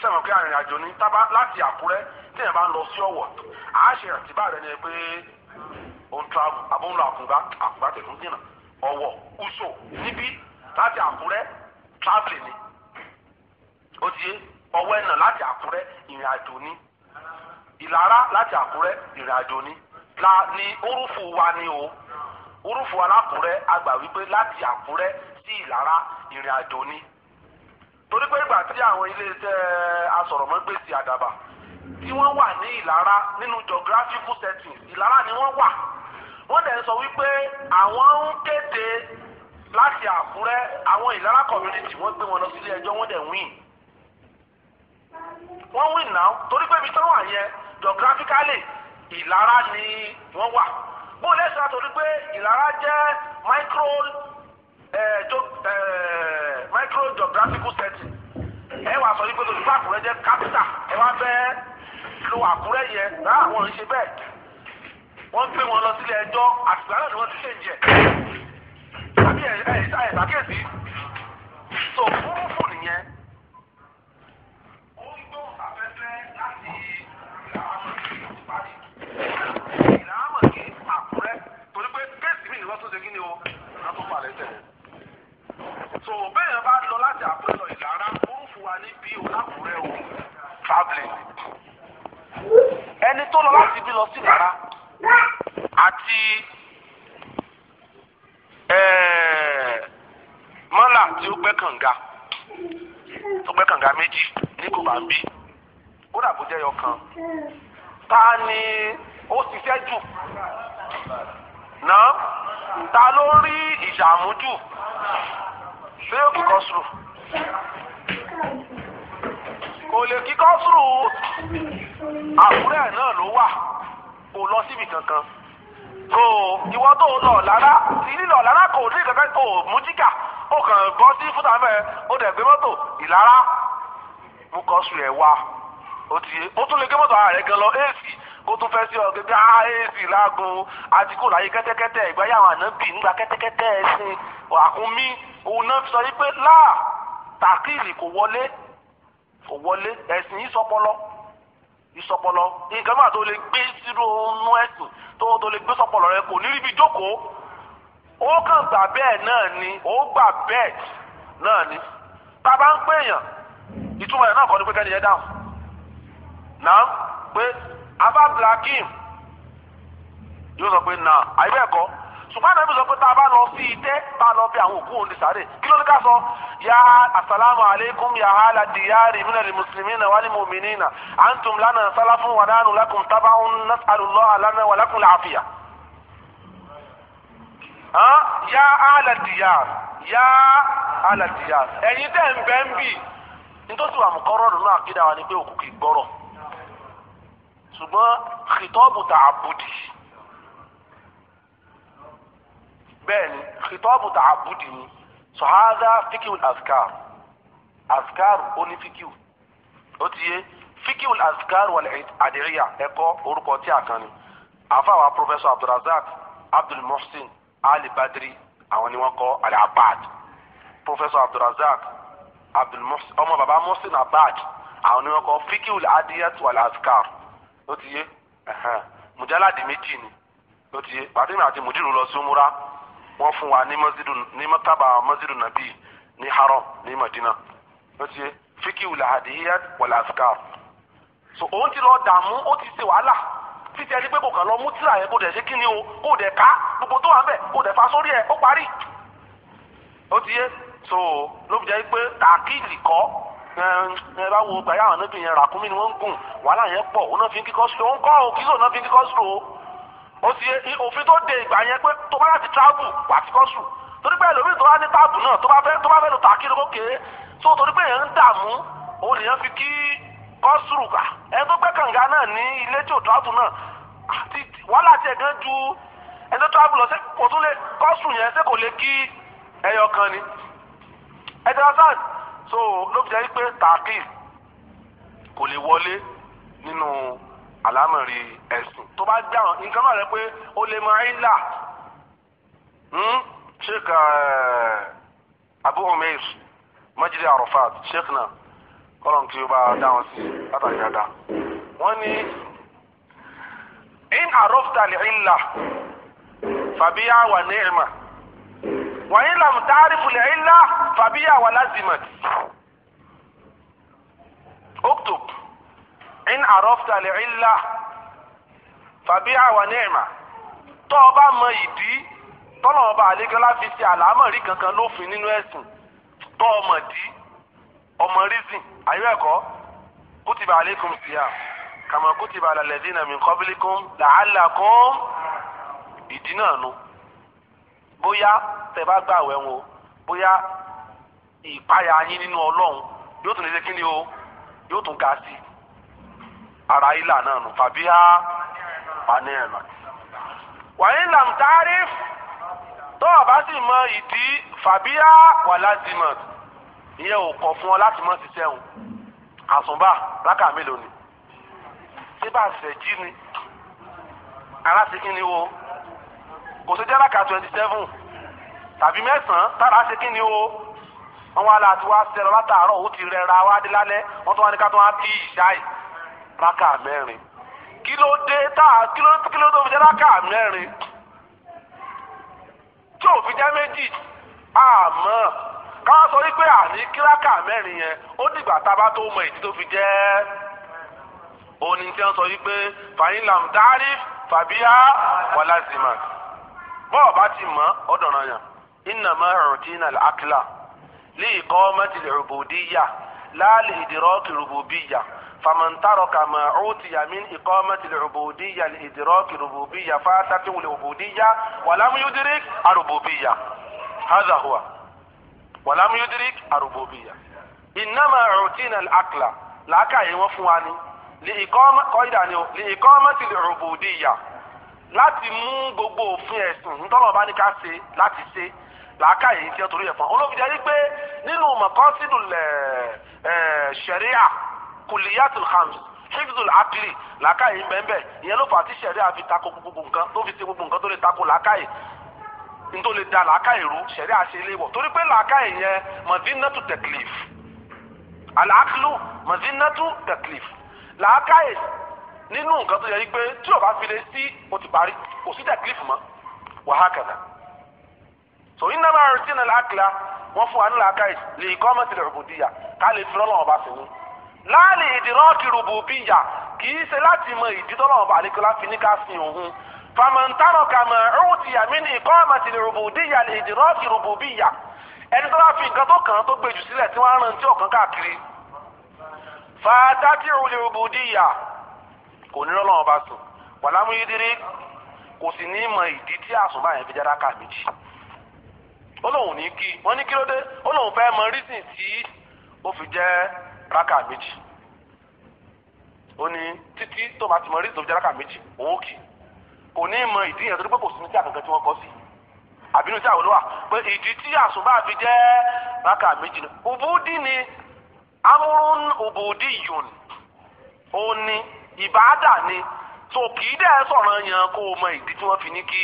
sẹ́wọ̀n kí arìnrìn àjò ní tábà láti àkúrẹ́ tí èèyàn bá ń lọ sí ọ̀wọ̀ àá ṣe àtìbá ni pé òun travel abóhùn lọ àkùngbà àkùngbà tẹ̀tún dínà ọ̀wọ̀ uso níbí láti àkúrẹ́ traveling ni ó ti yé ọwọ́ ẹ̀nà láti àkúrẹ́ ìrìn àjò ni ìlara láti àkúrẹ́ ìrìn àjò ni la ni orúfù wa ni o orúfù alákùrẹ́ àgbà wípé láti àkúrẹ́ sí ìlara ìrìn àjò ni torí pé ìgbà tí àwọn iléeṣẹ́ asọ̀rọ̀mọ́gbèsì àdàbà tí wọ́n wà ní ìlara nínú geographical settings ìlara ni wọ́n wà wọ́n dẹ̀ sọ wípé àwọn ń kéde láti àkúrẹ́ àwọn ìlara community wọ́n gbé wọn lọ sílé ẹjọ́ wọ́n dẹ̀ win wọ́n win náà torí pé ibi tó wà yẹn geographically ìlara ni wọ́n wà bó lẹ́sìn àtòrí pé ìlara jẹ́ micro eh, jo, eh, micro geographical setting ẹ wà sọ wípé tó ti bá àkúrẹ́ jẹ́ capital ẹ wá fẹ́ lo àkúrẹ́ yẹn rárá àwọn ò ń ṣe bẹ́ẹ̀ wọ́n gbé wọn lọ sílé ẹjọ́ àtìgbà ni wọ́n ti ṣe ń jẹ tàbí ẹ̀ ẹ̀ ṣàkíyèsí so fúrúfú nìyẹn. ó ń gbóhùn sáfẹ́fẹ́ láti ìlà àmọ̀kè parí ìlà àmọ̀kè àkúrẹ́ torí pé kéèsì mi ni wọ́n tún ṣe kí ni o wọ́n tún palẹ̀ tẹ̀. so bẹ́ẹ̀ bá lọ láti àpẹẹrẹ ìlara fúrúfú wa ní bí o lákùrẹ́ o ẹni tó lọ láti bí lọ sí ìlara àti eh, mọ́là tí ó gbẹ́ kànga tó gbẹ́ kànga méjì ní kò bá ń bí kódà kó jẹ́ yọkan ta ni ó ṣiṣẹ́ jù náà ta ló rí ìdààmú jù ṣé ó kíkọ́ sùrù kò lè kíkọ́ sùrù àbúrò náà ló wà kò lọ síbi kankan so ìwọ tó lọ lára lílọ lára kò ní kankan tó mú jígà ó kàn bọ́ sí fúta mẹ́ ó dẹ̀ gbé mọ́tò ìlara mú kọ́ sùn ẹ̀ wá ó ti ó tún lè gbé mọ́tò ara rẹ̀ gan lọ èsì kó tún fẹ́ sí ọ gẹ́gẹ́ á èsì láago àti kò láyé kẹ́tẹ́kẹ́tẹ́ ìgbáyà àwọn ànábì ńgbà kẹ́tẹ́kẹ́tẹ́ ẹ̀sìn àkúnmí òun náà sọ yí pé láà tàkìlì kò wọlé kò wọlé ẹ̀sìn yìí sọpọlọ. So ìsọpọlọ nǹkan máa tó lè gbé sínú inú ẹ̀sùn tó tó lè gbé sọpọlọ rẹ kò ní ríbi jókòó ó kàn gbà bẹ́ẹ̀ náà ni ó gbà bẹ́ẹ̀ náà ni tá a bá ń pè èèyàn ìtumọ̀ yẹn náà kọ́ ni pé kẹ́ni yẹn dáhùn náà pé abá blakim yóò sọ pé náà àyè bẹ́ẹ̀ kọ́ ṣùgbọ́n àná ibi sọ pé tá a bá lọ sí ìtẹ́ tá a lọ bí àwọn òkú òun ní sáré kí ló ní ká sọ ya asalaamu aleykum ya ala diyaari mina li muslimina wali muminina antum lana salafun wa nanu lakum tabaun nasalullah alana wa lakum laafiya. ya ala diyaar ya ala diyaar ẹ̀yin tẹ́ ń bẹ́ ń bì nítorí wàá mú kọ́rọ́ nínú àkídà wa ni pé òkú kì í gbọ́rọ̀ ṣùgbọ́n kìtọ́ọ̀bù tààbùdì bẹ́ẹ̀ ni xitọ́bù tà àbúdì ni sọ̀hádà fíkìwù azkar azkar oní fíkìwù ó ti yé fíkìwù azkar wal àdìríyà ẹ̀kọ́ orúkọ tí a kan ni àfàwà pọfẹsọ abdulrasaq abdulmohsin ali badri àwọn ni wọ́n kọ al-abad pọfẹsọ abdulrasaq abdulmohsin ọmọ baba mohsin abad àwọn ni wọ́n kọ fíkìwù adiyat wal azkar ó ti yé mujalladi méjì ni ó ti yé pàtẹ́mi àti mudiru lọ sí wọ́n fún wa ní mọ́sídù ní mọ́tàbà mọ́sídù nàbí ní haram ní madina ló tiye yẹ fíkì wùlà àdìyẹ so òun ti lọ dààmú ó ti se wàhálà títí ẹni pé kò kàn lọ mú tíra yẹn kó dẹ̀ ṣe kí ni o kó dẹ̀ ká gbogbo tó wà ń bẹ̀ kó dẹ̀ fa sórí ẹ̀ ó parí ó ti yé so ló fi jẹ́ pé tàkìlì kọ́ ẹ báwo wo àwọn níbi yẹn kúmí ni wọ́n ń gùn wàhálà yẹn pọ̀ òun náà fi ń kíkọ́ sùn òun kọ́ náà fi ń kíkọ́ sùn o. ó ti òfin tó de ìgbà yẹn pé tó bá láti travel wà fi kọ́sù torí pé ẹlòmíì tó bá ní táàbù náà tó bá fẹ́ tó bá fẹ́ lò tà kí lóko kéé tó torí pé èèyàn ń dààmú òun lèèyàn fi kí kọ́sùrù kà ẹni tó gbẹ́ kànga náà ní ilé tí ò travel náà àti wàhálà tiẹ̀ gan ju ẹni tó travel lọ sí kò tún lè kọ́sùrù yẹn ṣé kò lè kí ẹyọ kan ni ẹ̀dẹ̀ ọ̀sán so ló fi jẹ́ pé tààkì kò lè wọlé nínú. No àlámọ̀rí ẹ̀sùn tó bá gbà nǹkan máa rẹ pé ó lè mọ àìlà hmm? sheikh eh, abu umeir majid arafat sheikh náà kọ́lọ́n tí ọ bá dá sí látàrí dáadáa wọ́n ní in arofta lè ìlà fàbíyà wà ní ìmà wà ní làm tààrífù lè ìlà wà in àrọ́fta lè ilá fàbí àwọn ẹ̀mà tó o bá mọ ìdí tọ́lọ̀ ọba àlékọ́lá fi ṣe àlámọ̀rí kankan lófin nínú ẹ̀sìn tó o mọ̀ dí ọmọ rízìn àyọ̀ ẹ̀kọ́ kútìbà àlékún sí à kàmá kútìbà àlàlẹ́dínà min qablikum la'allakum ìdí náà nu bóyá tẹ́ bá gbà wẹ̀ bóyá ìpayà yín nínú ọlọ́run yóò tún lè ṣe kí ni o yóò tún ga sí i ara ìlà náà nù tàbí á pani ẹ̀nà. wàyí làǹtàrí tó o bá sì mọ ìdí fàbíyá wà láti mọ̀ ìyẹn ò kọ̀ fún ọ láti mọ̀ ṣiṣẹ́ òun àsùnbà rákà mélòó ni ṣé bá ṣẹ̀ jí ni ara ṣe kí ni o kò sí jẹ́ rákà twenty seven tàbí mẹ́sàn-án tára ṣe kí ni o wọ́n wá láti wá ṣẹlẹ̀ látàárọ̀ ó ti rẹra wá dé lálẹ́ wọ́n tún wá ní ká tún wá bí ìṣáì rákà mẹ́rin kí ló dé tá a kí ló kí ló tó fi jẹ́ rákà mẹ́rin tí ò fi jẹ́ méjì àmọ́ káwá sọ wípé àní kí rákà mẹ́rin yẹn ó dìgbà tá a bá tó mọ èyí tó fi jẹ́ òní tí wọ́n sọ wípé fàyín dárí fàbíyá wàlázìmà bọ́ọ̀ bá ti mọ̀ ọ́dọ̀ náà yàn innama rutina al-akla li iqamati al-ubudiyya la فمن ترك ما أوتي من إقامة العبودية لإدراك الربوبية فاتته العبودية ولم يدرك الربوبية هذا هو ولم يدرك الربوبية إنما أعطينا العقل لعكا وفواني لإقامة قيداني لإقامة العبودية láti mú gbogbo òfin ẹ̀sìn ńtọ́lọ̀ bá ní ká ṣe láti ṣe làákà yìí tí ó torí ẹ̀fọn olófin jẹ́ wípé nínú mọ̀kọ́sídùn ṣẹ̀ríà kùlìyàtù hams hifzul akili làákàyè ń bẹ́ẹ̀ bẹ́ẹ̀ ìyẹn ló fà á tí sẹ̀rí àfi tako gbogbo nǹkan tó fi ṣe gbogbo nǹkan tó lè tako làákàyè ntó lè da làákàyè rú sẹ̀rí àṣẹ ilé wọ̀ torí pé làákàyè yẹn madinatu taklif al-aqlu madinatu taklif làákàyè nínú nǹkan tó yẹ yí pé tí o bá fi lè sí o ti parí kò sí taklif mọ́ wàhákàdà so iná máa retí ní làákìlá wọ́n fún wa ní làákàyè lè kọ́ mọ́tìlẹ̀ òbòdìyà láàlì ìdìrọ́ọ̀kì rùbùbíyà kì í ṣe láti mọ ìdí tọ́lọ́run bá àlékọ́lá fi ní ká sin òun fàmọ̀ntánọ̀ kàmọ̀ ọ̀hútì àmínú ìkọ́ àmàtì rùbùbíyà ìdìrọ́ọ̀kì rùbùbíyà ẹni tó bá fi nǹkan tó kàn án tó gbèjù sílẹ̀ tí wọ́n á rántí ọ̀kan káàkiri fàtàtì rùbùbíyà kò ní lọ́lọ́run bá sùn wàlámúyídírí kò sì ní mọ ìdí tí àsùnbà yẹn fi jára ká méjì ó lóun ní kí wọ́n ní kí ló dé ó lóun fẹ́ mọ rísìn rákà méjì ó ní títí tó máa ti mọ rídìí tó fi jẹ́ rákà méjì òun kì kò ní mọ ìdí yẹn tó pé kò sí ní tí àgàgà tí wọ́n kọ́ sí àbínú tí àwọn olówà pé ìdí tí àsùnbà fi jẹ́ rákà méjì ni òbúdí ni amúrún òbúdí yòn ó ní ìbáàdà ni tó kì í dẹ́ sọ̀rọ̀ yẹn kó o mọ ìdí tí wọ́n fi ní kí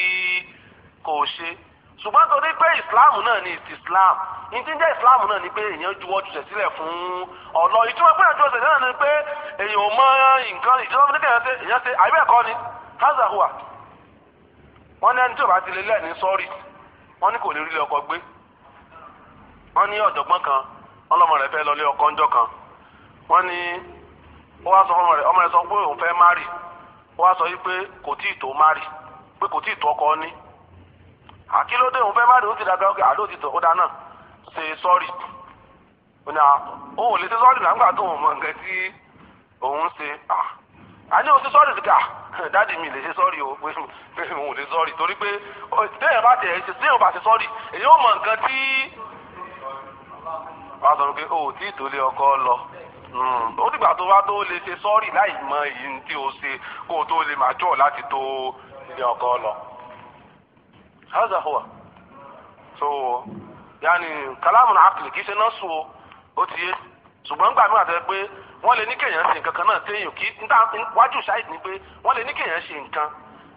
kò ṣe. ṣùgbọ́n torí pé islam náà ni islam ìdí jẹ́ islam náà ni pé èèyàn juwọ́ jùṣẹ̀ sílẹ̀ fún ọ̀nà ìtumọ̀ pé àjọ ìṣẹ̀lẹ̀ náà ni pé èèyàn ò mọ nǹkan ìjọba nígbà yẹn ṣe èèyàn ṣe ẹ̀kọ́ ni hazahua Wọn ní ẹni tí ò bá ti lé lẹ́ẹ̀ni sọ́ọ̀rì wọ́n ní kò lè rí ilé gbé Wọn ní ọ̀jọ̀gbọ́n kan ọlọ́mọ rẹ̀ fẹ́ lọ lé ọkọ kan Wọn ní ó wá sọ ọmọ sọ pé òun fẹ́ ó wá sọ pé kò tíì tó pé kò tíì tó àkílódé òun fẹ́ má dùn ó ti dàgbà ọkẹ́ àdó ti tọ̀ ó dáná ṣe sọ́ọ̀rì ó ní ó ò lè ṣe sọ́ọ̀rì nígbà tó òun mọ nǹkan tí òun ṣe à ní òun ṣe sọ́ọ̀rì sí ká dáàdì mi lè ṣe sọ́ọ̀rì o pé òun lè sọ́ọ̀rì torí pé téèyàn bá tẹ̀ ṣe téèyàn bá ṣe sọ́ọ̀rì èyí ó mọ nǹkan tí wàá sọ pé ó tí ì ọkọ lọ hmm, ó dìgbà tó wá tó lè ṣe sọ́ọ̀rì láì mọ èyí هذا هو so يعني كلام عقلي kì í na nọ́ọ̀sù o ṣùgbọ́n wọ́n lè ní kéèyàn ṣe nǹkan kan náà téèyàn wájú ni pé wọ́n lè ní kéèyàn ṣe nǹkan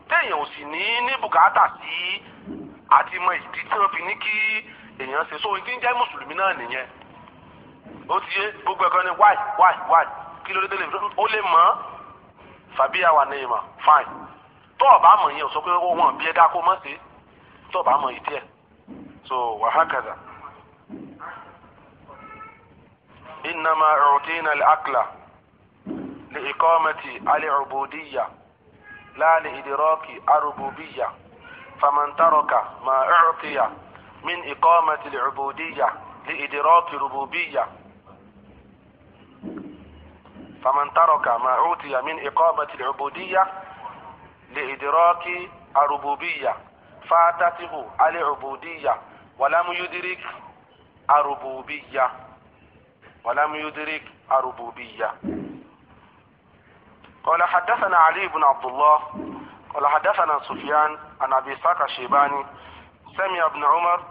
téèyàn ò sì ní ní bùkátà sí àti mọ ìdí tí wọ́n fi ní kí èèyàn ṣe so ìdí ń jẹ́ mùsùlùmí náà nìyẹn o gbogbo ẹ̀kan ni wáì wáì kí ló dé lè fine tó o bá mọ̀ yẹn ò sọ pé ó wọ̀n bí ẹ طبعا ما يتيه سو وهكذا إنما أعطينا الأكل لإقامة العبودية لا لإدراك الربوبية فمن ترك ما أعطي من إقامة العبودية لإدراك الربوبية فمن ترك ما أعطي من إقامة العبودية لإدراك الربوبية فاتته العبودية ولم يدرك الربوبية ولم يدرك الربوبية قال حدثنا علي بن عبد الله قال حدثنا سفيان عن أبي ساق الشيباني سمع ابن عمر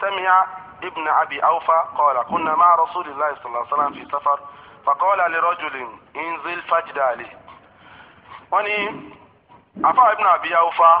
سمع ابن أبي أوفى قال كنا مع رسول الله صلى الله عليه وسلم في سفر فقال لرجل انزل فاجد عليه وني أفا ابن أبي أوفى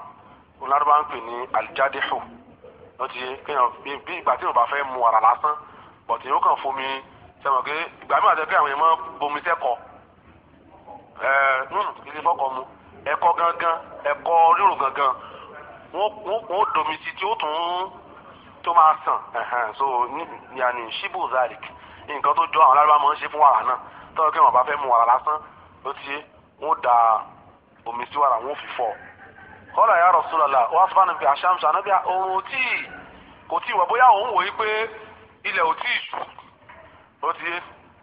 olárúbá ń pè ní alijadihu ló ti kéèyàn bí ìgbà tí yóò bá fẹ́ mu wàrà lásán bọ̀tí yóò kàn fomi sẹ́wọ̀n pé ìgbà mi àti ẹgbẹ́ àwọn èèyàn máa bomi sẹ́kọ̀ọ́ ẹ̀ẹ́n hmm, kì í ṣe fọ́kọ̀ mu ẹ̀kọ́ gangan ẹ̀kọ́ rírò gangan wọ́n domi sí tí ó tún tó máa sàn so yanni shibu zalik nǹkan tó jọ àwọn alárúbá máa ń ṣe fún wàrà náà tọ́wọ́ kí wọ́n bá fẹ́ mu wàrà lásán ló ti wọ́n da omi sí wàrà wọ́n fi fọ́ ọ kọ́lá ya Rasulullah wọ́n fún mi àṣàmùsọ ànábíà òun tí kò tí wà bóyá òun wòye pé ilẹ̀ ò tí ì ṣú ó ti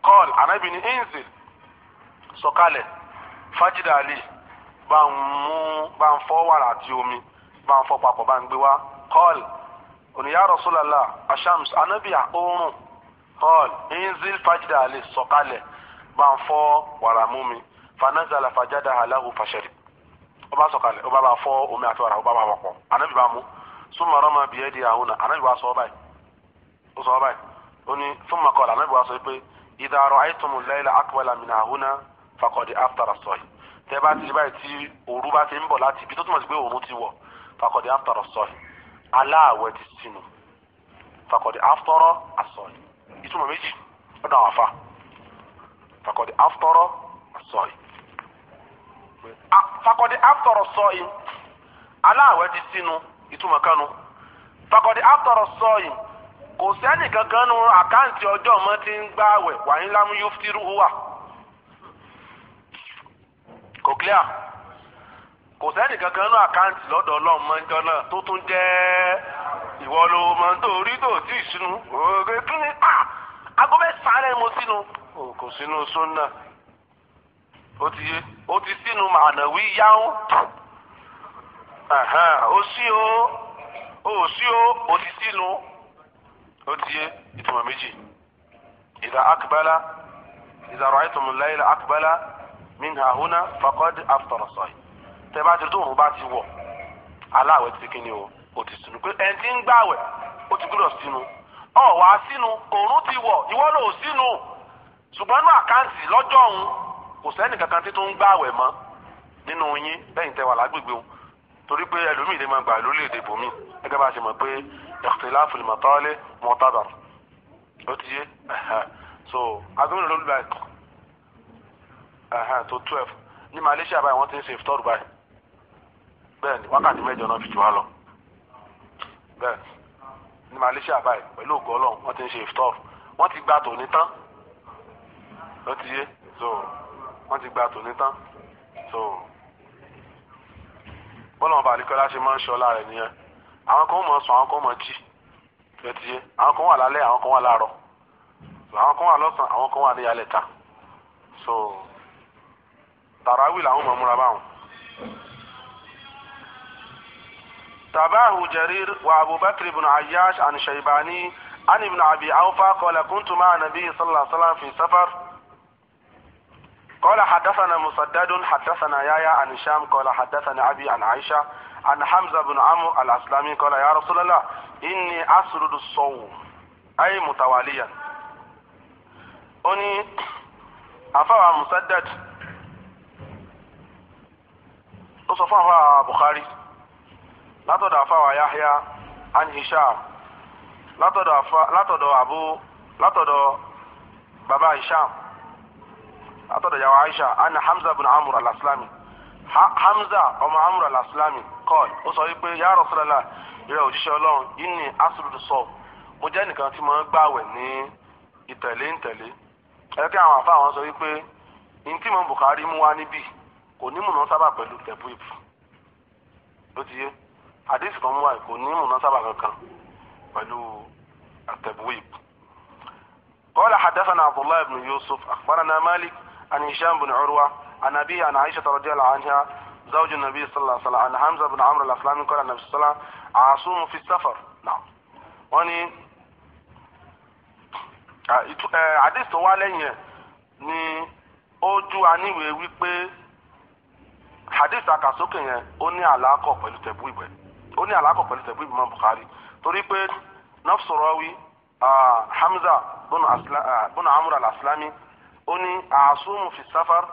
kọ́ọ̀lù ànábì ní ẹ̀ǹsì sọ̀kalẹ̀ fájídà àlè bá ń mú bá ń fọ́ wàrà àti omi bá ń fọ́ papọ̀ bá ń gbé wá kọ́ọ̀lù òní ya Rasulullah àṣàmùsọ ànábíà òórùn kọ́ọ̀lù ẹ̀ǹsì fájídà sọ̀kalẹ̀ bá ń fọ́ wàrà mú mi fanazala fajada aláhu fàṣẹrì ọba sọ̀kalẹ̀ ọba bá fọ omi àti wàrà ọba bá wà pọ̀ anabi bá mú súnmọ́ ọ̀rọ̀ máa bìí di àwọn náà anabi wá sọ ọba yìí ó sọ ọba yìí ó ní súnmọ́ kọ́lá anabi wá sọ pé idha ra'aytumul layla aqbala min hahuna faqad aftara as-sahih tẹ́ bá ti rí báyìí tí òru bá ti ń bọ̀ láti ibi tó túmọ̀ sí pé òru ti wọ̀ faqad aftara as-sahih aláàwẹ̀ ti sinu faqad aftara as-sahih ìtumọ̀ méjì ọ̀dọ̀ àwọn afa faqad aftara as-sahih Ah, fakọdi aftọrọ sọọyin aláwẹ̀ ti sinu ìtumọ̀ kanu fakọdi aftọrọ sọọyin kò sẹ́ni kankan nu àkáǹtì ọjọ́ ọmọ ti ń gbá wẹ̀ wàá ńlá mú kò clear kò sẹ́ni kankan nu àkáǹtì lọ́dọ̀ ọlọ́run mọ́ náà tó tún tó sinu ó ti yé ó ti sínú mànàwí yáwó ó sí o ó sí o ó ti sínú ó ti yé ìtumọ̀ méjì ìdá akbala ìdá ra'aytumul layla akbala min hahuna faqad aftara sọ̀yì tẹ́ bá ti tó òun bá ti wọ̀ aláwẹ̀ ti kí ni o ó ti sínú pé ẹni tí ń gbàwẹ̀ ó ti gbúdọ̀ sínú ọ̀ wá sínú òórùn ti wọ̀ ìwọ ló sínú ṣùgbọ́n ní àkáǹtì lọ́jọ́ òun kò sẹ́ni kankan tí tó ń gbààwẹ̀ mọ́ nínú yín lẹ́yìn tẹ́wà lágbègbè o torí pé ẹlòmíì lè máa gbà lórílẹ̀‐èdè bòmí gẹ́gẹ́ bá a ṣe mọ̀ pé ikhtilafu al-matali mu'tabar ó ti yé so agbẹ́mọ̀lẹ́ ló lù báyìí tó twelve ní Malaysia báyìí wọ́n ti ń ṣe ìfitọ́rù báyìí bẹ́ẹ̀ ni wákàtí mẹ́jọ náà fi jù wá lọ bẹ́ẹ̀ ní Malaysia báyìí pẹ̀lú ògo Ọlọ́run wọ́n ti ń ṣe ìfitọ́rù wọ́n ti gbà tòní tán ó ti yé so wọ́n ti gba tòní tán so bọ́lá wọn balẹ̀kọ́lá ṣe máa ń ṣọlá rẹ̀ nìyẹn àwọn kan mọ̀ sùn àwọn kan mọ̀ jí fẹ́tiyé àwọn kan wà lálẹ́ àwọn kan wà láàárọ̀ àwọn kan wà lọ́sàn àwọn kan wà ní alẹ́ ta so tàràwì làwọn mọ̀ múra báwọn. تابعه جرير وابو بكر بن عياش عن شيباني عن ابن ابي اوفى قال كنت مع النبي صلى الله عليه وسلم في سفر قال حدثنا مسدد حدثنا يايا عن هشام قال حدثنا أبي عن عائشة عن حمزة بن عمرو الأسلامي قال يا رسول الله إني أسرد الصوم أي متواليا أني أفوى مسدد أصفى بخاري لا تدع أفوى يحيى عن هشام لا تدع أبو لا تدع بابا هشام látọ̀dọ̀ yàwó aisha anna hamza bin amur alaslami hamza ọmọ amur alaslami kọ́ọ̀lù ó sọ wípé ya Rasulullah ìrẹ òjíṣẹ́ ọlọ́run yìí ni asùlùdù sọ mo jẹ́ nìkan tí mo ń gbàwẹ̀ ní ìtẹ̀lé ìtẹ̀lé ẹ̀rọ kí àwọn àfa àwọn sọ wípé ntí mo Bukhari mú wá níbí kò ní múná sábà pẹ̀lú tẹ̀bú ìbù ló ti yé àdéhùn kan mú wá kò ní múná sábà kankan pẹ̀lú tẹ̀bú ìbù. قال حدثنا عبد الله بن يوسف أخبرنا مالك عن هشام بن عروة عن أبي عن عائشة رضي الله عنها زوج النبي صلى الله عليه وسلم عن حمزة بن عمرو الأسلامي قال النبي صلى الله عليه وسلم عاصوم في السفر نعم وأني àdìsí tó wá lẹ́yìn ẹ̀ ni ó ju aníwèé wípé àdìsí àkàsókè yẹn ó ní àlàkọ̀ pẹ̀lú tẹ̀bú ìbẹ̀ ó ní àlàkọ̀ pẹ̀lú tẹ̀bú ìbẹ̀ mọ́ Bukhari torí pé nafsorowi Hamza bùnà amúra al-Aslami ó ní àásùmù fi sáfàr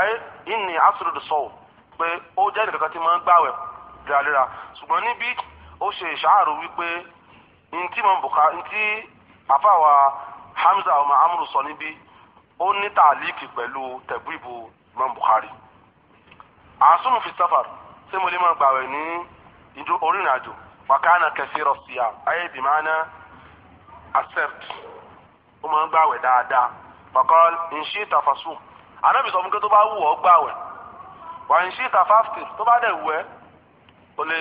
ayé ìní àsùrùdù sọ̀wọ̀ pé ó jẹ́ nìkan tí máa ń gbàwẹ̀ léraléra ṣùgbọ́n níbi ó ṣe ìṣàárò wípé ntí mọ̀ bùkà ntí àfàwà Hamza ọmọ amúrù sọ níbi ó ní tàlíkì pẹ̀lú tẹ̀bíìbù mọ̀ Bukhari àásùmù fi sáfàr ṣé mo lè máa gbàwẹ̀ ní ìdó orin àjò wakana kẹsìrọ síyà accept ó máa ń gbàwẹ̀ dáadáa. fọkàn nṣí ìtàfàṣù anábì sọ fún pé tó bá bá dẹ̀ wù ẹ́ o lè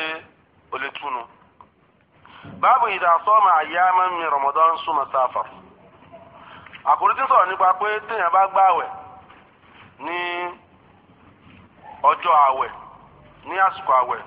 o lè túnu. báàbù ìdásọ́mà àyàmọ́ mi rọmọdán súnmọ́ sáfà àkòrí tí sọ̀rọ̀ nípa pé téèyàn bá gbàwẹ̀ ní ọjọ́ àwẹ̀ awẹ,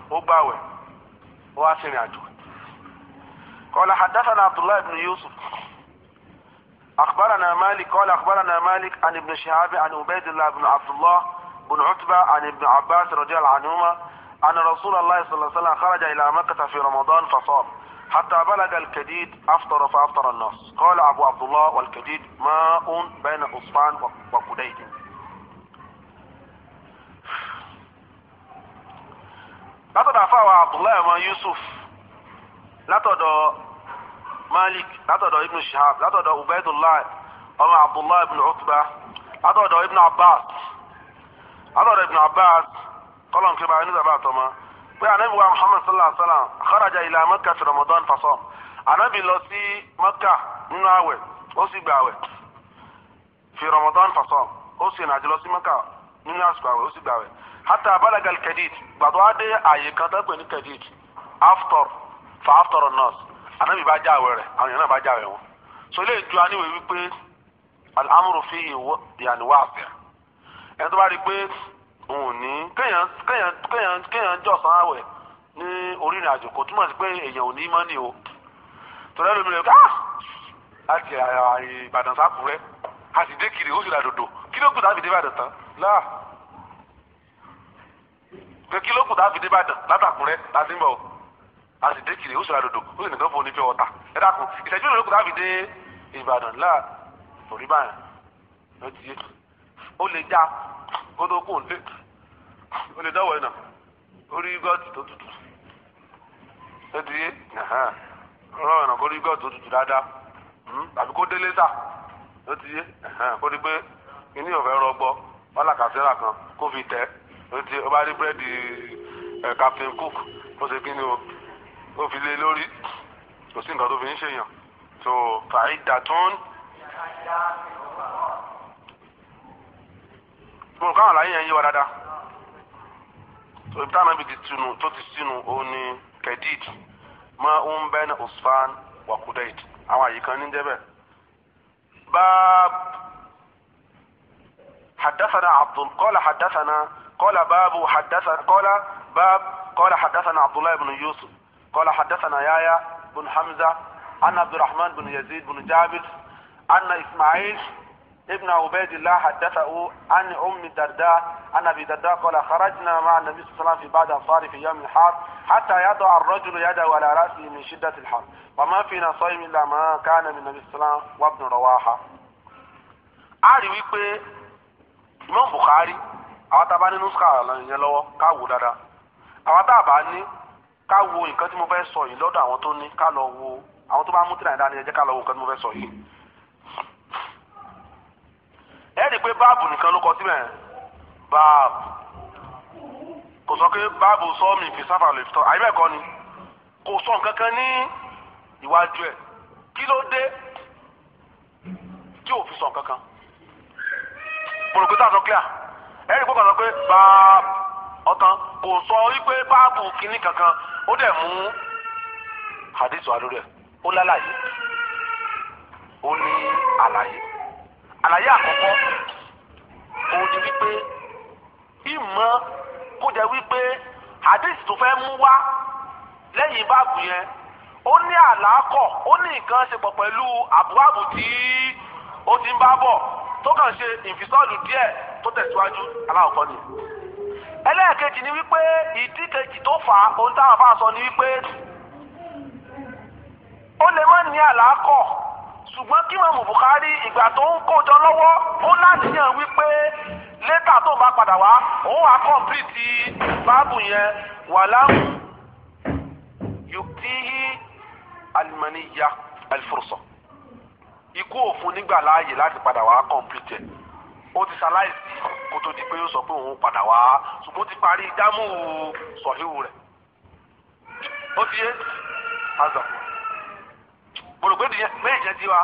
أخبرنا مالك قال أخبرنا مالك عن ابن شهاب عن عبيد الله بن عبد الله بن عتبة عن ابن عباس رضي الله عنهما أن رسول الله صلى الله عليه وسلم خرج إلى مكة في رمضان فصام حتى بلغ الكديد أفطر فأفطر الناس قال أبو عبد الله والكديد ماء بين أصفان وكديد لا عبد الله ما يوسف لا látọ̀dọ̀ malik látọ̀dọ̀ ibn shihab látọ̀dọ̀ ubaydullah ọmọ abdullah ibn utba látọ̀dọ̀ ibn abbas látọ̀dọ̀ ibn abbas kọ́lọ̀n kí n bá yẹn ní sábà tọ́mọ pé anabi wa muhammad sallallahu alaihi wa sallam kharaja ila makkah fi ramadan fasọ anabi lọ sí makkah nínú àwẹ̀ ó sì gbà àwẹ̀ fi ramadan fasọ ó sì nàjẹ lọ sí makkah nínú àsìkò àwẹ̀ ó sì gbà àwẹ̀ hata balagal kadid gbàdúrà dé àyè kan tó pè ní kadid after fa after nurse anabi bá jáwé rẹ̀ àwọn èèyàn náà bá jáwé wọn so ilé ìjọ aníwèé wípé alámúrò fi ìwọ ìyàní wá àfẹ ẹni tó bá rí i pé òun ò ní kéèyàn kéèyàn kéèyàn kéèyàn jọ̀sán àwẹ̀ ní orí ìrìn àjò kò túmọ̀ sí pé èèyàn ò ní mọ́nì o torí ẹlòmí rẹ̀ ká ah! láti Ìbàdàn sákùrẹ́ a sì dé kiri ó sì ra dòdò kí ló kù tá a fi dé Ìbàdàn tán láà pé kí ló kù tá a fi dé Ìbàdàn látàkùrẹ́ láti ń bọ̀ a sì dé kiri ó sì ra dòdò ó sì nìkan fún onífẹ́ ọ̀tà ẹ dákun ìṣẹ́jú ìlú kùtà fi dé ìbàdàn láà torí báyìí ló ti yé ó lè já kó tó kó lé ó lè dáwọ̀ ẹ̀nà orí gọ́ọ̀tì tó tutù ló ti yé ọlọ́run ẹ̀nà kó rí gọ́ọ̀tì tó tutù dáadáa hmm? tàbí kó délé sà ló ti yé kó rí pé kíní ọ̀fẹ́ rọgbọ wàlàkàsẹ́rà kan kó fi tẹ̀ ló ti yé ó bá rí búrẹ́dì eh, captain cook ó ṣe kíní o ó fi lé lórí kò sí nǹkan tó fi ń ṣèyàn so fàáìdà tó ń. mo rò káwọn àlàyé yẹn yé wa dáadáa so ibi táwọn ibi tó ti sínú òun ni kedid ma ń bẹ ní usfan wa kudait àwọn àyè kan ní jẹ́bẹ̀. báàb حدثنا عبد قال حدثنا قال باب حدثنا قال باب قال حدثنا عبد الله بن يوسف قال حدثنا يايا بن حمزة عن عبد الرحمن بن يزيد بن جابر أن إسماعيل ابن عبيد الله حدثه عن أم الدرداء أن أبي الدرداء قال خرجنا مع النبي صلى الله عليه وسلم في بعد أنصار في يوم الحار حتى يضع الرجل يده على رأسه من شدة الحر وما فينا صيم إلا ما كان من النبي صلى الله عليه وسلم وابن رواحة ari wípé Imam Bukhari àwọn tá a bá ní nuska ìyẹn lọ́wọ́ ká ká wo nǹkan tí mo fẹ́ sọ yìí lọ́dọ̀ àwọn tó ní ká lọ wo àwọn tó bá mú tìrìnàdá ni ẹ ká lọ wo nǹkan tí mo fẹ́ sọ yìí. ẹ rí i pé báàbù nìkan ló kọ síbẹ̀ báàbù kò sọ pé báàbù sọ mi fi sáfà lè fi tọ́ àyè bẹ́ẹ̀ ni kò sọ nǹkan kan ní ìwájú ẹ̀ kí ló dé tí ò fi sọ nǹkan kan. pòròkítà sọ clear ẹ rí i pé kò sọ pé báàbù ọ̀tàn kò sọ wípé báàbù kínní kankan ó dẹ̀ mú hadith wa lórí ẹ̀ ó lálàyé ó ní àlàyé àlàyé àkọ́kọ́ òun ni wípé ìmọ̀ kó jẹ́ wípé hadith tó fẹ́ mú wá lẹ́yìn báàbù yẹn ó ní àlàkọ̀ ó ní nǹkan ṣe pọ̀ pẹ̀lú àbúràbù tí ó ti ń bá bọ̀ tó kàn ṣe ìfisọ́ọ̀lù díẹ̀ tó tẹ̀síwájú aláwọ̀kọ́ ni ẹlẹ́ẹ̀kejì ni wípé ìdí kejì tó fà á ohun táwọn afá sọ ni wípé ó lè má ní àlákọ̀ ṣùgbọ́n kí mọ̀mù Bukhari ìgbà tó ń kójọ lọ́wọ́ ó láníyàn wípé lẹ́tà tó bá padà wá òun wà kọ́ńpìtì báàbù yẹn wà láwùn yùtíhì alimaniya alifurusọ ikú òfun nígbà láàyè láti padà wá kọ́ńpìtì ó ti ṣaláìsí kó tó di pé ó sọ pé òun padà wá ṣùgbọ́n ó ti parí jámù sọ̀híwù rẹ̀ ó ti yé azà gbòdògbò méje ti wa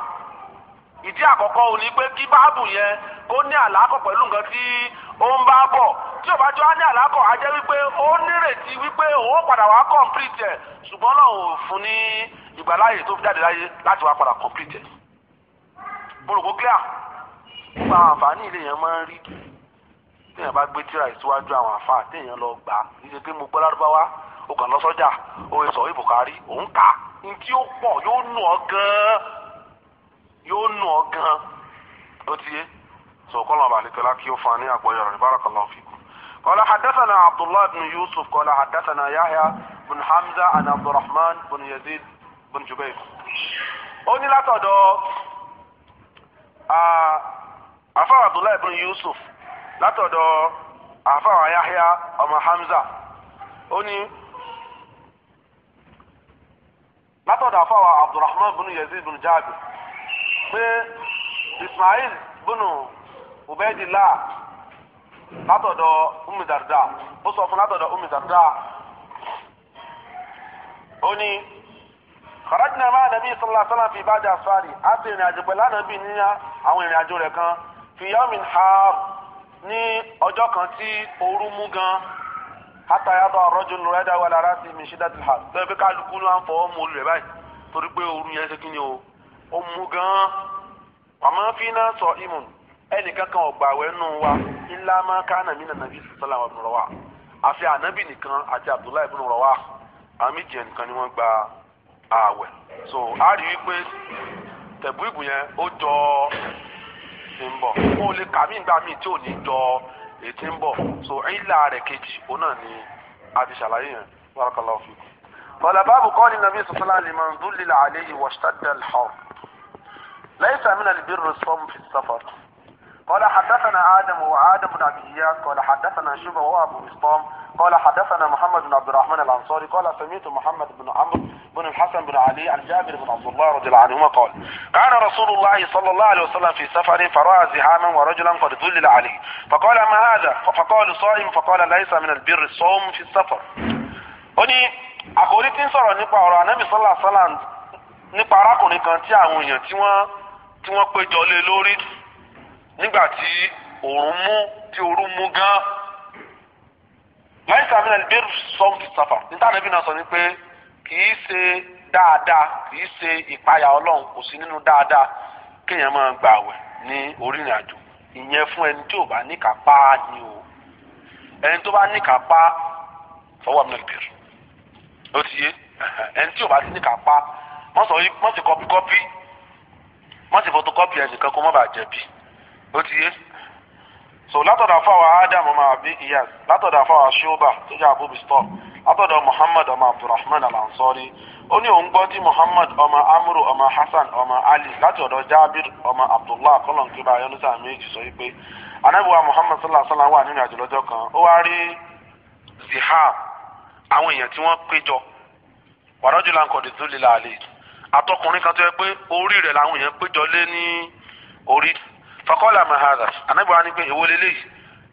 ìdí àkọ́kọ́ ò ní pé kí báàbù yẹn kó ní àlákọ̀ pẹ̀lú nǹkan tí ó ń bá bọ̀ tí òbá jọ á ní àlákọ̀ á jẹ́ wípé ó nírètí wípé òun padà wá na ẹ̀ ṣùgbọ́n náà ò fún ní ìgbàláyè tó fi jáde láyé láti clear. nípa àwọn àǹfààní ilé yẹn máa ń rí téèyàn bá gbé tíra ìsíwájú àwọn àǹfààní téèyàn lọ gbà níṣẹ́ pé mo gbọ́ lárúbáwá o kàn lọ sọ́jà o sọ kà á pọ̀ yóò nù ọ gan-an yóò nù ọ gan-an ó ti yé sọ kọ́ kí ní àfáà abdullahi ibn yusuf látọ̀dọ̀ àfáà ayahia ọmọ hamza ó ní látọ̀dọ̀ àfáà abdulrahman ibn yazid ibn jabir pé ismail ibn ubaydillah látọ̀dọ̀ ummi darda ó sọ fún látọ̀dọ̀ ummi darda ó ní kharajna nabi sallallahu alaihi wasallam fi ba'di asfari àti ìrìn pẹ̀lú àwọn kan. fiyamin har ní ọjọ́ kan tí ooru mú gan hata yaba arọ́jú lóra ẹ̀dá wàlá aráàlú mi ṣídà ti har lọ́ọ́ bí kálukú ló ń fọwọ́ mu olùrẹ̀ báyìí torí pé ooru yẹn ṣe kí ni o ó mú gan àmọ́ fínà sọ imun ẹnìkan kan ọ̀gbà wẹ́nu wa ńlá máa ká nàmí nàbí sọ́lá wa bùnú rọ̀ wá àfi ànábì nìkan àti abdullahi bùnú rọ̀ wá àmì jẹ nìkan ni wọ́n gba ààwẹ̀ so a rí i pé tẹ̀bú ìbù ó jọ ti ń bọ̀ ó lè kà mí ìgbà míì tí ò ní jọ èyí tí ń bọ̀ so ìlà rẹ̀ kejì òun náà ni a ti ṣàlàyé yẹn barakallahu fi. bọ̀dà báàbù nàbí sọ̀tọ́lá ni màá dúlìlà àlẹ́ yìí wọ́n ṣàdá lẹ́yìn sàmìnà lè bí rẹ̀ sọ́mu fi sáfà قال حدثنا آدم وآدم بن أبي إياس قال حدثنا شبه وأبو إسطام قال حدثنا محمد بن عبد الرحمن الأنصاري قال سمعت محمد بن عمرو بن الحسن بن علي عن جابر بن عبد الله رضي الله عنهما قال كان رسول الله صلى الله عليه وسلم في سفر فرأى زحاما ورجلا قد ذلل عليه فقال ما هذا فقال صائم فقال ليس من البر الصوم في السفر أني àkòrí tí ń sọ̀rọ̀ nípa ọ̀rọ̀ anábì sọ́là sọ́là nípa arákùnrin kan tí àwọn èèyàn tí nígbà tí òòrùn mú tí òòrù mú gan láìsí àmì náà bẹ́ẹ̀rù sọ́ọ̀tù sáfà níta níbi náà sọ ni pé kì í ṣe dáadáa kì í ṣe ìpayà ọlọ́run kò sí nínú dáadáa kéèyàn máa gbààwẹ̀ ní orí ìrìn ìyẹn fún ẹni tí ò bá níkàápá ni o ẹni tó bá níkàápá fọwọ́ àmì náà bẹ́ẹ̀rù ó ti yé ẹni tí ò bá pa, mọ́sọ̀ kọ́pí kọ́pí mọ́sì fọ́tọ́kọ́pì ẹnìkan kó má bàa jẹ̀bi. ó ti yé so látọ̀dọ̀ afáwà adam ọmọ àbí iyas latọda afáwà ṣóbà tó jẹ́ abu bistọ́ látọ̀dọ̀ muhammad ọmọ abdulrahman alansori ó ní òun gbọ́ tí muhammad ọmọ amuru ọmọ hasan ọmọ ali láti ọ̀dọ̀ jabir ọmọ abdullah kọlọ̀nkíba ayọ́nusá méjì sọ wípé anábìwá muhammad sallallahu alayhi wa sallam wà nínú àjò lọ́jọ́ kan ó wá rí zihab àwọn èèyàn tí wọ́n péjọ wàrọ́jú lankọ̀dé tó lè làálẹ̀ àtọkùnrin kan tó yẹ pé orí rẹ̀ làwọn èèyàn péjọ lé ní orí fakọ́ọ̀lù àmàhàdà anábì wa ni pé èwo lélẹ́yìí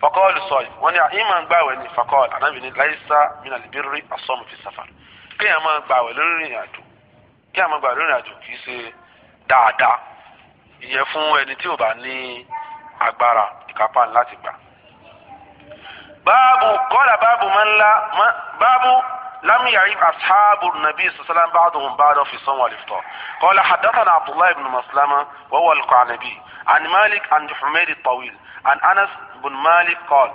fakọ́ọ̀lù sọ̀yì wọ́n ní ìmọ̀ gbàwẹ̀ ni fakọ́ọ̀lù anábì ni laisa mina libiri asọ́mu fi safari. kéèyàn máa gbàwẹ̀ lórí ìrìn àjò kéèyàn máa gbàwẹ̀ lórí ìrìn àjò kì í ṣe dáadáa ìyẹn fún ẹni tí ò bá ní agbára ìkápá láti gbà. báàbù kọ́lá báàbù máa ńlá báàbù لم يعيب أصحاب النبي صلى الله عليه وسلم بعضهم بعضا في الصوم والإفطار قال حدثنا عبد الله بن مسلمة وهو القعنبي عن مالك عن حميد الطويل عن أنس بن مالك قال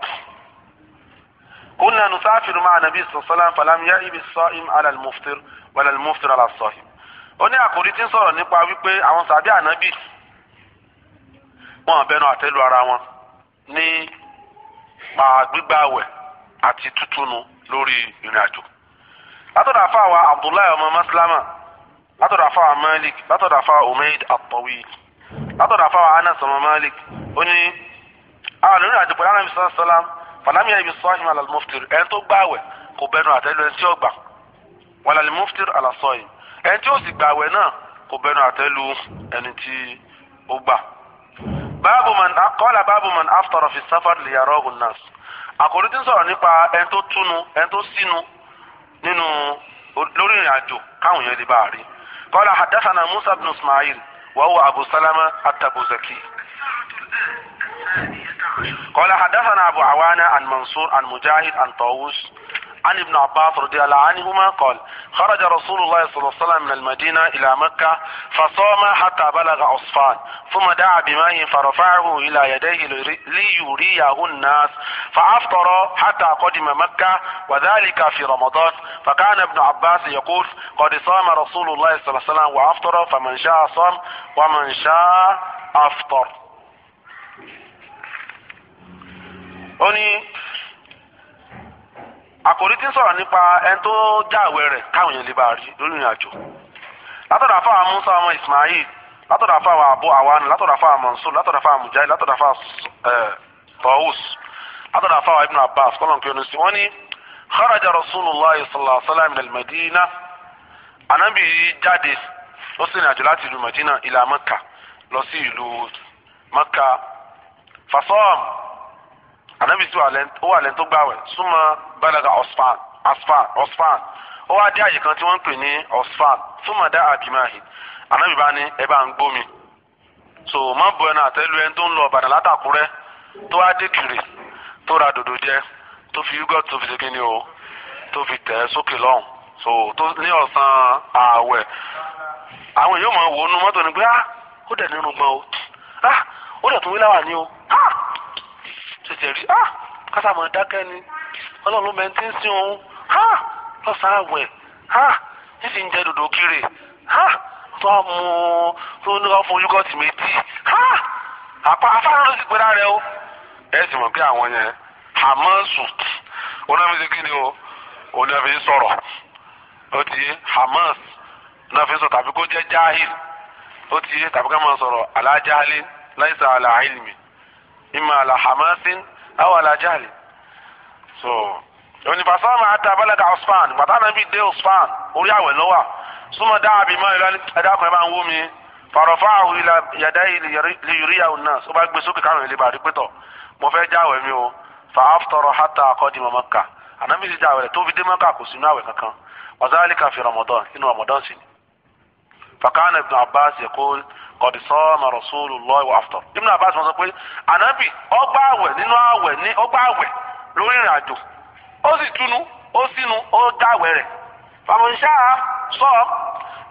كنا نسافر مع النبي صلى الله عليه وسلم فلم يعيب الصائم على المفطر ولا المفطر على الصائم ó ní àkòrí tí ń sọ̀rọ̀ nípa wípé àwọn sàbí ànábì wọn bẹnu àtẹ́lu ara wọn ní pa àti tútùnú lórí ìrìn látọ̀dọ̀ àfa wa abdullahi ọmọ maslama látọ̀dọ̀ àfa wa malik látọ̀dọ̀ àfa wa umaid at-tawil látọ̀dọ̀ àfa wa anas ọmọ malik ó ní àwọn nínú àdìpọ̀ lánàá ibi sọ́ọ́ sọ́lá fàlámì ibi sọ́ọ́ him alal muftir ẹni tó gbààwẹ̀ kò bẹnu àtẹ́lu ẹni tí ó gbà wọn alal muftir alasọ́yìn ẹni tí ó sì gbààwẹ̀ náà kò bẹnu àtẹ́lu ẹni tí ó gbà. báàbù man qala báàbù man aftara fi sáfàr liyarahu nas àkòrí tí ń sọ̀rọ̀ nípa ẹni tó túnu ẹni tó sínu nínú lórí ìrìn àjò káwọn yẹn lè bá a rí kọ́lá hadathana musa bin ismail wàhùn abu salama atabuzaki. قال حدثنا أبو عوانة عن منصور عن مجاهد عن طاووس عن ابن عباس رضي الله عنهما قال خرج رسول الله صلى الله عليه وسلم من المدينة إلى مكة فصام حتى بلغ عصفان ثم دعا بماء فرفعه إلى يديه ليريه الناس فأفطر حتى قدم مكة وذلك في رمضان فكان ابن عباس يقول قد صام رسول الله صلى الله عليه وسلم وأفطر فمن شاء صام ومن شاء أفطر أني àkòrí tí ń sọ̀rọ̀ nípa ẹni tó jáwé rẹ̀ káwọn èèyàn lè bá rí lórí ìrìn àjò látọ̀dọ̀ àfáà musa ọmọ ismail látọ̀dọ̀ àfáà abu awan látọ̀dọ̀ àfáà mansur látọ̀dọ̀ àfáà mujahid látọ̀dọ̀ àfáà tawus látọ̀dọ̀ àfáà ibn abbas kọ́lọ̀n kí onísì wọ́n ní kharaja rasulullah sallallahu alaihi wa sallam ilẹ̀ madina anabi jáde ó sì rìn àjò anabi sì wà lẹ́nu tó gbàwẹ̀ súnmọ́ balaga osfan asfan osfan O wa dé àyè kan tí wọ́n ń pè ní osfan súnmọ́ dá àbímáhì anabi bá ní ẹ bá ń gbómi so má bọ ẹnu àtẹlu ẹni tó ń lọ ọ̀bàdàn látàkúrẹ́ tó wá dé kiri tó ra dòdò jẹ tó fi yúgọ̀ tó fi ṣe kíni o tó fi tẹ̀ sókè lọ́hùn so tó ní ọ̀sán ààwẹ̀ àwọn èèyàn máa wò ó nu mọ́tò ni pé ah ó dẹ̀ nínú gbọ́n o ah ó dẹ̀ tún wí láwà ní o ah ṣèṣe rí ah kásá mọ̀ dákẹ́ ni ọlọ́run ló mẹ́ntí ń sin òun ha lọ́sàn-án àwẹ̀ ha nísìnyí jẹ́ dòdò kiri ha tó a mú tó ní wọn fojú gọ́ọ̀tì méjì ha àpá afárá ló sì gbéra rẹ o ẹ sì mọ̀ pé àwọn yẹn hamasu onáfíìsì kí ni o onáfíìsì sọ̀rọ̀ ó ti yé hamas onáfíìsì sọ̀rọ̀ tàbí kó jẹ́ jahil ó ti yé tàbí ká máa sọ̀rọ̀ alájáhálí láìsà àlàhílmi. إما على hamasin أو على جهل، so onifasama ata balaga usman gbàtà nàbí dé usman orí àwẹ̀ lọ́wọ́ súnmọ́ dáàbí mọ́ ìlú ẹ̀dáàkùn ẹ̀ bá ń wó mi fàrọ̀fà àwọn ilà yàdá ilé yorí àwọn náà ó bá gbé sókè káwọn ìlébà rí pẹ́tọ̀ mo fẹ́ jáwẹ̀ mi o fa aftara hatta akọ́dì mọ́ Makkah ànámi ti jáwẹ̀ rẹ̀ tó fi dé Makkah kò sínú àwẹ̀ kankan wazalika fi Ramadan inú Ramadan sí ni. fakana ibn Abbas yaqul kọ̀dísọ́ọ̀mà rọ̀ṣọ́ọ̀lù lọ́wọ́ àfọ̀tọ̀. ibn abbas wọn sọ pé ànábì ọgbà àwẹ̀ nínú àwẹ̀ ní ọgbà àwẹ̀ lórí ìrìn àjò ó sì túnú ó sínú ó dáwẹ̀ rẹ̀. fàmùnṣá sọ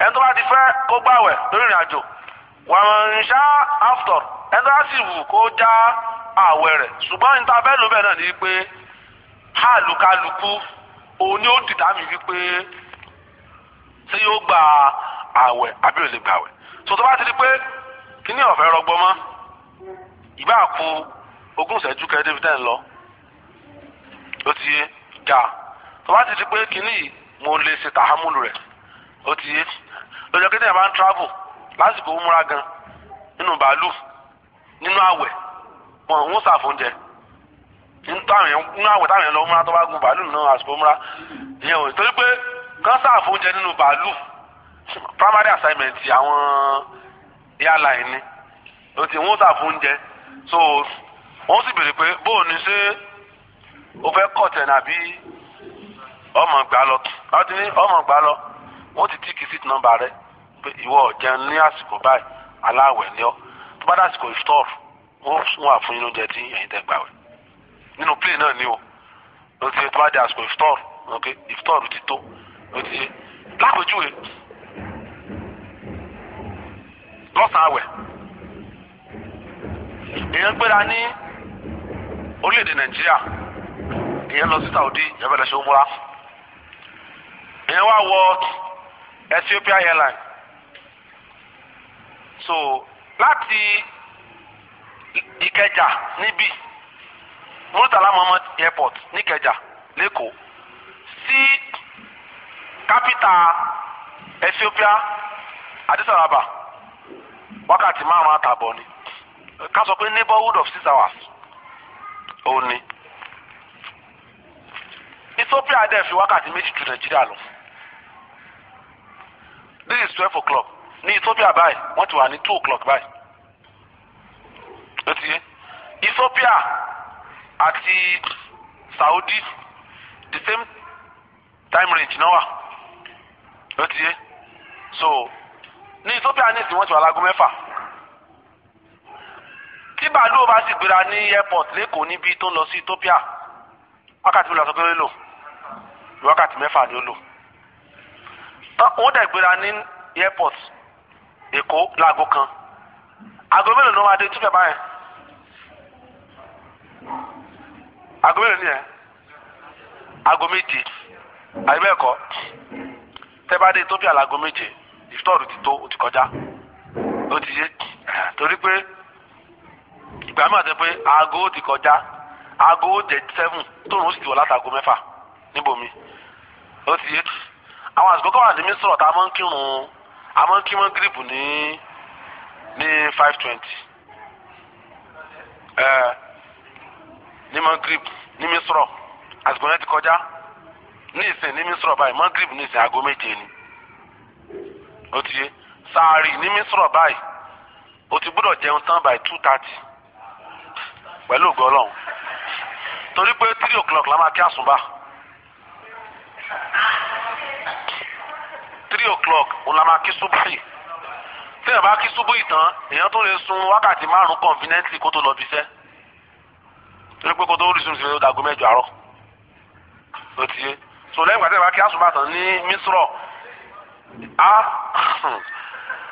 ẹni tó bá ti fẹ́ kó gbàwẹ̀ lórí ìrìn àjò wàmùnṣá àfọ̀tọ̀ ẹni tó bá sì wù kó já àwẹ̀ rẹ̀ ṣùgbọ́n níta bẹ́ẹ̀ ló bẹ̀ náà ni pé hàlùkálùkù òun ni ó dìdámì wípé ṣé yóò gba àwẹ̀ àbí ò lè gba àwẹ̀ tòtò bá ti di pé kíní ọ̀fẹ́ rọgbọ mọ́ ìbá ku ogún ìṣẹ́jú kẹ́ẹ́dẹ́fídẹ́ ń lọ ó ti yé já tó bá ti di pé kíní yìí mo lè ṣe tàhámúlù rẹ̀ ó ti yé lọ́jọ́ kí tẹ̀yìn bá ń travel lásìkò múra gan nínú bàálù nínú àwẹ̀ wọn ń ṣàfóúnjẹ nínú àwẹ̀ táwọn yẹn lọ múra tó bá gun bàálù nínú àsìkò múra ìyẹn ò torí pé kán ṣàfóúnjẹ nínú bàálù primary assignment àwọn airline ni o ti wọ́n tà fún oúnjẹ so wọ́n sì béèrè pé bóun ni ṣé o fẹ́ kọ̀tẹ̀ nàbí ọmọ gbà lọ wọ́n ti ní ọmọ gbà lọ wọ́n ti tíkì sí nọ́mbà rẹ pé ìwọ jẹun ní àsìkò báyìí aláwẹ̀ ni ọ́ tó bá dàsìkò ìfitọ́ọ̀fù wọ́n wà fún inú oúnjẹ tí ẹ̀yin tẹ́ gbà wẹ̀ nínú play náà ni o o ti tó bá dàsìkò ìfitọ́ọ̀fù ok ìfitọ́ọ̀fù ti tó o ti ṣe lápèjúwe lọ́sàn-án àwẹ̀ èèyàn gbéra ní orílẹ̀-èdè nàìjíríà èèyàn lọ sí saudi èèyàn bẹ̀rẹ̀ ṣe ó múra èèyàn wá wọ Ethiopia airline so láti ìkẹjà níbí Murtala Muhammed airport níkẹjà lẹ́kọ̀ọ́ sí kápítà Ethiopia Addis Ababa wákàtí márùn àtàbọ̀ ni ká sọ pé neighborhood of six hours òun ni Ethiopia dẹ̀ fi wákàtí méjì ju Nàìjíríà lọ this is twelve o'clock ní Ethiopia báyìí wọ́n ti wà ní two o'clock báyìí ó ti yé Ethiopia àti Saudi the same time range náà wà ó ti yé so ní Ethiopia ní ìsìn wọn ti wà láago mẹ́fà tí bàálù bá sì gbéra ní airport lẹ́kọ̀ọ́ níbi tó ń lọ sí Ethiopia wákàtí mélòó àtọ́kẹ́rẹ́ lò wákàtí mẹ́fà ni ó lò wọ́n dẹ̀ gbéra ní airport Èkó láago kan aago mélòó ni wọ́n máa dé Ethiopia báyẹn aago mélòó ni yẹn aago méje àyè bẹ́ẹ̀ kọ́ tẹ́ bá dé Ethiopia láago méje ìfitọ́ọ̀rù ti tó o ti kọjá o ti ṣe torí pé ìgbà mìíràn tẹ pé aago ti kọjá aago jẹ seven tóun sì ti wọ látago mẹ́fà níbòmí o ti ṣe àwọn àsìkò kọ́wà ní mi sọ̀rọ̀ tá a máa ń kírun a máa ń kí wọ́n gírìpù ní ní five twenty ẹ ní mangrib ní misrọ àsìkò yẹn ti kọjá ní ìsìn ní misrọ báyìí mangrib ní ìsìn aago méje ni ó ti yé sàárì ní mísírọ̀ báyìí o ti gbọ́dọ̀ jẹun tán by two thirty pẹ̀lú ògo Ọlọ́run torí pé three o'clock la máa kí àsùnbà three o'clock òun la máa kí súbúì tí èèyàn bá kí súbúì tán èèyàn tó lè sun wákàtí márùn-ún conveniently kó tó lọ bí iṣẹ́ torí pé kó tó rí sunsun ló dago mẹ́jọ àárọ̀ o ti yé so lẹ́yìn ìgbà tí èèyàn bá kí àsùnbà tán ní mísírọ̀ Ah,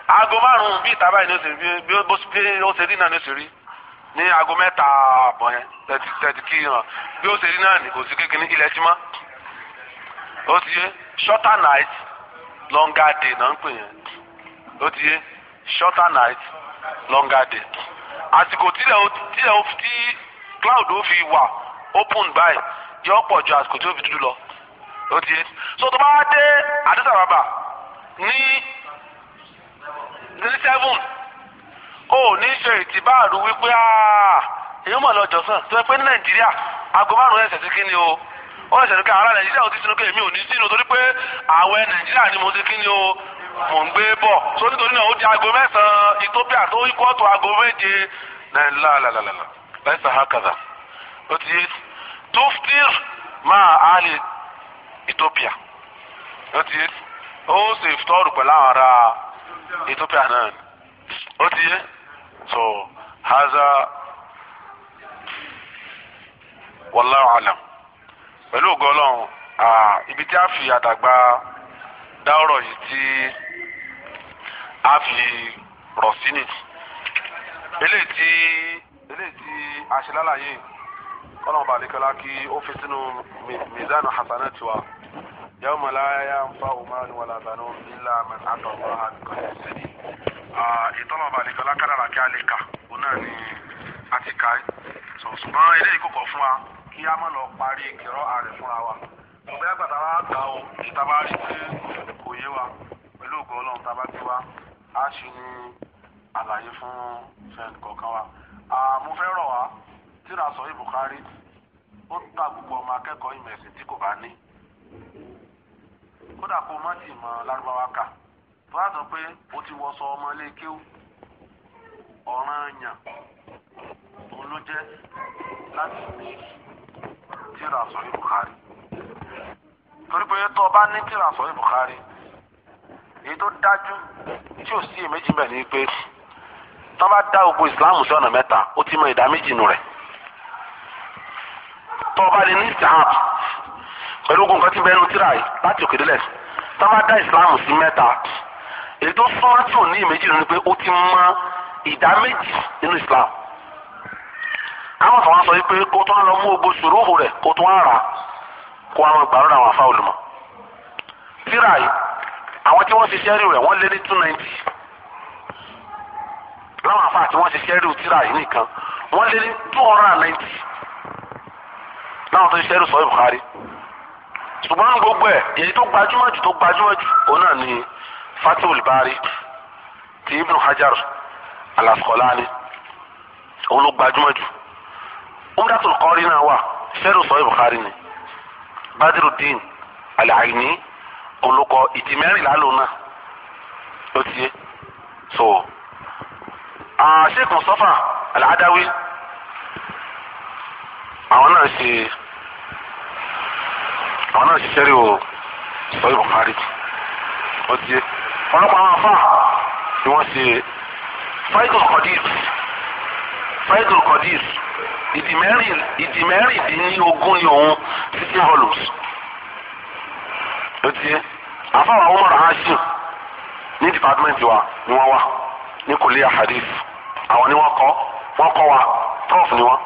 aago márùn-ún bí ìta báyìí ni ó ṣe rí náà ni ó ṣe rí ní aago mẹ́ta ààbọ̀ yẹn thirty thirty kí hàn bí ó ṣe rí náà ní kò sí kékeré ilẹ̀ tí mọ́ ó ti yé shorter night longer day náà ń pè yẹn ó ti yé shorter night longer day àsìkò tílẹ̀ ó tílẹ̀ ó tí cloud ó fi wà open by yọ pọ̀ ju àsìkò tí ó fi dúdú lọ ó ti yé so tó bá dé àdìsàbàbà. ní ní seven ó ní wípé èyí mọ̀ lọ́jọ́ sàn tó yẹ pé ní nàìjíríà aago márùn-ún ẹ̀sẹ̀ sí o ó ẹ̀sẹ̀ nìkan ará nàìjíríà ò ti sinú kéèmí ò ní sínú torí pé nàìjíríà ni mo ti kíni o mò ń gbé so nítorí náà ó di aago mẹ́sàn-án ethiopia tó aago méje lálàlàlà lẹ́sàn án ó ti máa àlè ethiopia ó ti ó sì tọ́ọ̀rù pẹ̀lú àwọn ará Ethiopia náà ó ti yé so haza wallahu alam pẹ̀lú ògo ọlọ́run ibi tí a fi àdàgbà dáwọ́rọ̀ yìí tí a fi rọ̀ sí ni eléyìí tí eléyìí tí a ṣe lálàyé ọlọ́run balẹ̀ kọ́lá kí ó fi sínú mizanu hasanati wa yawma la yanfa'u malun wala banun illa man ata Allaha bi qalbin salim. ìtọ́lọ̀bà nìkan lákàdàrà kí a lè kà òun náà ni a ti kà á ṣùgbọ́n eléyìí kò kọ̀ fún wa kí a má lọ parí kìrọ́ ààrẹ fúnra wa ọgbẹ́ àgbàdo wa gbà ó ìta bá rí pé kò yé wa pẹ̀lú ògo ọlọ́run tá a bá wa á ṣe ní àlàyé fún fẹ́ẹ̀n kọ̀ọ̀kan wa. mo fẹ́ rọ̀ wá tíra sọ ìbùkárí ó ta gbogbo ọmọ akẹ́kọ̀ọ́ ìmẹ̀sìn tí kò bá ní kódà kó má sì mọ lárúbáwá kà tó a sọ pé o ti wọṣọ ọmọ ilé kéwù ọ̀ràn yàn òun ló jẹ́ láti ní tíra sọ̀rọ̀ Bukhari torí pé tó o bá ní tíra sọ̀rọ̀ Bukhari èyí tó dájú tí ò sí èméjì mẹ́ ni pé tó bá dá gbogbo ìsìláàmù sí ọ̀nà mẹ́ta ó ti mọ ìdá méjì nù rẹ̀ tó o bá lè ní ìsìláàmù pẹ̀lú ogun kan tí bẹ́ẹ̀ nu tíra yìí láti òkè délẹ̀ tábà dá ìsìláàmù sí mẹ́ta èyí tó súnmọ́ tí ò ní ìméjì nínú pé ó ti mọ ìdá méjì nínú ìsìláàmù. káwọn kan wá sọ wípé kó tó ń lọ mú ogbó ṣòroho rẹ̀ kó tó ń rà kó àwọn gbàrú àwọn afá olùmọ̀. tíra yìí àwọn tí wọ́n ti ṣẹ́rí rẹ̀ wọ́n lé ní two ninety láwọn afá tí wọ́n ti ṣẹ́rí tíra yìí nìkan wọ́n lé ní two hundred and ninety láwọn tó ti sọ ṣùgbọ́n gbogbo ẹ̀ èyí tó gbajúmọ̀ jù tó gbajúmọ̀ jù òun náà ni Fathul Bari ti Ibn Hajar Al-Asqalani òun ló gbajúmọ̀ jù Umdatul Qari náà wà sẹ́rù sọ́yìn Bukhari ni Badruddin Al-Aini òun ló kọ ìdí mẹ́rìnlá lòun náà ló ti yé so Sheikh Mustafa al àwọn náà ṣe àwọn náà ṣiṣẹ́ rí o sọ yóò parí ó ti yé ọlọ́pàá àwọn afá ni wọ́n ṣe faidul qadir faidul qadir ìdí mẹ́rin ìdí mẹ́rin dín ní ogún ní òun fifty volumes ó ti yé afá àwọn ọmọ rà á ṣìn ní department wa ni wọ́n wà ní kòlíà hadith àwọn ni wọ́n kọ́ wọ́n kọ́ wa prof ni wọ́n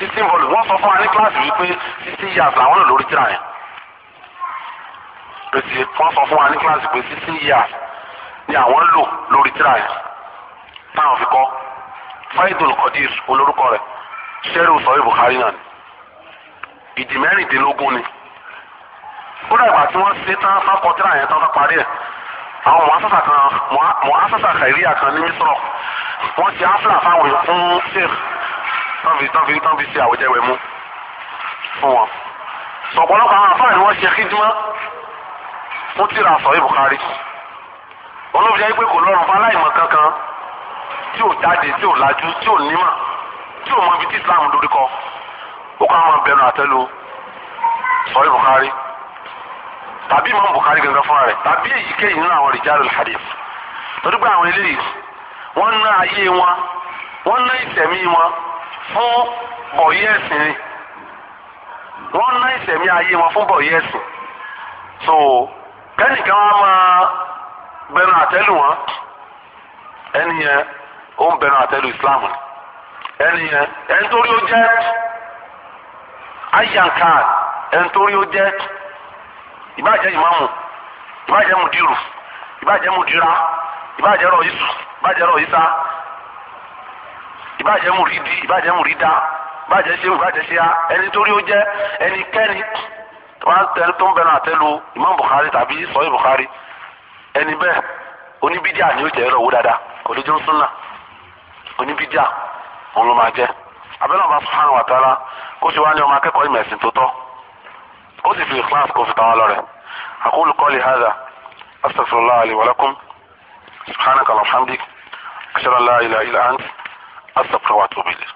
sixty volume wọ́n sọ fún wa ní kíláàsì wípé sixty years làwọn lò lórí tíra yẹn pèsè wọ́n sọ fún wa ní kíláàsì pé sixty years ni àwọn lò lórí tíra yẹn táwọn fi kọ́ faidul qadir olórúkọ rẹ̀ sẹ́rù sọ ibùkárí náà ni ìdí mẹ́rìndínlógún ni ó dàgbà tí wọ́n ṣe tán sákọ̀ tíra yẹn tán fẹ́ parí ẹ̀ àwọn mọ̀ásásà kan mọ̀ásásà kàìríà kan ní mísọ̀rọ̀ wọ́n ti áfíà fáwọn èèyàn fún sheikh tán fi tán fi tán fi ṣe àwùjẹ wẹ̀ mú fún wọn. sọ̀pọ̀lọpọ̀ àwọn àfáà ni wọ́n ṣe kídímọ́ wọ́n ti ra àṣọ ìbùkárí olóòfin yẹn pé kò lọ́rùn fún aláìmọ̀ kankan tí ò jáde tí ò lajú tí ò nímọ̀ tí ò mọ ibi tí Islam dorí kọ ó kọ́ àwọn abẹnú àtẹ́lu sọ ìbùkárí tàbí Imam Bukhari gangan fúnra rẹ̀ tàbí èyíkéyìí nínú àwọn rijalul hadith torí pé àwọn eléyìí wọ́n ná ayé wọn wọ́n ná ìtẹ̀mí wọn fún bọ̀yí ẹ̀sìn ni wọ́n ná ìsẹ̀mí ayé wọn fún bọ̀yí so kẹ́nìkan wọn máa bẹnu àtẹ́lù wọn ẹni yẹn ó ń bẹnu àtẹ́lù Islam ni ẹni yẹn ẹni tó rí ó jẹ́ ayankan ẹni tó rí ó jẹ́ ìbáàjẹ́ ìmáàmù ìbáàjẹ́ mùdírù ìbáàjẹ́ mùdírà ìbáàjẹ́ rọ̀ yísù ìbáàjẹ́ rọ̀ yísà. ìbàjẹ́ mùrídìí ìbàjẹ́ mùrídà ìbàjẹ́ ṣéwù ìbàjẹ́ ṣéyà ẹni torí ó jẹ́ ẹnikẹ́ni tó ń bẹ̀rù àtẹ́lu Imam Bukhari tàbí sọ́yìn Bukhari ẹni bẹ́ẹ̀ oníbídíà ni ó jẹ́ ẹ̀rọ owó dáadáa oníjó súnà oníbídíà òun ló máa jẹ́ abẹ́lẹ́ ọba subhanahu wa ta'ala kó ṣe wá ní ọmọ akẹ́kọ̀ọ́ ìmọ̀ ẹ̀sìn tó tọ́ kó sì fi ikhlas kó fi tàwọn lọ́rẹ̀ aqulu qawli hadha astaghfirullah li wa lakum subhanaka wa bihamdik ashhadu an la ilaha illa الصفر وعطوبيلي